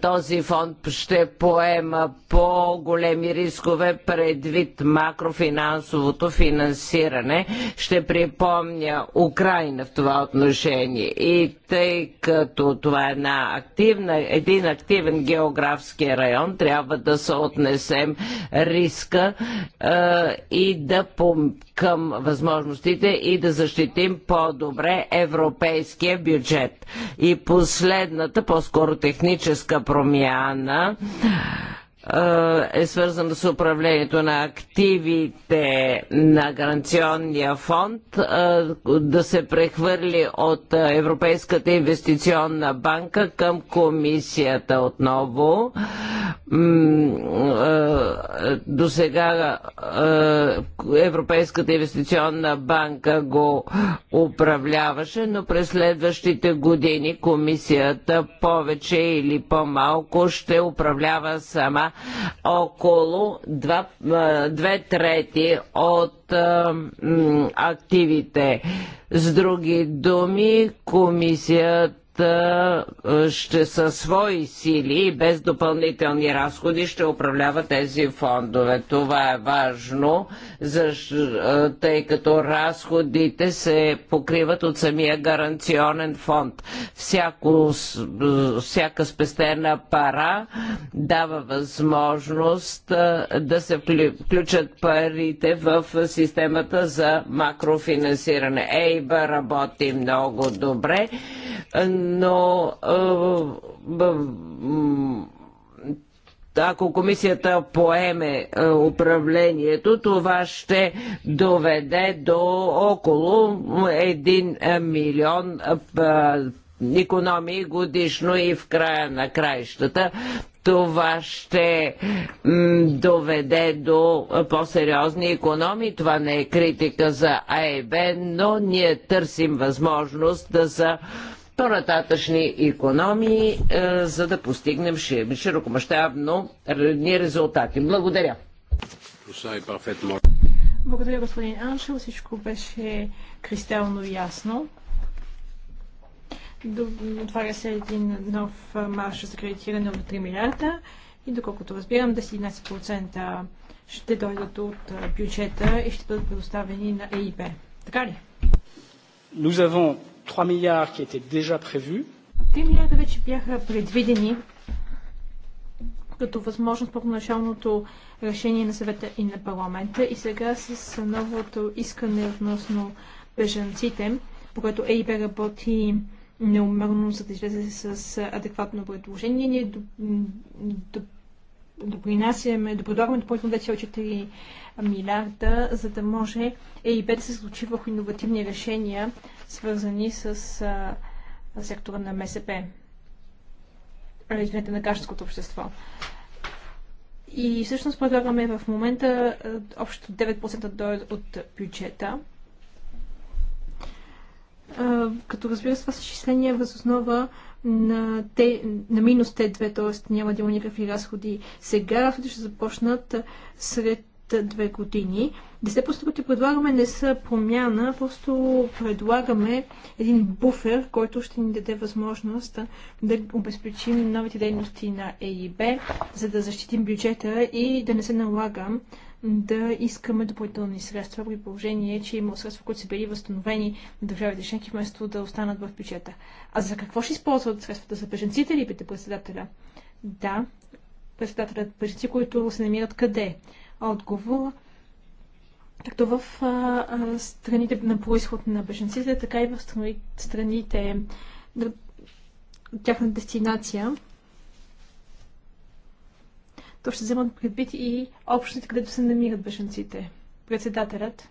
този фонд ще поема по-големи рискове предвид макрофинансовото финансиране. Ще припомня Украина в това отношение. И тъй като това е една активна, един активен географски район, трябва да се отнесем риска е, и да пом- към възможностите и да защитим по-добре европейския бюджет. И последната, по-скоро техническа политическа промяна е свързан с управлението на активите на гаранционния фонд, да се прехвърли от Европейската инвестиционна банка към комисията отново. До сега Европейската инвестиционна банка го управляваше, но през следващите години комисията повече или по-малко ще управлява сама около 2 две трети от активите. С други думи, комисията е, ще със свои сили и без допълнителни разходи ще управлява тези фондове. Това е важно, защото, е, тъй като разходите се покриват от самия гаранционен фонд. Всяко, е, всяка спестена пара дава възможност да се включат парите в системата за макрофинансиране. Ейба работи много добре, но ако комисията поеме управлението, това ще доведе до около 1 милион економии годишно и в края на краищата това ще доведе до по-сериозни економии. Това не е критика за АЕБ, но ние търсим възможност да за по-нататъчни економии, е, за да постигнем широкомащабно ни резултати. Благодаря. Благодаря, господин Аншел. Всичко беше кристално ясно. Отваря се един нов марш за кредитиране от 3 милиарда и доколкото разбирам, 10-11% ще дойдат от бюджета и ще бъдат предоставени на ЕИБ. Така ли? Nous avons 3 милиарда, които бяха déjà prévus. 3 милиарда вече бяха предвидени като възможност по началното решение на съвета и на парламента. И сега с новото искане относно бежанците, по което ЕИБ работи неумерно, за да излезе с адекватно предложение. Ние допринасяме, допредлагаме допълнително 2,4 милиарда, за да може ЕИБ да се случи върху иновативни решения свързани с а, сектора на МСП, извинете, на гражданското общество. И всъщност предлагаме в момента общо 9% дойд от бюджета. като разбира се, това съчисление, изчисления въз основа на, те, на минус Т2, т.е. няма да има никакви разходи сега, разходи ще започнат сред две години. Десте просто, които предлагаме, не са промяна, просто предлагаме един буфер, който ще ни даде възможност да обезпечим новите дейности на ЕИБ, за да защитим бюджета и да не се налага да искаме допълнителни средства при положение, че има средства, които са били възстановени на държавите членки, вместо да останат в бюджета. А за какво ще използват средствата за беженците ли, пите председателя? Да, председателят беженци, които се намират къде? Отговор както в а, а, страните на происход на беженците, така и в страните на тяхна дестинация. То ще вземат предвид и общностите, където се намират беженците. Председателят.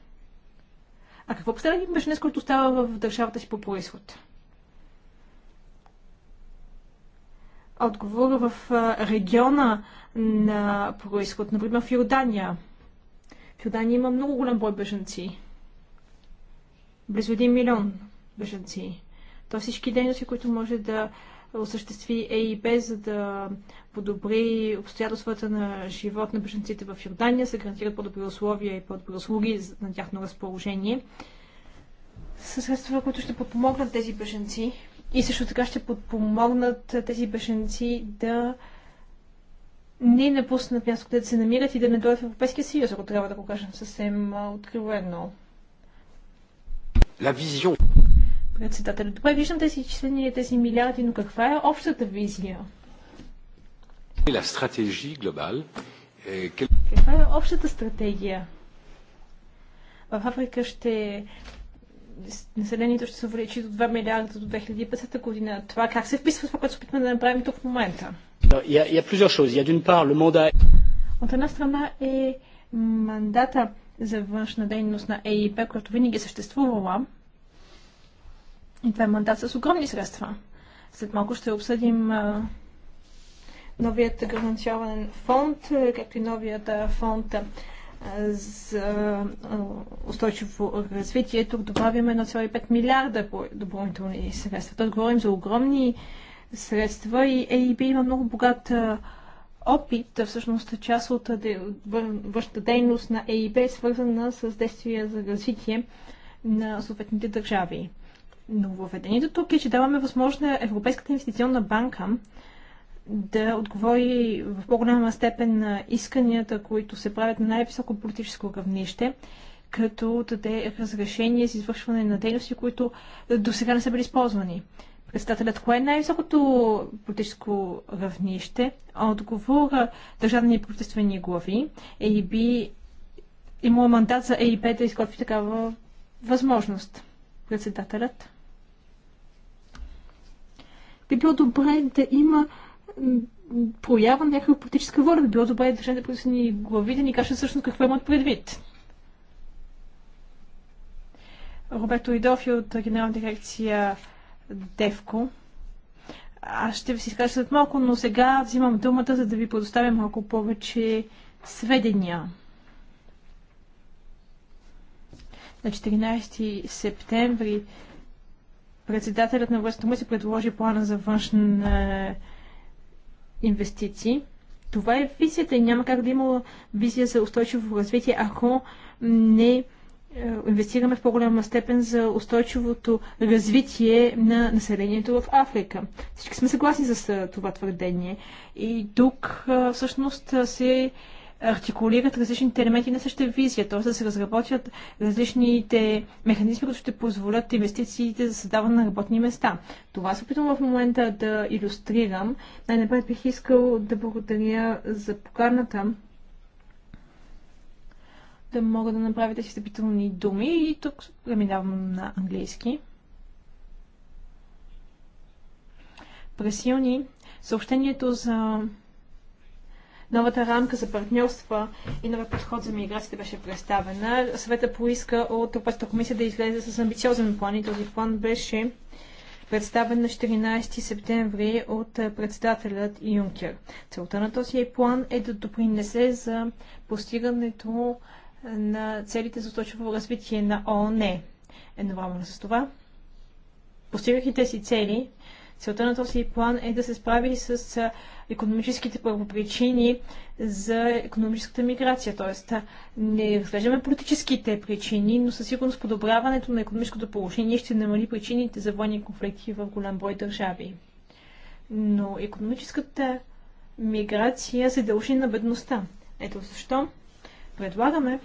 А какво представя един беженец, който остава в държавата си по происход? Отговор в региона на происход, например в Йордания – Йордания има много голям брой бежанци. Близо един милион бежанци. То всички дейности, които може да осъществи ЕИБ, за да подобри обстоятелствата на живот на бежанците в Йордания, се гарантират по-добри условия и по-добри услуги на тяхно разположение. Със средства, които ще подпомогнат тези бежанци и също така ще подпомогнат тези бежанци да не напуснат място, където се намират и да не дойдат в Европейския съюз, ако трябва да го кажем съвсем откровено. La vision. Председател, добре, виждам тези числения, тези милиарди, но каква е общата визия? La stratégie globale. Е, каква е общата стратегия? В Африка ще населението ще се увеличи до 2 милиарда до 2050 година. Това как се вписва в това, което се опитваме да направим тук в момента? От една страна е мандата за външна дейност на ЕИП, който винаги е съществувала. И това е мандат с огромни средства. След малко ще обсъдим новият гаранционен фонд, както и новият фонд за устойчиво развитие. Тук добавяме 1,5 милиарда допълнителни средства. Тук говорим за огромни средства и AIB има много богат опит, всъщност част от външната дейност на ЕИБ е свързана с действия за развитие на съответните държави. Но въведението тук е, че даваме възможност на Европейската инвестиционна банка да отговори в по-голяма степен на исканията, които се правят на най-високо политическо равнище, като даде разрешение за извършване на дейности, които до сега не са били използвани председателят, кое е най-високото политическо равнище? Отговор държавни протествени глави. ЕИБ имало мандат за ЕИБ да изготви такава възможност. Председателят. Би било добре да има проява на някаква политическа воля. Би било добре да държавните протествени глави да ни кажат всъщност какво имат предвид. Роберто Идофи от Генерална дирекция Девко. Аз ще ви си изкажа след малко, но сега взимам думата, за да ви предоставя малко повече сведения. На 14 септември председателят на му се предложи плана за външни е, инвестиции. Това е визията и няма как да има визия за устойчиво развитие, ако не е, инвестираме в по-голяма степен за устойчивото развитие на населението в Африка. Всички сме съгласни с е, това твърдение. И тук е, всъщност се артикулират различните елементи на същата визия, т.е. да се разработят различните механизми, които ще позволят инвестициите за създаване на работни места. Това се опитвам в момента да иллюстрирам. Най-напред бих искал да благодаря за поканата да мога да направя тези думи и тук преминавам на английски. През юни съобщението за новата рамка за партньорства и новия подход за миграцията беше представена. Съвета поиска от Европейската комисия да излезе с амбициозен план и този план беше представен на 14 септември от председателят Юнкер. Целта на този план е да допринесе за постигането на целите за устойчиво развитие на ООН. Едновременно с това, постигайки тези цели, целта на този план е да се справи с економическите първопричини за економическата миграция. Т.е. не разглеждаме политическите причини, но със сигурност подобряването на економическото положение ще намали причините за военни конфликти в голям брой държави. Но економическата миграция се дължи на бедността. Ето защо предлагаме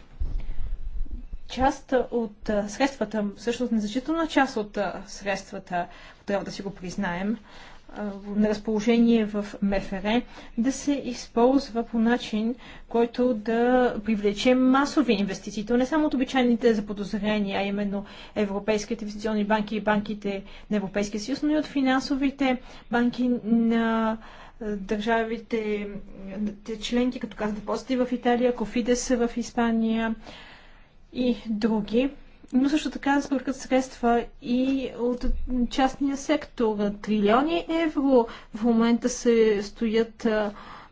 част от средствата, всъщност незначителна част от средствата, трябва да си го признаем, на разположение в МФР, да се използва по начин, който да привлече масови инвестиции. То не само от обичайните заподозрения, а именно европейските инвестиционни банки и банките на Европейския съюз, но и от финансовите банки на държавите членки, като каза депозити в Италия, Кофидес в Испания, и други. Но също така се средства и от частния сектор. Трилиони евро в момента се стоят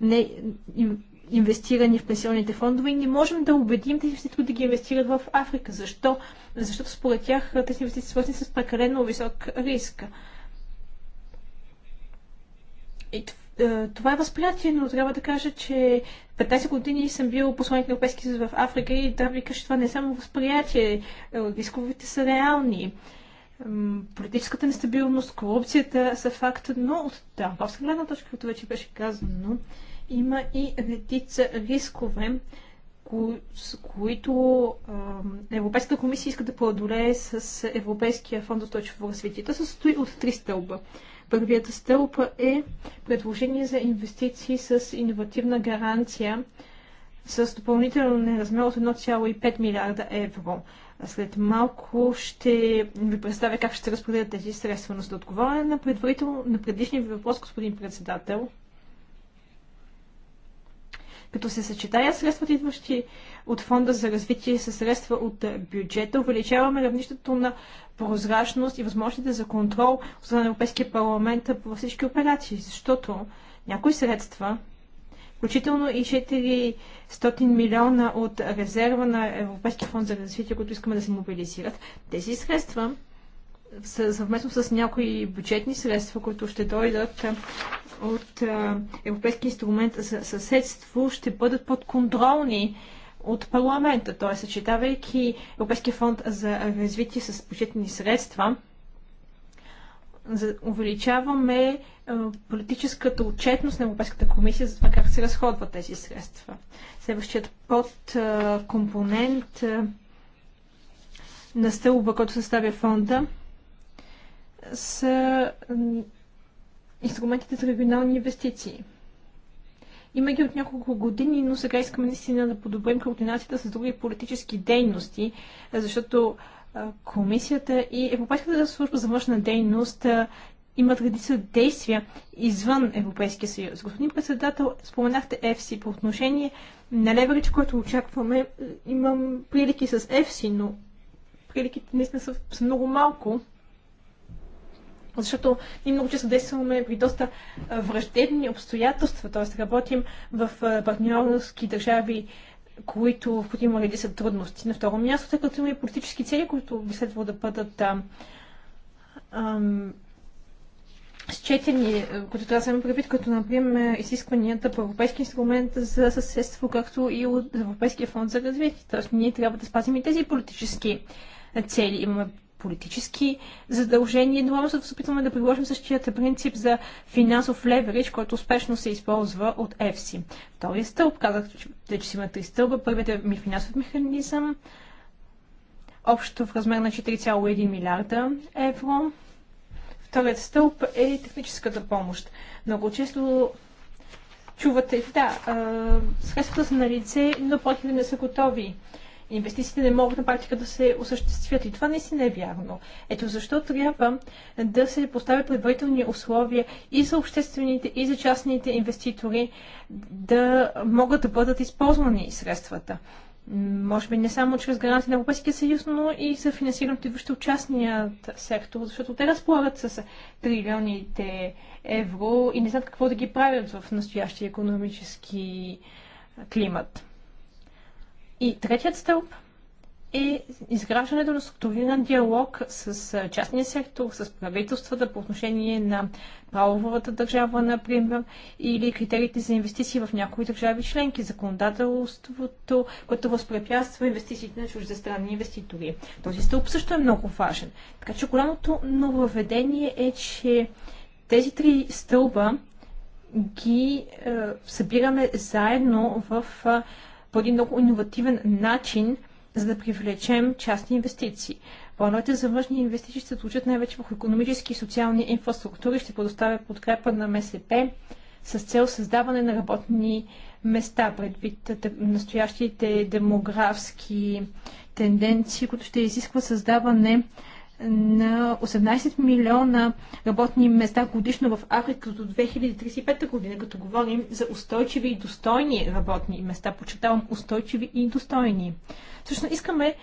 не, инвестирани в пенсионните фондове и не можем да убедим тези инвеститори да ги инвестират в Африка. Защо? Защото според тях тези инвестиции свързани с прекалено висок риск. И е, това е възприятие, но трябва да кажа, че 15 години съм бил посланник на Европейския съюз в Африка и да ви кажа, че това не е само възприятие. Е, рисковете са реални. Политическата нестабилност, корупцията са факт, но от търговска гледна точка, като вече беше казано, има и редица рискове, кои, с които е, Европейската комисия иска да преодолее с Европейския фонд за устойчиво развитие. Това се състои от три стълба. Първият стълб е предложение за инвестиции с иновативна гаранция с допълнителен размер от 1,5 милиарда евро. След малко ще ви представя как ще разпределят тези средства, но за да на, предварително на предишния ви въпрос, господин председател. Като се съчетаят средствата, идващи от фонда за развитие със средства от бюджета, увеличаваме равнището на прозрачност и възможностите за контрол от на Европейския парламент във всички операции, защото някои средства, включително и 400 милиона от резерва на Европейския фонд за развитие, които искаме да се мобилизират, тези средства съвместно с някои бюджетни средства, които ще дойдат от Европейския инструмент за съседство ще бъдат подконтролни от парламента, т.е. съчетавайки Европейския фонд за развитие с бюджетни средства, увеличаваме политическата отчетност на Европейската комисия за това как се разходват тези средства. Следващият подкомпонент на стълба, който съставя фонда, са инструментите за регионални инвестиции. Има ги от няколко години, но сега искаме наистина да подобрим координацията с други политически дейности, защото Комисията и Европейската служба за външна дейност имат редица действия извън Европейския съюз. Господин председател, споменахте ЕФСИ по отношение на Леверич, който очакваме. Имам прилики с ЕФСИ, но приликите наистина са много малко защото ние много често действаме при доста враждебни обстоятелства, т.е. работим в партньорски държави, които, в които има редица трудности. На второ място, тъй като има и политически цели, които би следвало да бъдат а, ам, счетени, които трябва да се предвид, като, например, изискванията по Европейски инструмент за съседство, както и от Европейския фонд за развитие. Тоест, ние трябва да спазим и тези политически цели. Имаме политически задължения, но се опитваме да приложим същията принцип за финансов леверидж, който успешно се използва от EFSI. Втория стълб, казах, че, че си има три стълба. Първият е ми финансов механизъм, общо в размер на 4,1 милиарда евро. Вторият стълб е техническата помощ. Много често чувате, да, средствата са на лице, но проектите не са готови инвестициите не могат на практика да се осъществят. И това наистина е вярно. Ето защо трябва да се поставят предварителни условия и за обществените, и за частните инвеститори да могат да бъдат използвани средствата. Може би не само чрез гаранти на Европейския съюз, но и за финансирането въобще от частният сектор, защото те разполагат с трилионите евро и не знаят какво да ги правят в настоящия економически климат. И третият стълб е изграждането на структуриран диалог с частния сектор, с правителствата по отношение на правовата държава, например, или критериите за инвестиции в някои държави членки, законодателството, което възпрепятства инвестициите на чуждестранни инвеститори. Този стълб също е много важен. Така че голямото нововведение е, че тези три стълба ги е, събираме заедно в е, по един много иновативен начин, за да привлечем частни инвестиции. Плановете за външни инвестиции ще се случат най-вече върху економически и социални инфраструктури, ще предоставят подкрепа на МСП с цел създаване на работни места, предвид настоящите демографски тенденции, които ще изискват създаване на 18 милиона работни места годишно в Африка до 2035 година, като говорим за устойчиви и достойни работни места. Почитавам устойчиви и достойни. Всъщност искаме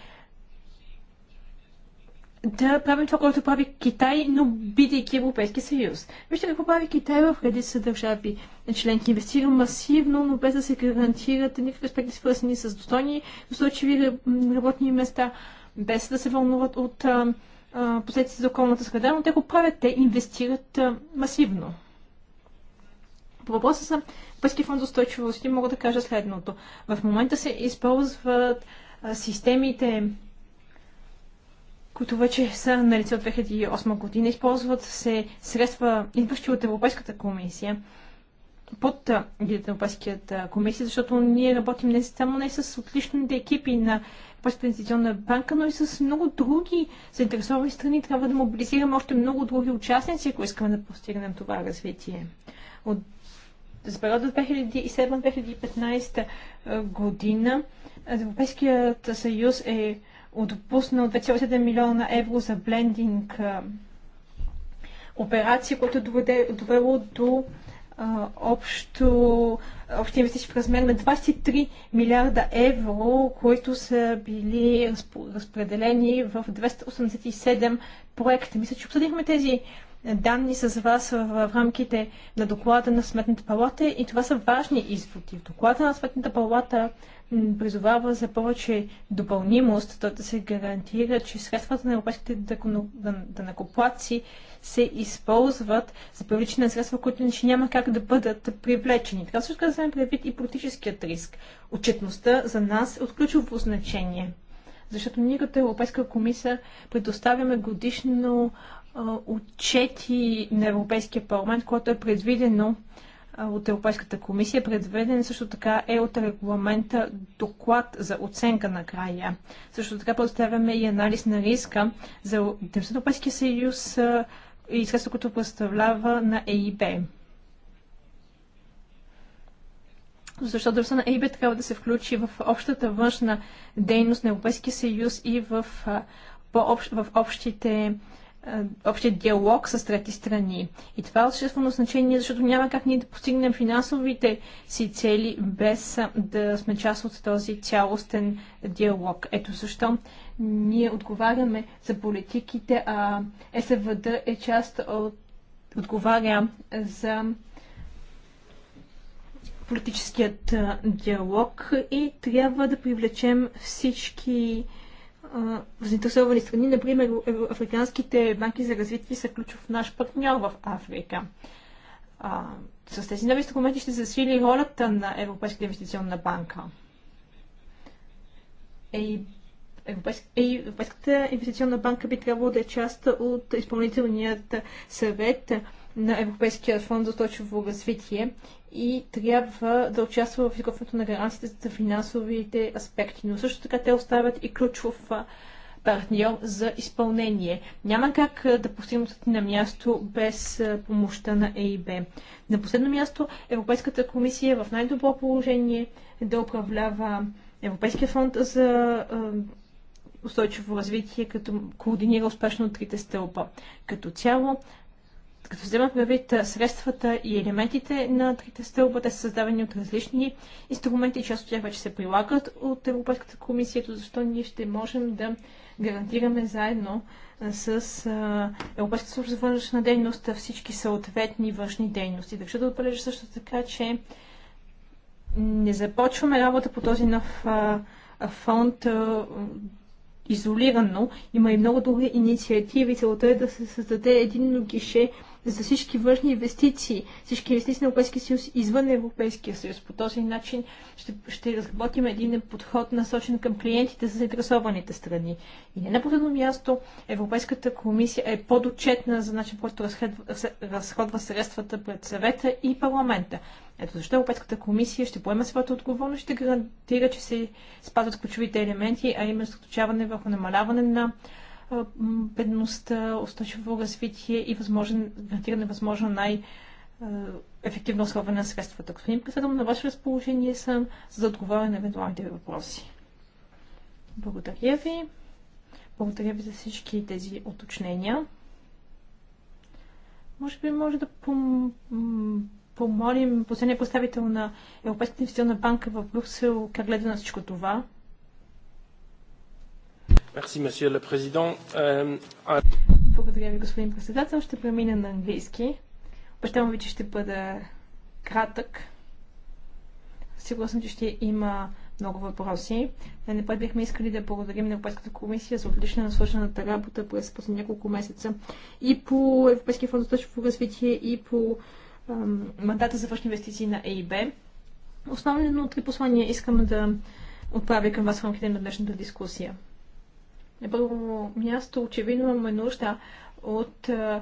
да правим това, което прави Китай, но бидейки Европейски съюз. Вижте какво прави Китай в редица държави. Членки инвестира масивно, но без да се гарантират никакви аспекти, свързани с достойни, устойчиви работни места, без да се вълнуват от а, последствия за околната среда, но те го правят, те инвестират а, масивно. По въпроса за Пърски фонд за устойчивост мога да кажа следното. В момента се използват а, системите, които вече са на лице от 2008 година. Използват се средства, идващи от Европейската комисия, под Европейската комисия, защото ние работим не само не с отличните екипи на Европейската инвестиционна банка, но и с много други заинтересовани страни. Трябва да мобилизираме още много други участници, ако искаме да постигнем това развитие. От, за периода 2007-2015 година Европейският съюз е отпуснал 2,7 милиона евро за блендинг операция, което е довело до общо, общо инвестиции в размер на 23 милиарда евро, които са били разпределени в 287 проекта. Мисля, че обсъдихме тези данни с вас в рамките на доклада на Сметната палата и това са важни изводи. В доклада на Сметната палата призовава за повече допълнимост, то да се гарантира, че средствата на европейските данакоплаци се използват за привличане на средства, които иначе няма как да бъдат привлечени. Така също казваме вземем предвид и политическият риск. Отчетността за нас е от ключово значение, защото ние като Европейска комисия предоставяме годишно отчети на Европейския парламент, което е предвидено от Европейската комисия. Предведен също така е от регламента доклад за оценка на края. Също така представяме и анализ на риска за Европейския съюз и средства, които представлява на ЕИБ. Защото дейността на ЕИБ трябва да се включи в общата външна дейност на Европейския съюз и в, по-общ, в общите е, общия диалог с трети страни. И това е от съществено значение, защото няма как ние да постигнем финансовите си цели без е, да сме част от този цялостен диалог. Ето защо ние отговаряме за политиките, а СВД е част от отговаря за политическият е, диалог и трябва да привлечем всички заинтересовани страни. Например, африканските банки за развитие са ключов наш партньор в Африка. А, с тези нови инструменти ще засили ролята на Европейската инвестиционна банка. Ей, Европейск... е, Европейската инвестиционна банка би трябвало да е част от изпълнителният съвет на Европейския фонд за устойчиво развитие и трябва да участва в изготвянето на гаранциите за финансовите аспекти. Но също така те оставят и ключов партньор за изпълнение. Няма как да постигнат на място без помощта на ЕИБ. На последно място Европейската комисия е в най-добро положение да управлява Европейския фонд за устойчиво развитие, като координира успешно трите стълба. Като цяло, като вземат предвид средствата и елементите на трите стълба, те са създавани от различни инструменти, част от тях вече се прилагат от Европейската комисия, ето защо ние ще можем да гарантираме заедно с Европейската служба за външна дейност всички съответни външни дейности. Държа да отбележа също така, че не започваме работа по този нов фонд изолирано. Има и много други инициативи. Целта е да се създаде един гише за всички външни инвестиции, всички инвестиции на Европейския съюз извън Европейския съюз. По този начин ще, ще разработим един подход насочен към клиентите за заинтересованите страни. И не на последно място, Европейската комисия е подотчетна за начин, който разходва средствата пред съвета и парламента. Ето защо Европейската комисия ще поема своята отговорност, ще гарантира, че се спазват ключовите елементи, а именно съсредоточаване върху намаляване на бедността, устойчиво развитие и възможен, гарантиране възможно най- ефективно условие на средствата. Господин председател, на ваше разположение съм за да отговоря на евентуалните въпроси. Благодаря ви. Благодаря ви за всички тези уточнения. Може би може да пом... помолим последния представител на Европейската инвестиционна банка в Брюксел как гледа на всичко това. Euh, Благодаря ви, господин председател. Ще премина на английски. Обещавам ви, че ще бъда кратък. Сигурна съм, че ще има много въпроси. Не напред бихме искали да благодарим на Европейската комисия за отлична насвършената работа през последните няколко месеца и по Европейския фонд за точно развитие и по ам, мандата за външни инвестиции на ЕИБ. Основно три послания искам да отправя към вас в рамките на днешната дискусия. На първо място, очевидно имаме нужда от е,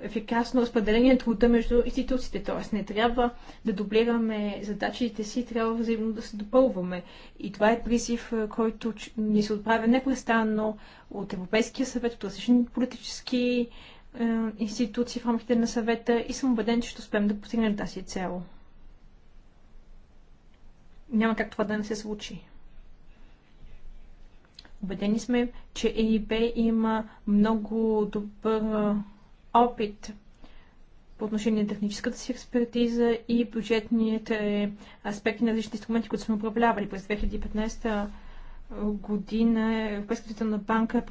ефикасно разпределение на труда между институциите. Т.е. не трябва да дублираме задачите си, трябва взаимно да се допълваме. И това е призив, е, който ни се отправя непрестанно от Европейския съвет, от различни политически е, институции в рамките на съвета и съм убеден, че ще успеем да постигнем тази цел. Няма как това да не се случи. Обедени сме, че ЕИБ има много добър опит по отношение на техническата си експертиза и бюджетните аспекти на различните инструменти, които сме управлявали. През 2015 година Европейската централна банка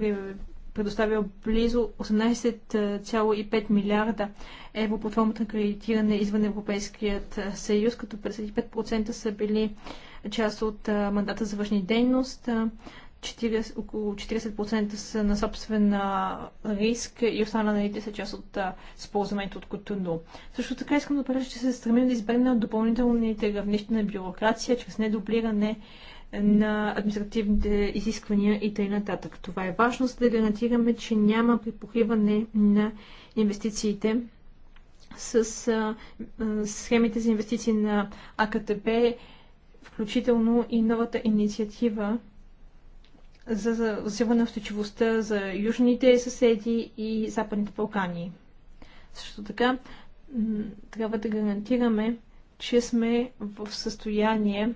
предоставя близо 18,5 милиарда евро под формата на кредитиране извън Европейският съюз, като 55% са били част от мандата за външни дейност, 40, около 40% са на собствен риск и останалите са част от използването от Котуно. Също така искам да кажа, че се стремим да избегнем допълнителните равнища на бюрокрация чрез недоблиране на административните изисквания и т.н. Това е важно, за да гарантираме, че няма припокриване на инвестициите с а, а, схемите за инвестиции на АКТБ, включително и новата инициатива за засилване на устойчивостта за южните съседи и Западните Балкани. Също така, трябва да гарантираме, че сме в състояние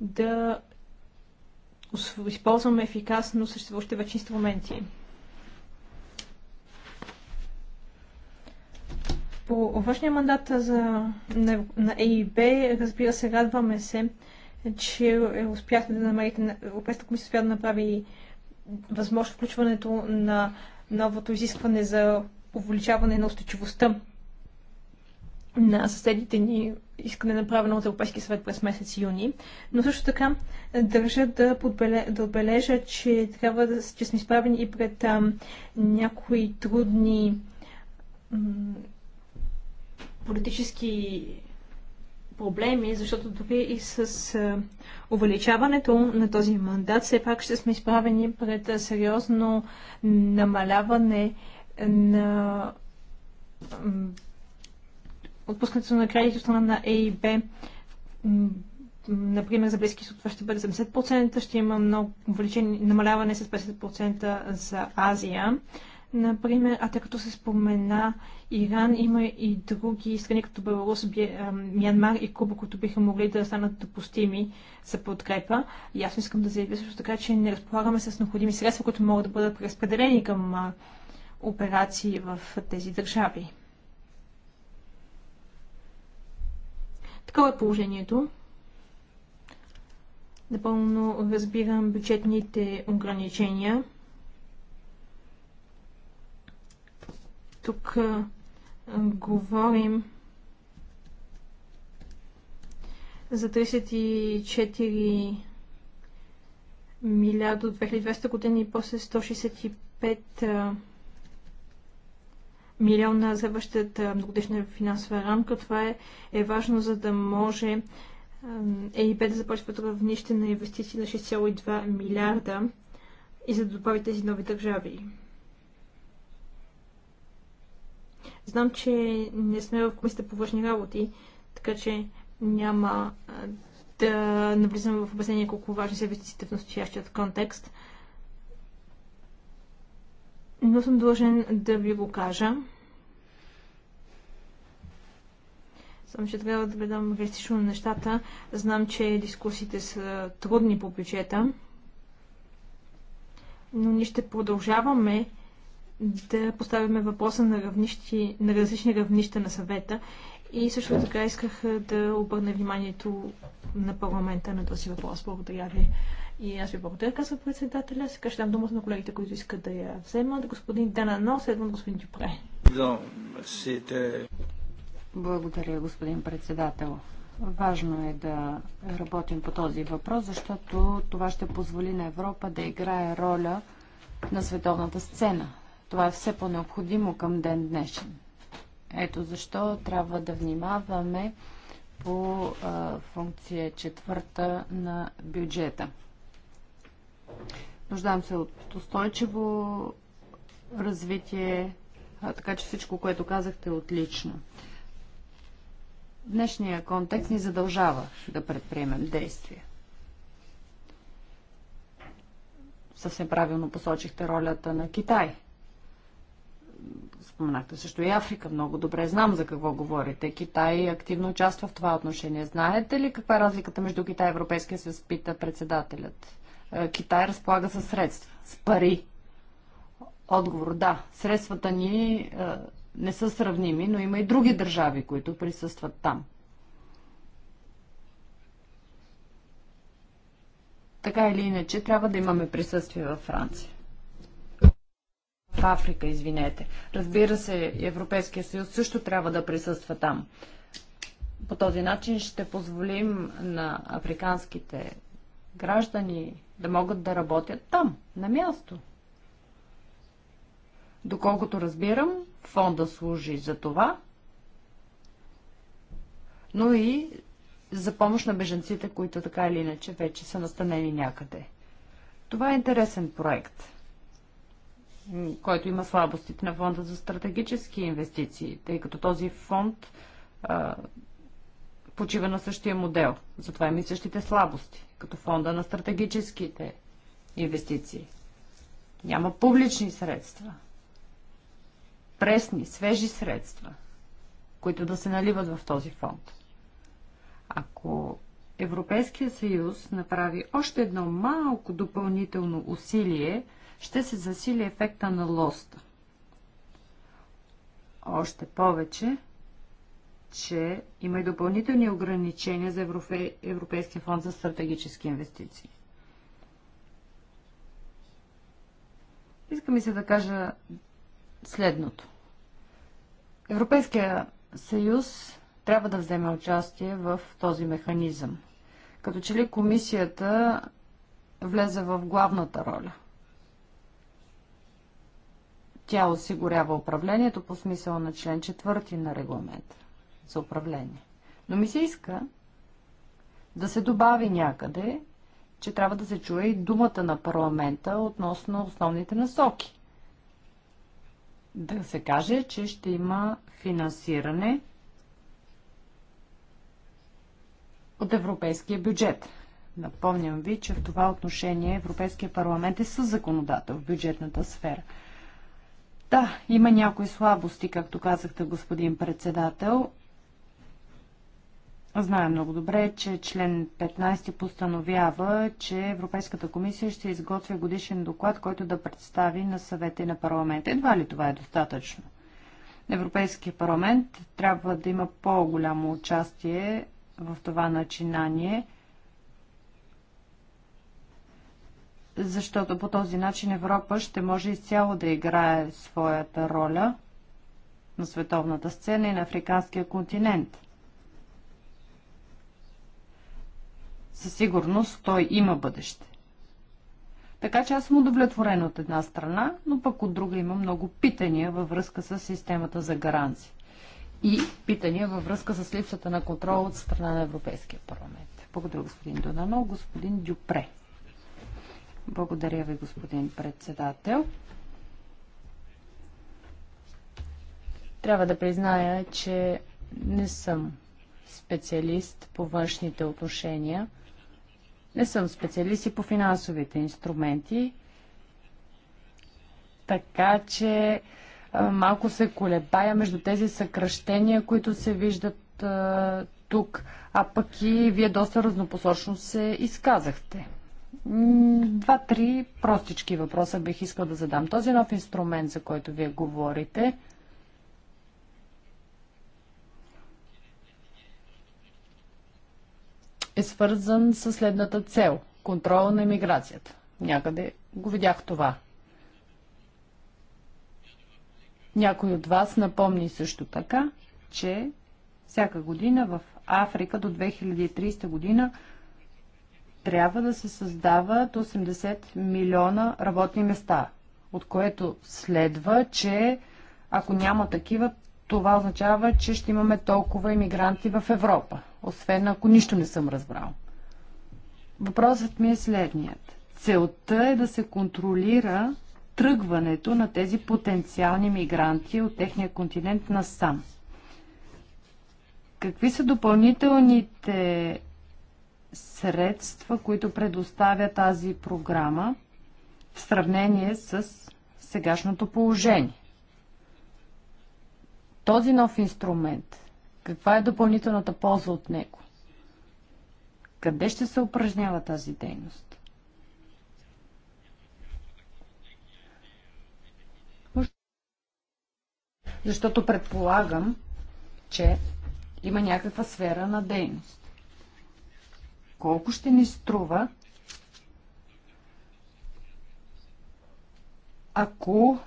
да използваме ефикасно съществуващите вече инструменти. По външния мандат за, на, на ЕИБ, разбира се, радваме се, че е успяхте да намерите, Европейската комисия успя да направи възможно включването на новото изискване за увеличаване на устойчивостта на съседите ни искане направено от Европейския съвет през месец юни. Но също така държа да, подбележа, да отбележа, че трябва да че сме изправени и пред а, някои трудни политически проблеми, защото дори и с увеличаването на този мандат, все пак ще сме изправени пред сериозно намаляване на отпускането на кредит от страна на ЕИБ например, за близки това ще бъде 70%, ще има много увеличение, намаляване с 50% за Азия. Например, а тъй като се спомена Иран, има и други страни като Беларус, Мянмар и Куба, които биха могли да станат допустими за подкрепа. И аз искам да заявя също така, че не разполагаме с необходими средства, които могат да бъдат преразпределени към операции в тези държави. Такова е положението. Напълно разбирам бюджетните ограничения. Тук а, говорим за 34 милиарда от 2200 година и после 165 милиона милиона следващата многодишна финансова рамка. Това е, е важно, за да може ЕИП да започва равнище на инвестиции на 6,2 милиарда и за да добави тези нови държави. Знам, че не сме в комисията по външни работи, така че няма да навлизам в обяснение колко важни са инвестициите в настоящият контекст. Но съм длъжен да ви го кажа. Само ще трябва да гледам реалистично на нещата. Знам, че дискусиите са трудни по бюджета, но ние ще продължаваме да поставяме въпроса на, равнищи, на различни равнища на съвета и също така исках да обърна вниманието на парламента на този въпрос. Благодаря ви. И аз ви благодаря, казва председателя. Сега ще дам думата на колегите, които искат да я вземат. Господин Данано, следвам господин Дюпре. Благодаря, господин председател. Важно е да работим по този въпрос, защото това ще позволи на Европа да играе роля на световната сцена. Това е все по-необходимо към ден днешен. Ето защо трябва да внимаваме по а, функция четвърта на бюджета. Нуждаем се от устойчиво развитие, а, така че всичко, което казахте е отлично. Днешния контекст ни задължава да предприемем действия. Съвсем правилно посочихте ролята на Китай Споменахте също и Африка. Много добре знам за какво говорите. Китай активно участва в това отношение. Знаете ли каква е разликата между Китай и Европейския съюз, пита председателят? Е, Китай разполага със средства, с пари. Отговор да. Средствата ни е, не са сравними, но има и други държави, които присъстват там. Така или иначе, трябва да имаме присъствие във Франция в Африка, извинете. Разбира се, Европейския съюз също трябва да присъства там. По този начин ще позволим на африканските граждани да могат да работят там, на място. Доколкото разбирам, фонда служи за това, но и за помощ на беженците, които така или иначе вече са настанени някъде. Това е интересен проект – който има слабостите на фонда за стратегически инвестиции, тъй като този фонд а, почива на същия модел. Затова има и същите слабости, като фонда на стратегическите инвестиции. Няма публични средства, пресни, свежи средства, които да се наливат в този фонд. Ако Европейския съюз направи още едно малко допълнително усилие, ще се засили ефекта на лоста. Още повече, че има и допълнителни ограничения за Европе... Европейския фонд за стратегически инвестиции. Искам и се да кажа следното. Европейския съюз трябва да вземе участие в този механизъм. Като че ли комисията влезе в главната роля? Тя осигурява управлението по смисъла на член 4 на регламента за управление. Но ми се иска да се добави някъде, че трябва да се чуе и думата на парламента относно основните насоки. Да се каже, че ще има финансиране от европейския бюджет. Напомням ви, че в това отношение Европейския парламент е със законодател в бюджетната сфера – да, има някои слабости, както казахте, господин председател. Знаем много добре, че член 15 постановява, че Европейската комисия ще изготвя годишен доклад, който да представи на съвета и на парламента. Едва ли това е достатъчно? Европейския парламент трябва да има по-голямо участие в това начинание – защото по този начин Европа ще може изцяло да играе своята роля на световната сцена и на африканския континент. Със сигурност той има бъдеще. Така че аз съм удовлетворен от една страна, но пък от друга има много питания във връзка с системата за гаранции. И питания във връзка с липсата на контрол от страна на Европейския парламент. Благодаря, господин Донано. Господин Дюпре. Благодаря ви, господин председател. Трябва да призная, че не съм специалист по външните отношения. Не съм специалист и по финансовите инструменти. Така че малко се колебая между тези съкръщения, които се виждат а, тук, а пък и вие доста разнопосочно се изказахте. Два-три простички въпроса бих искал да задам. Този нов инструмент, за който вие говорите, е свързан с следната цел – контрол на емиграцията. Някъде го видях това. Някой от вас напомни също така, че всяка година в Африка до 2030 година – трябва да се създават 80 милиона работни места, от което следва, че ако няма такива, това означава, че ще имаме толкова иммигранти в Европа, освен ако нищо не съм разбрал. Въпросът ми е следният. Целта е да се контролира тръгването на тези потенциални мигранти от техния континент насам. Какви са допълнителните средства, които предоставя тази програма в сравнение с сегашното положение. Този нов инструмент, каква е допълнителната полза от него? Къде ще се упражнява тази дейност? Защото предполагам, че има някаква сфера на дейност колко ще ни струва, ако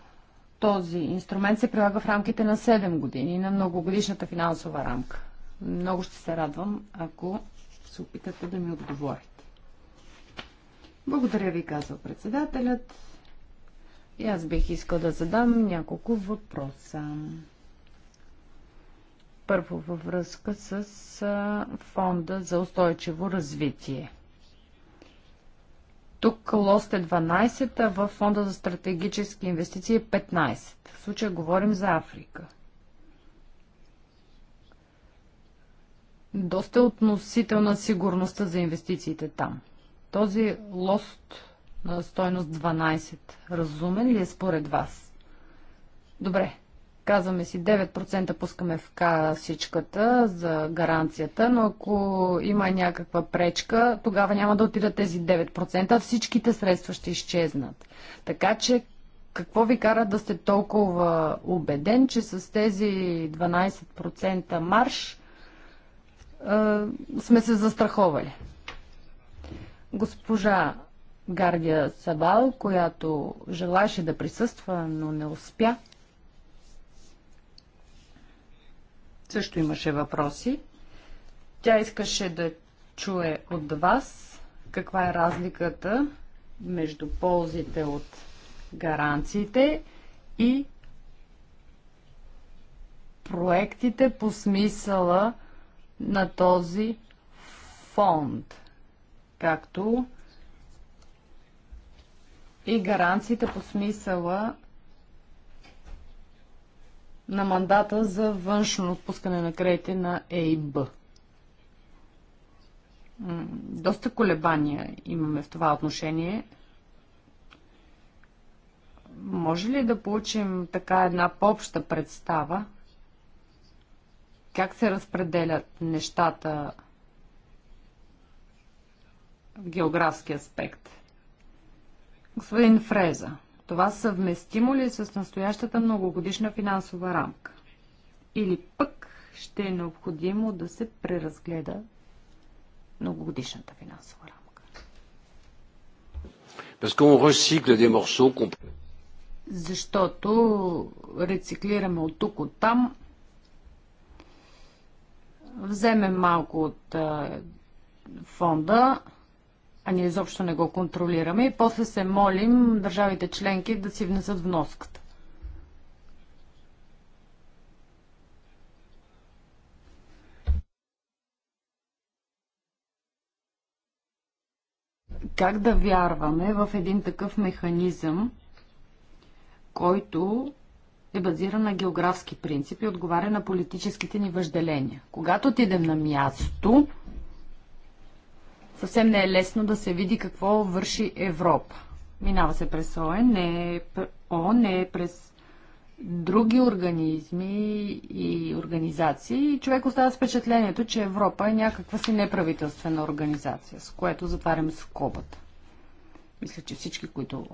този инструмент се прилага в рамките на 7 години на многогодишната финансова рамка. Много ще се радвам, ако се опитате да ми отговорите. Благодаря ви, казва председателят. И аз бих искал да задам няколко въпроса. Първо във връзка с Фонда за устойчиво развитие. Тук лост е 12, а в Фонда за стратегически инвестиции е 15. В случая говорим за Африка. Доста е относителна сигурността за инвестициите там. Този лост на стойност 12 разумен ли е според вас? Добре, Казваме си 9% пускаме в касичката за гаранцията, но ако има някаква пречка, тогава няма да отидат тези 9%, а всичките средства ще изчезнат. Така че какво ви кара да сте толкова убеден, че с тези 12% марш е, сме се застраховали? Госпожа Гардия Сабал, която желаеше да присъства, но не успя, също имаше въпроси. Тя искаше да чуе от вас каква е разликата между ползите от гаранциите и проектите по смисъла на този фонд, както и гаранциите по смисъла на мандата за външно отпускане на кредите на ЕИБ. Доста колебания имаме в това отношение. Може ли да получим така една по-обща представа? Как се разпределят нещата в географски аспект? Господин Фреза. Това съвместимо ли е с настоящата многогодишна финансова рамка? Или пък ще е необходимо да се преразгледа многогодишната финансова рамка? Защото рециклираме от тук, от там, вземем малко от фонда, а ние изобщо не го контролираме и после се молим държавите членки да си внесат вноската. Как да вярваме в един такъв механизъм, който е базиран на географски принципи и отговаря на политическите ни въжделения? Когато отидем на място, съвсем не е лесно да се види какво върши Европа. Минава се през ОН, е не е, ООН, е не е през други организми и организации и човек остава с впечатлението, че Европа е някаква си неправителствена организация, с което затваряме скобата. Мисля, че всички, които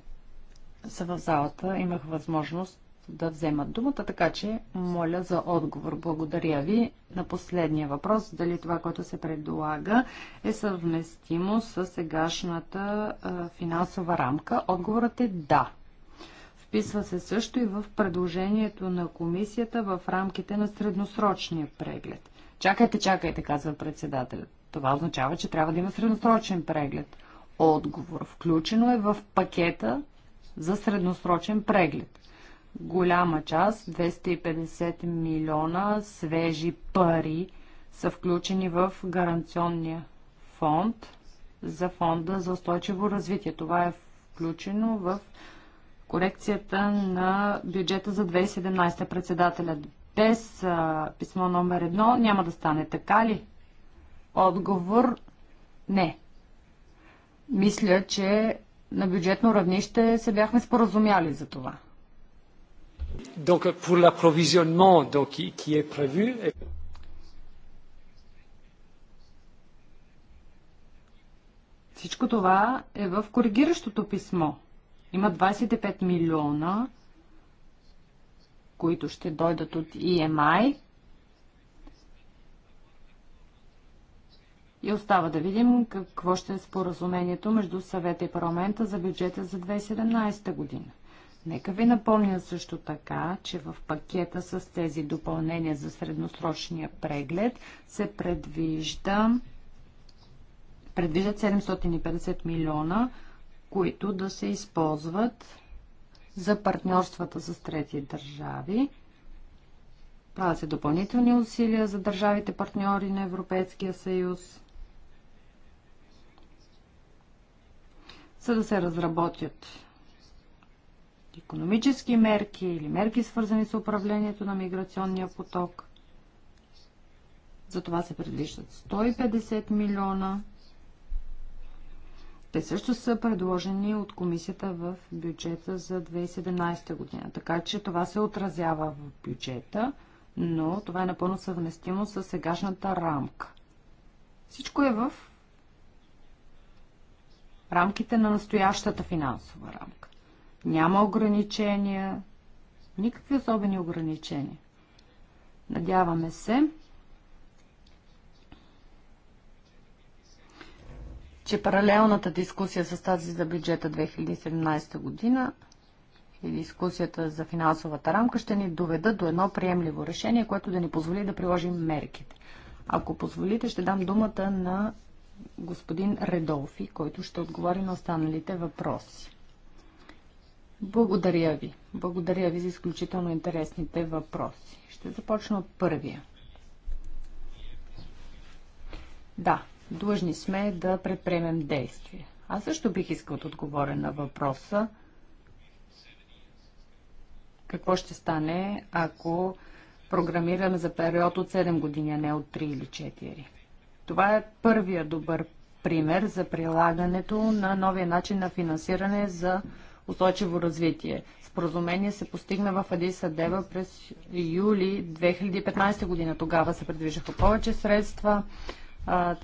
са в залата, имаха възможност да вземат думата, така че моля за отговор. Благодаря ви. На последния въпрос, дали това, което се предлага, е съвместимо с сегашната финансова рамка? Отговорът е да. Вписва се също и в предложението на комисията в рамките на средносрочния преглед. Чакайте, чакайте, казва председателят. Това означава, че трябва да има средносрочен преглед. Отговор включено е в пакета за средносрочен преглед голяма част, 250 милиона свежи пари са включени в гаранционния фонд за фонда за устойчиво развитие. Това е включено в корекцията на бюджета за 2017 председателя. Без а, писмо номер едно няма да стане така ли? Отговор не. Мисля, че на бюджетно равнище се бяхме споразумяли за това. Donc pour l'approvisionnement qui est prévu. Всичко това е в коригиращото писмо. Има 25 милиона, които ще дойдат от EMI. И остава да видим какво ще е споразумението между съвета и парламента за бюджета за 2017 година. Нека ви напомня също така, че в пакета с тези допълнения за средносрочния преглед се предвижда предвиждат 750 милиона, които да се използват за партньорствата с трети държави. Правят се допълнителни усилия за държавите партньори на Европейския съюз, за да се разработят економически мерки или мерки свързани с управлението на миграционния поток. За това се предвиждат 150 милиона. Те също са предложени от комисията в бюджета за 2017 година. Така че това се отразява в бюджета, но това е напълно съвместимо с сегашната рамка. Всичко е в рамките на настоящата финансова рамка няма ограничения, никакви особени ограничения. Надяваме се, че паралелната дискусия с тази за бюджета 2017 година и дискусията за финансовата рамка ще ни доведат до едно приемливо решение, което да ни позволи да приложим мерките. Ако позволите, ще дам думата на господин Редолфи, който ще отговори на останалите въпроси. Благодаря ви. Благодаря ви за изключително интересните въпроси. Ще започна от първия. Да, длъжни сме да предприемем действия. Аз също бих искал да отговоря на въпроса какво ще стане, ако програмираме за период от 7 години, а не от 3 или 4. Това е първия добър пример за прилагането на новия начин на финансиране за устойчиво развитие. Споразумение се постигна в Адиса Дева през юли 2015 година. Тогава се предвиждаха повече средства а,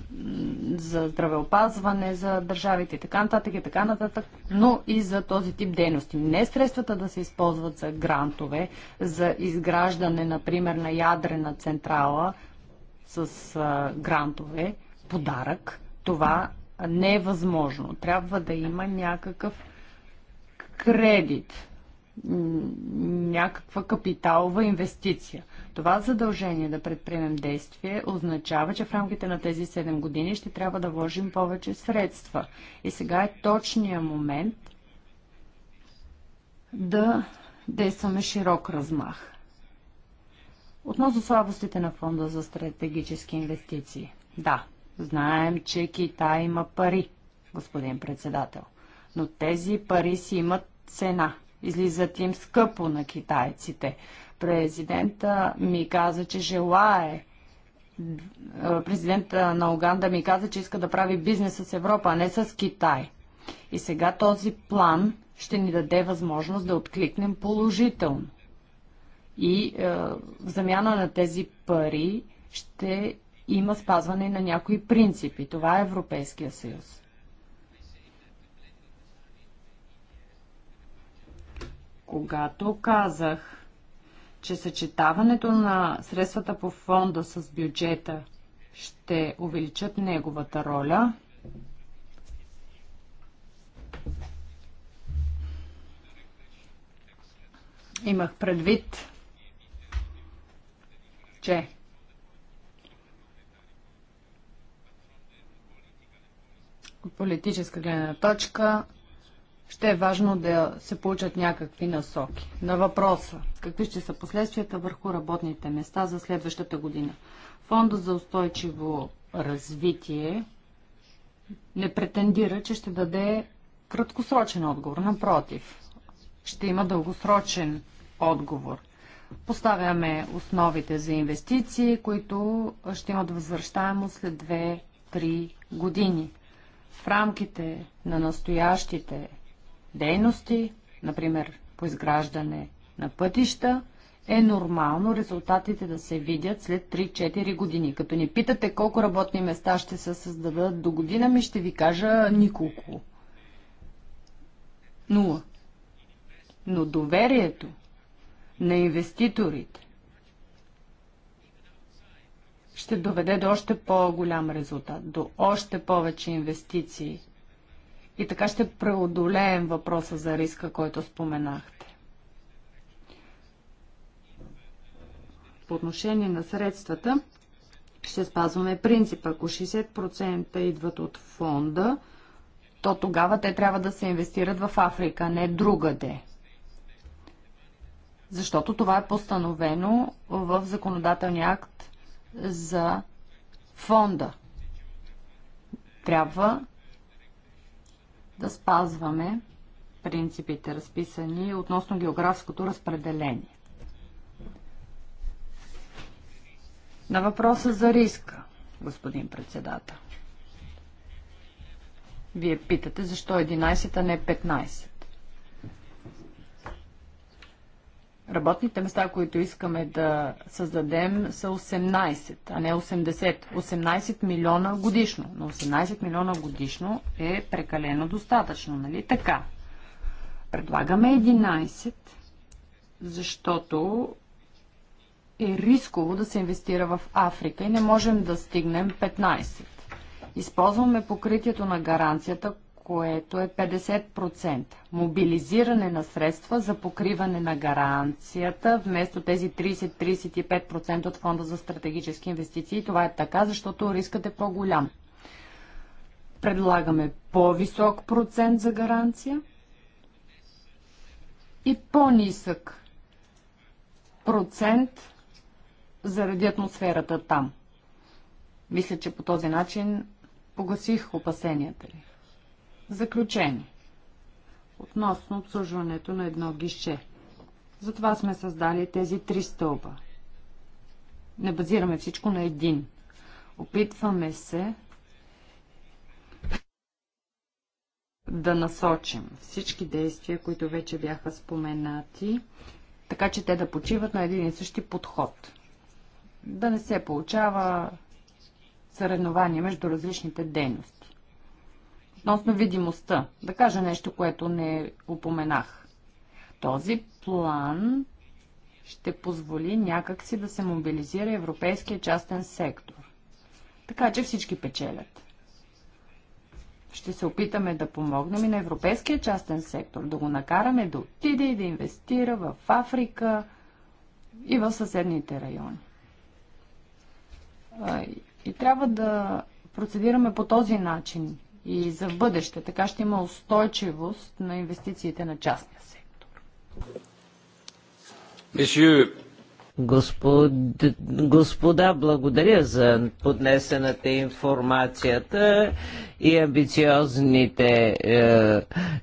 за здравеопазване за държавите и така нататък и така нататък, но и за този тип дейности. Не средствата да се използват за грантове, за изграждане, например, на ядрена централа с а, грантове, подарък. Това не е възможно. Трябва да има някакъв кредит, някаква капиталова инвестиция. Това задължение да предприемем действие означава, че в рамките на тези 7 години ще трябва да вложим повече средства. И сега е точният момент да действаме широк размах. Относно слабостите на фонда за стратегически инвестиции. Да, знаем, че Китай има пари, господин председател – но тези пари си имат цена. Излизат им скъпо на китайците. Президента ми каза, че желае президента на Уганда ми каза, че иска да прави бизнес с Европа, а не с Китай. И сега този план ще ни даде възможност да откликнем положително. И е, в замяна на тези пари ще има спазване на някои принципи. Това е Европейския съюз. когато казах, че съчетаването на средствата по фонда с бюджета ще увеличат неговата роля, имах предвид, че политическа гледна точка ще е важно да се получат някакви насоки. На въпроса, какви ще са последствията върху работните места за следващата година? Фонда за устойчиво развитие не претендира, че ще даде краткосрочен отговор. Напротив, ще има дългосрочен отговор. Поставяме основите за инвестиции, които ще имат възвръщаемост след 2-3 години. В рамките на настоящите дейности, например по изграждане на пътища, е нормално резултатите да се видят след 3-4 години. Като ни питате колко работни места ще се създадат до година, ми ще ви кажа николко. Нула. Но доверието на инвеститорите ще доведе до още по-голям резултат, до още повече инвестиции – и така ще преодолеем въпроса за риска, който споменахте. По отношение на средствата, ще спазваме принцип. Ако 60% идват от фонда, то тогава те трябва да се инвестират в Африка, не другаде. Защото това е постановено в законодателния акт за фонда. Трябва да спазваме принципите, разписани относно географското разпределение. На въпроса за риска, господин председател. Вие питате защо 11, а не 15. Работните места, които искаме да създадем, са 18, а не 80. 18 милиона годишно. Но 18 милиона годишно е прекалено достатъчно, нали така? Предлагаме 11, защото е рисково да се инвестира в Африка и не можем да стигнем 15. Използваме покритието на гаранцията, което е 50%. Мобилизиране на средства за покриване на гаранцията вместо тези 30-35% от фонда за стратегически инвестиции. Това е така, защото рискът е по-голям. Предлагаме по-висок процент за гаранция и по-нисък процент заради атмосферата там. Мисля, че по този начин погасих опасенията ли. Заключение. Относно обслужването на едно гише. Затова сме създали тези три стълба. Не базираме всичко на един. Опитваме се да насочим всички действия, които вече бяха споменати, така че те да почиват на един и същи подход. Да не се получава съревнование между различните дейности. Относно видимостта, да кажа нещо, което не упоменах. Този план ще позволи някакси да се мобилизира европейския частен сектор. Така че всички печелят. Ще се опитаме да помогнем и на европейския частен сектор, да го накараме да отиде и да инвестира в Африка и в съседните райони. И трябва да процедираме по този начин и за в бъдеще. Така ще има устойчивост на инвестициите на частния сектор. Месье Господ... Господа, благодаря за поднесената информацията и амбициозните е,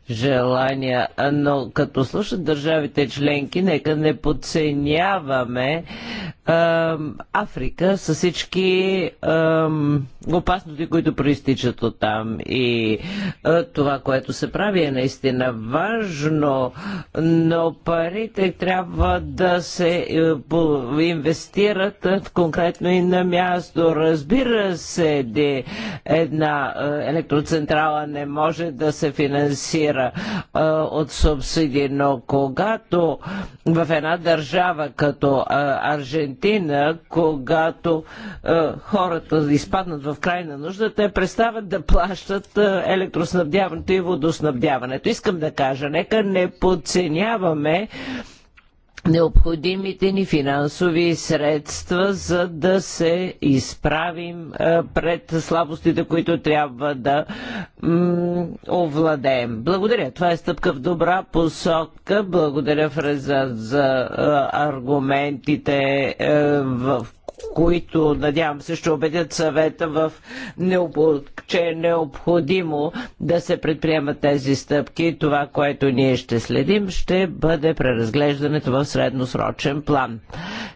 желания, но като слушат държавите членки, нека не подценяваме Африка с всички опасности, които проистичат от там. И това, което се прави е наистина важно, но парите трябва да се е, инвестират конкретно и на място. Разбира се, де една електроцентрала не може да се финансира от субсидии, но когато в една държава като Аржентина, Аржентина, когато е, хората изпаднат в крайна нужда, те престават да плащат е, електроснабдяването и водоснабдяването. Искам да кажа, нека не подценяваме е, необходимите ни финансови средства, за да се изправим пред слабостите, които трябва да овладеем. Благодаря. Това е стъпка в добра посока. Благодаря Фреза за аргументите е, в които надявам се ще убедят съвета в необо... че е необходимо да се предприемат тези стъпки. Това, което ние ще следим, ще бъде преразглеждането в средносрочен план.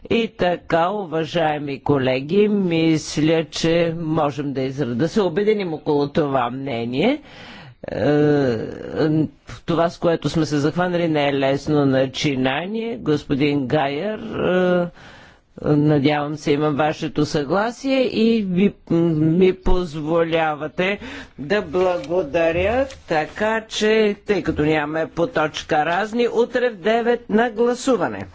И така, уважаеми колеги, мисля, че можем да, изр... да се обединим около това мнение е, това, с което сме се захванали, не е лесно начинание. Господин Гайер е, Надявам се, имам вашето съгласие и ви, ми позволявате да благодаря, така че, тъй като нямаме по точка разни, утре в 9 на гласуване.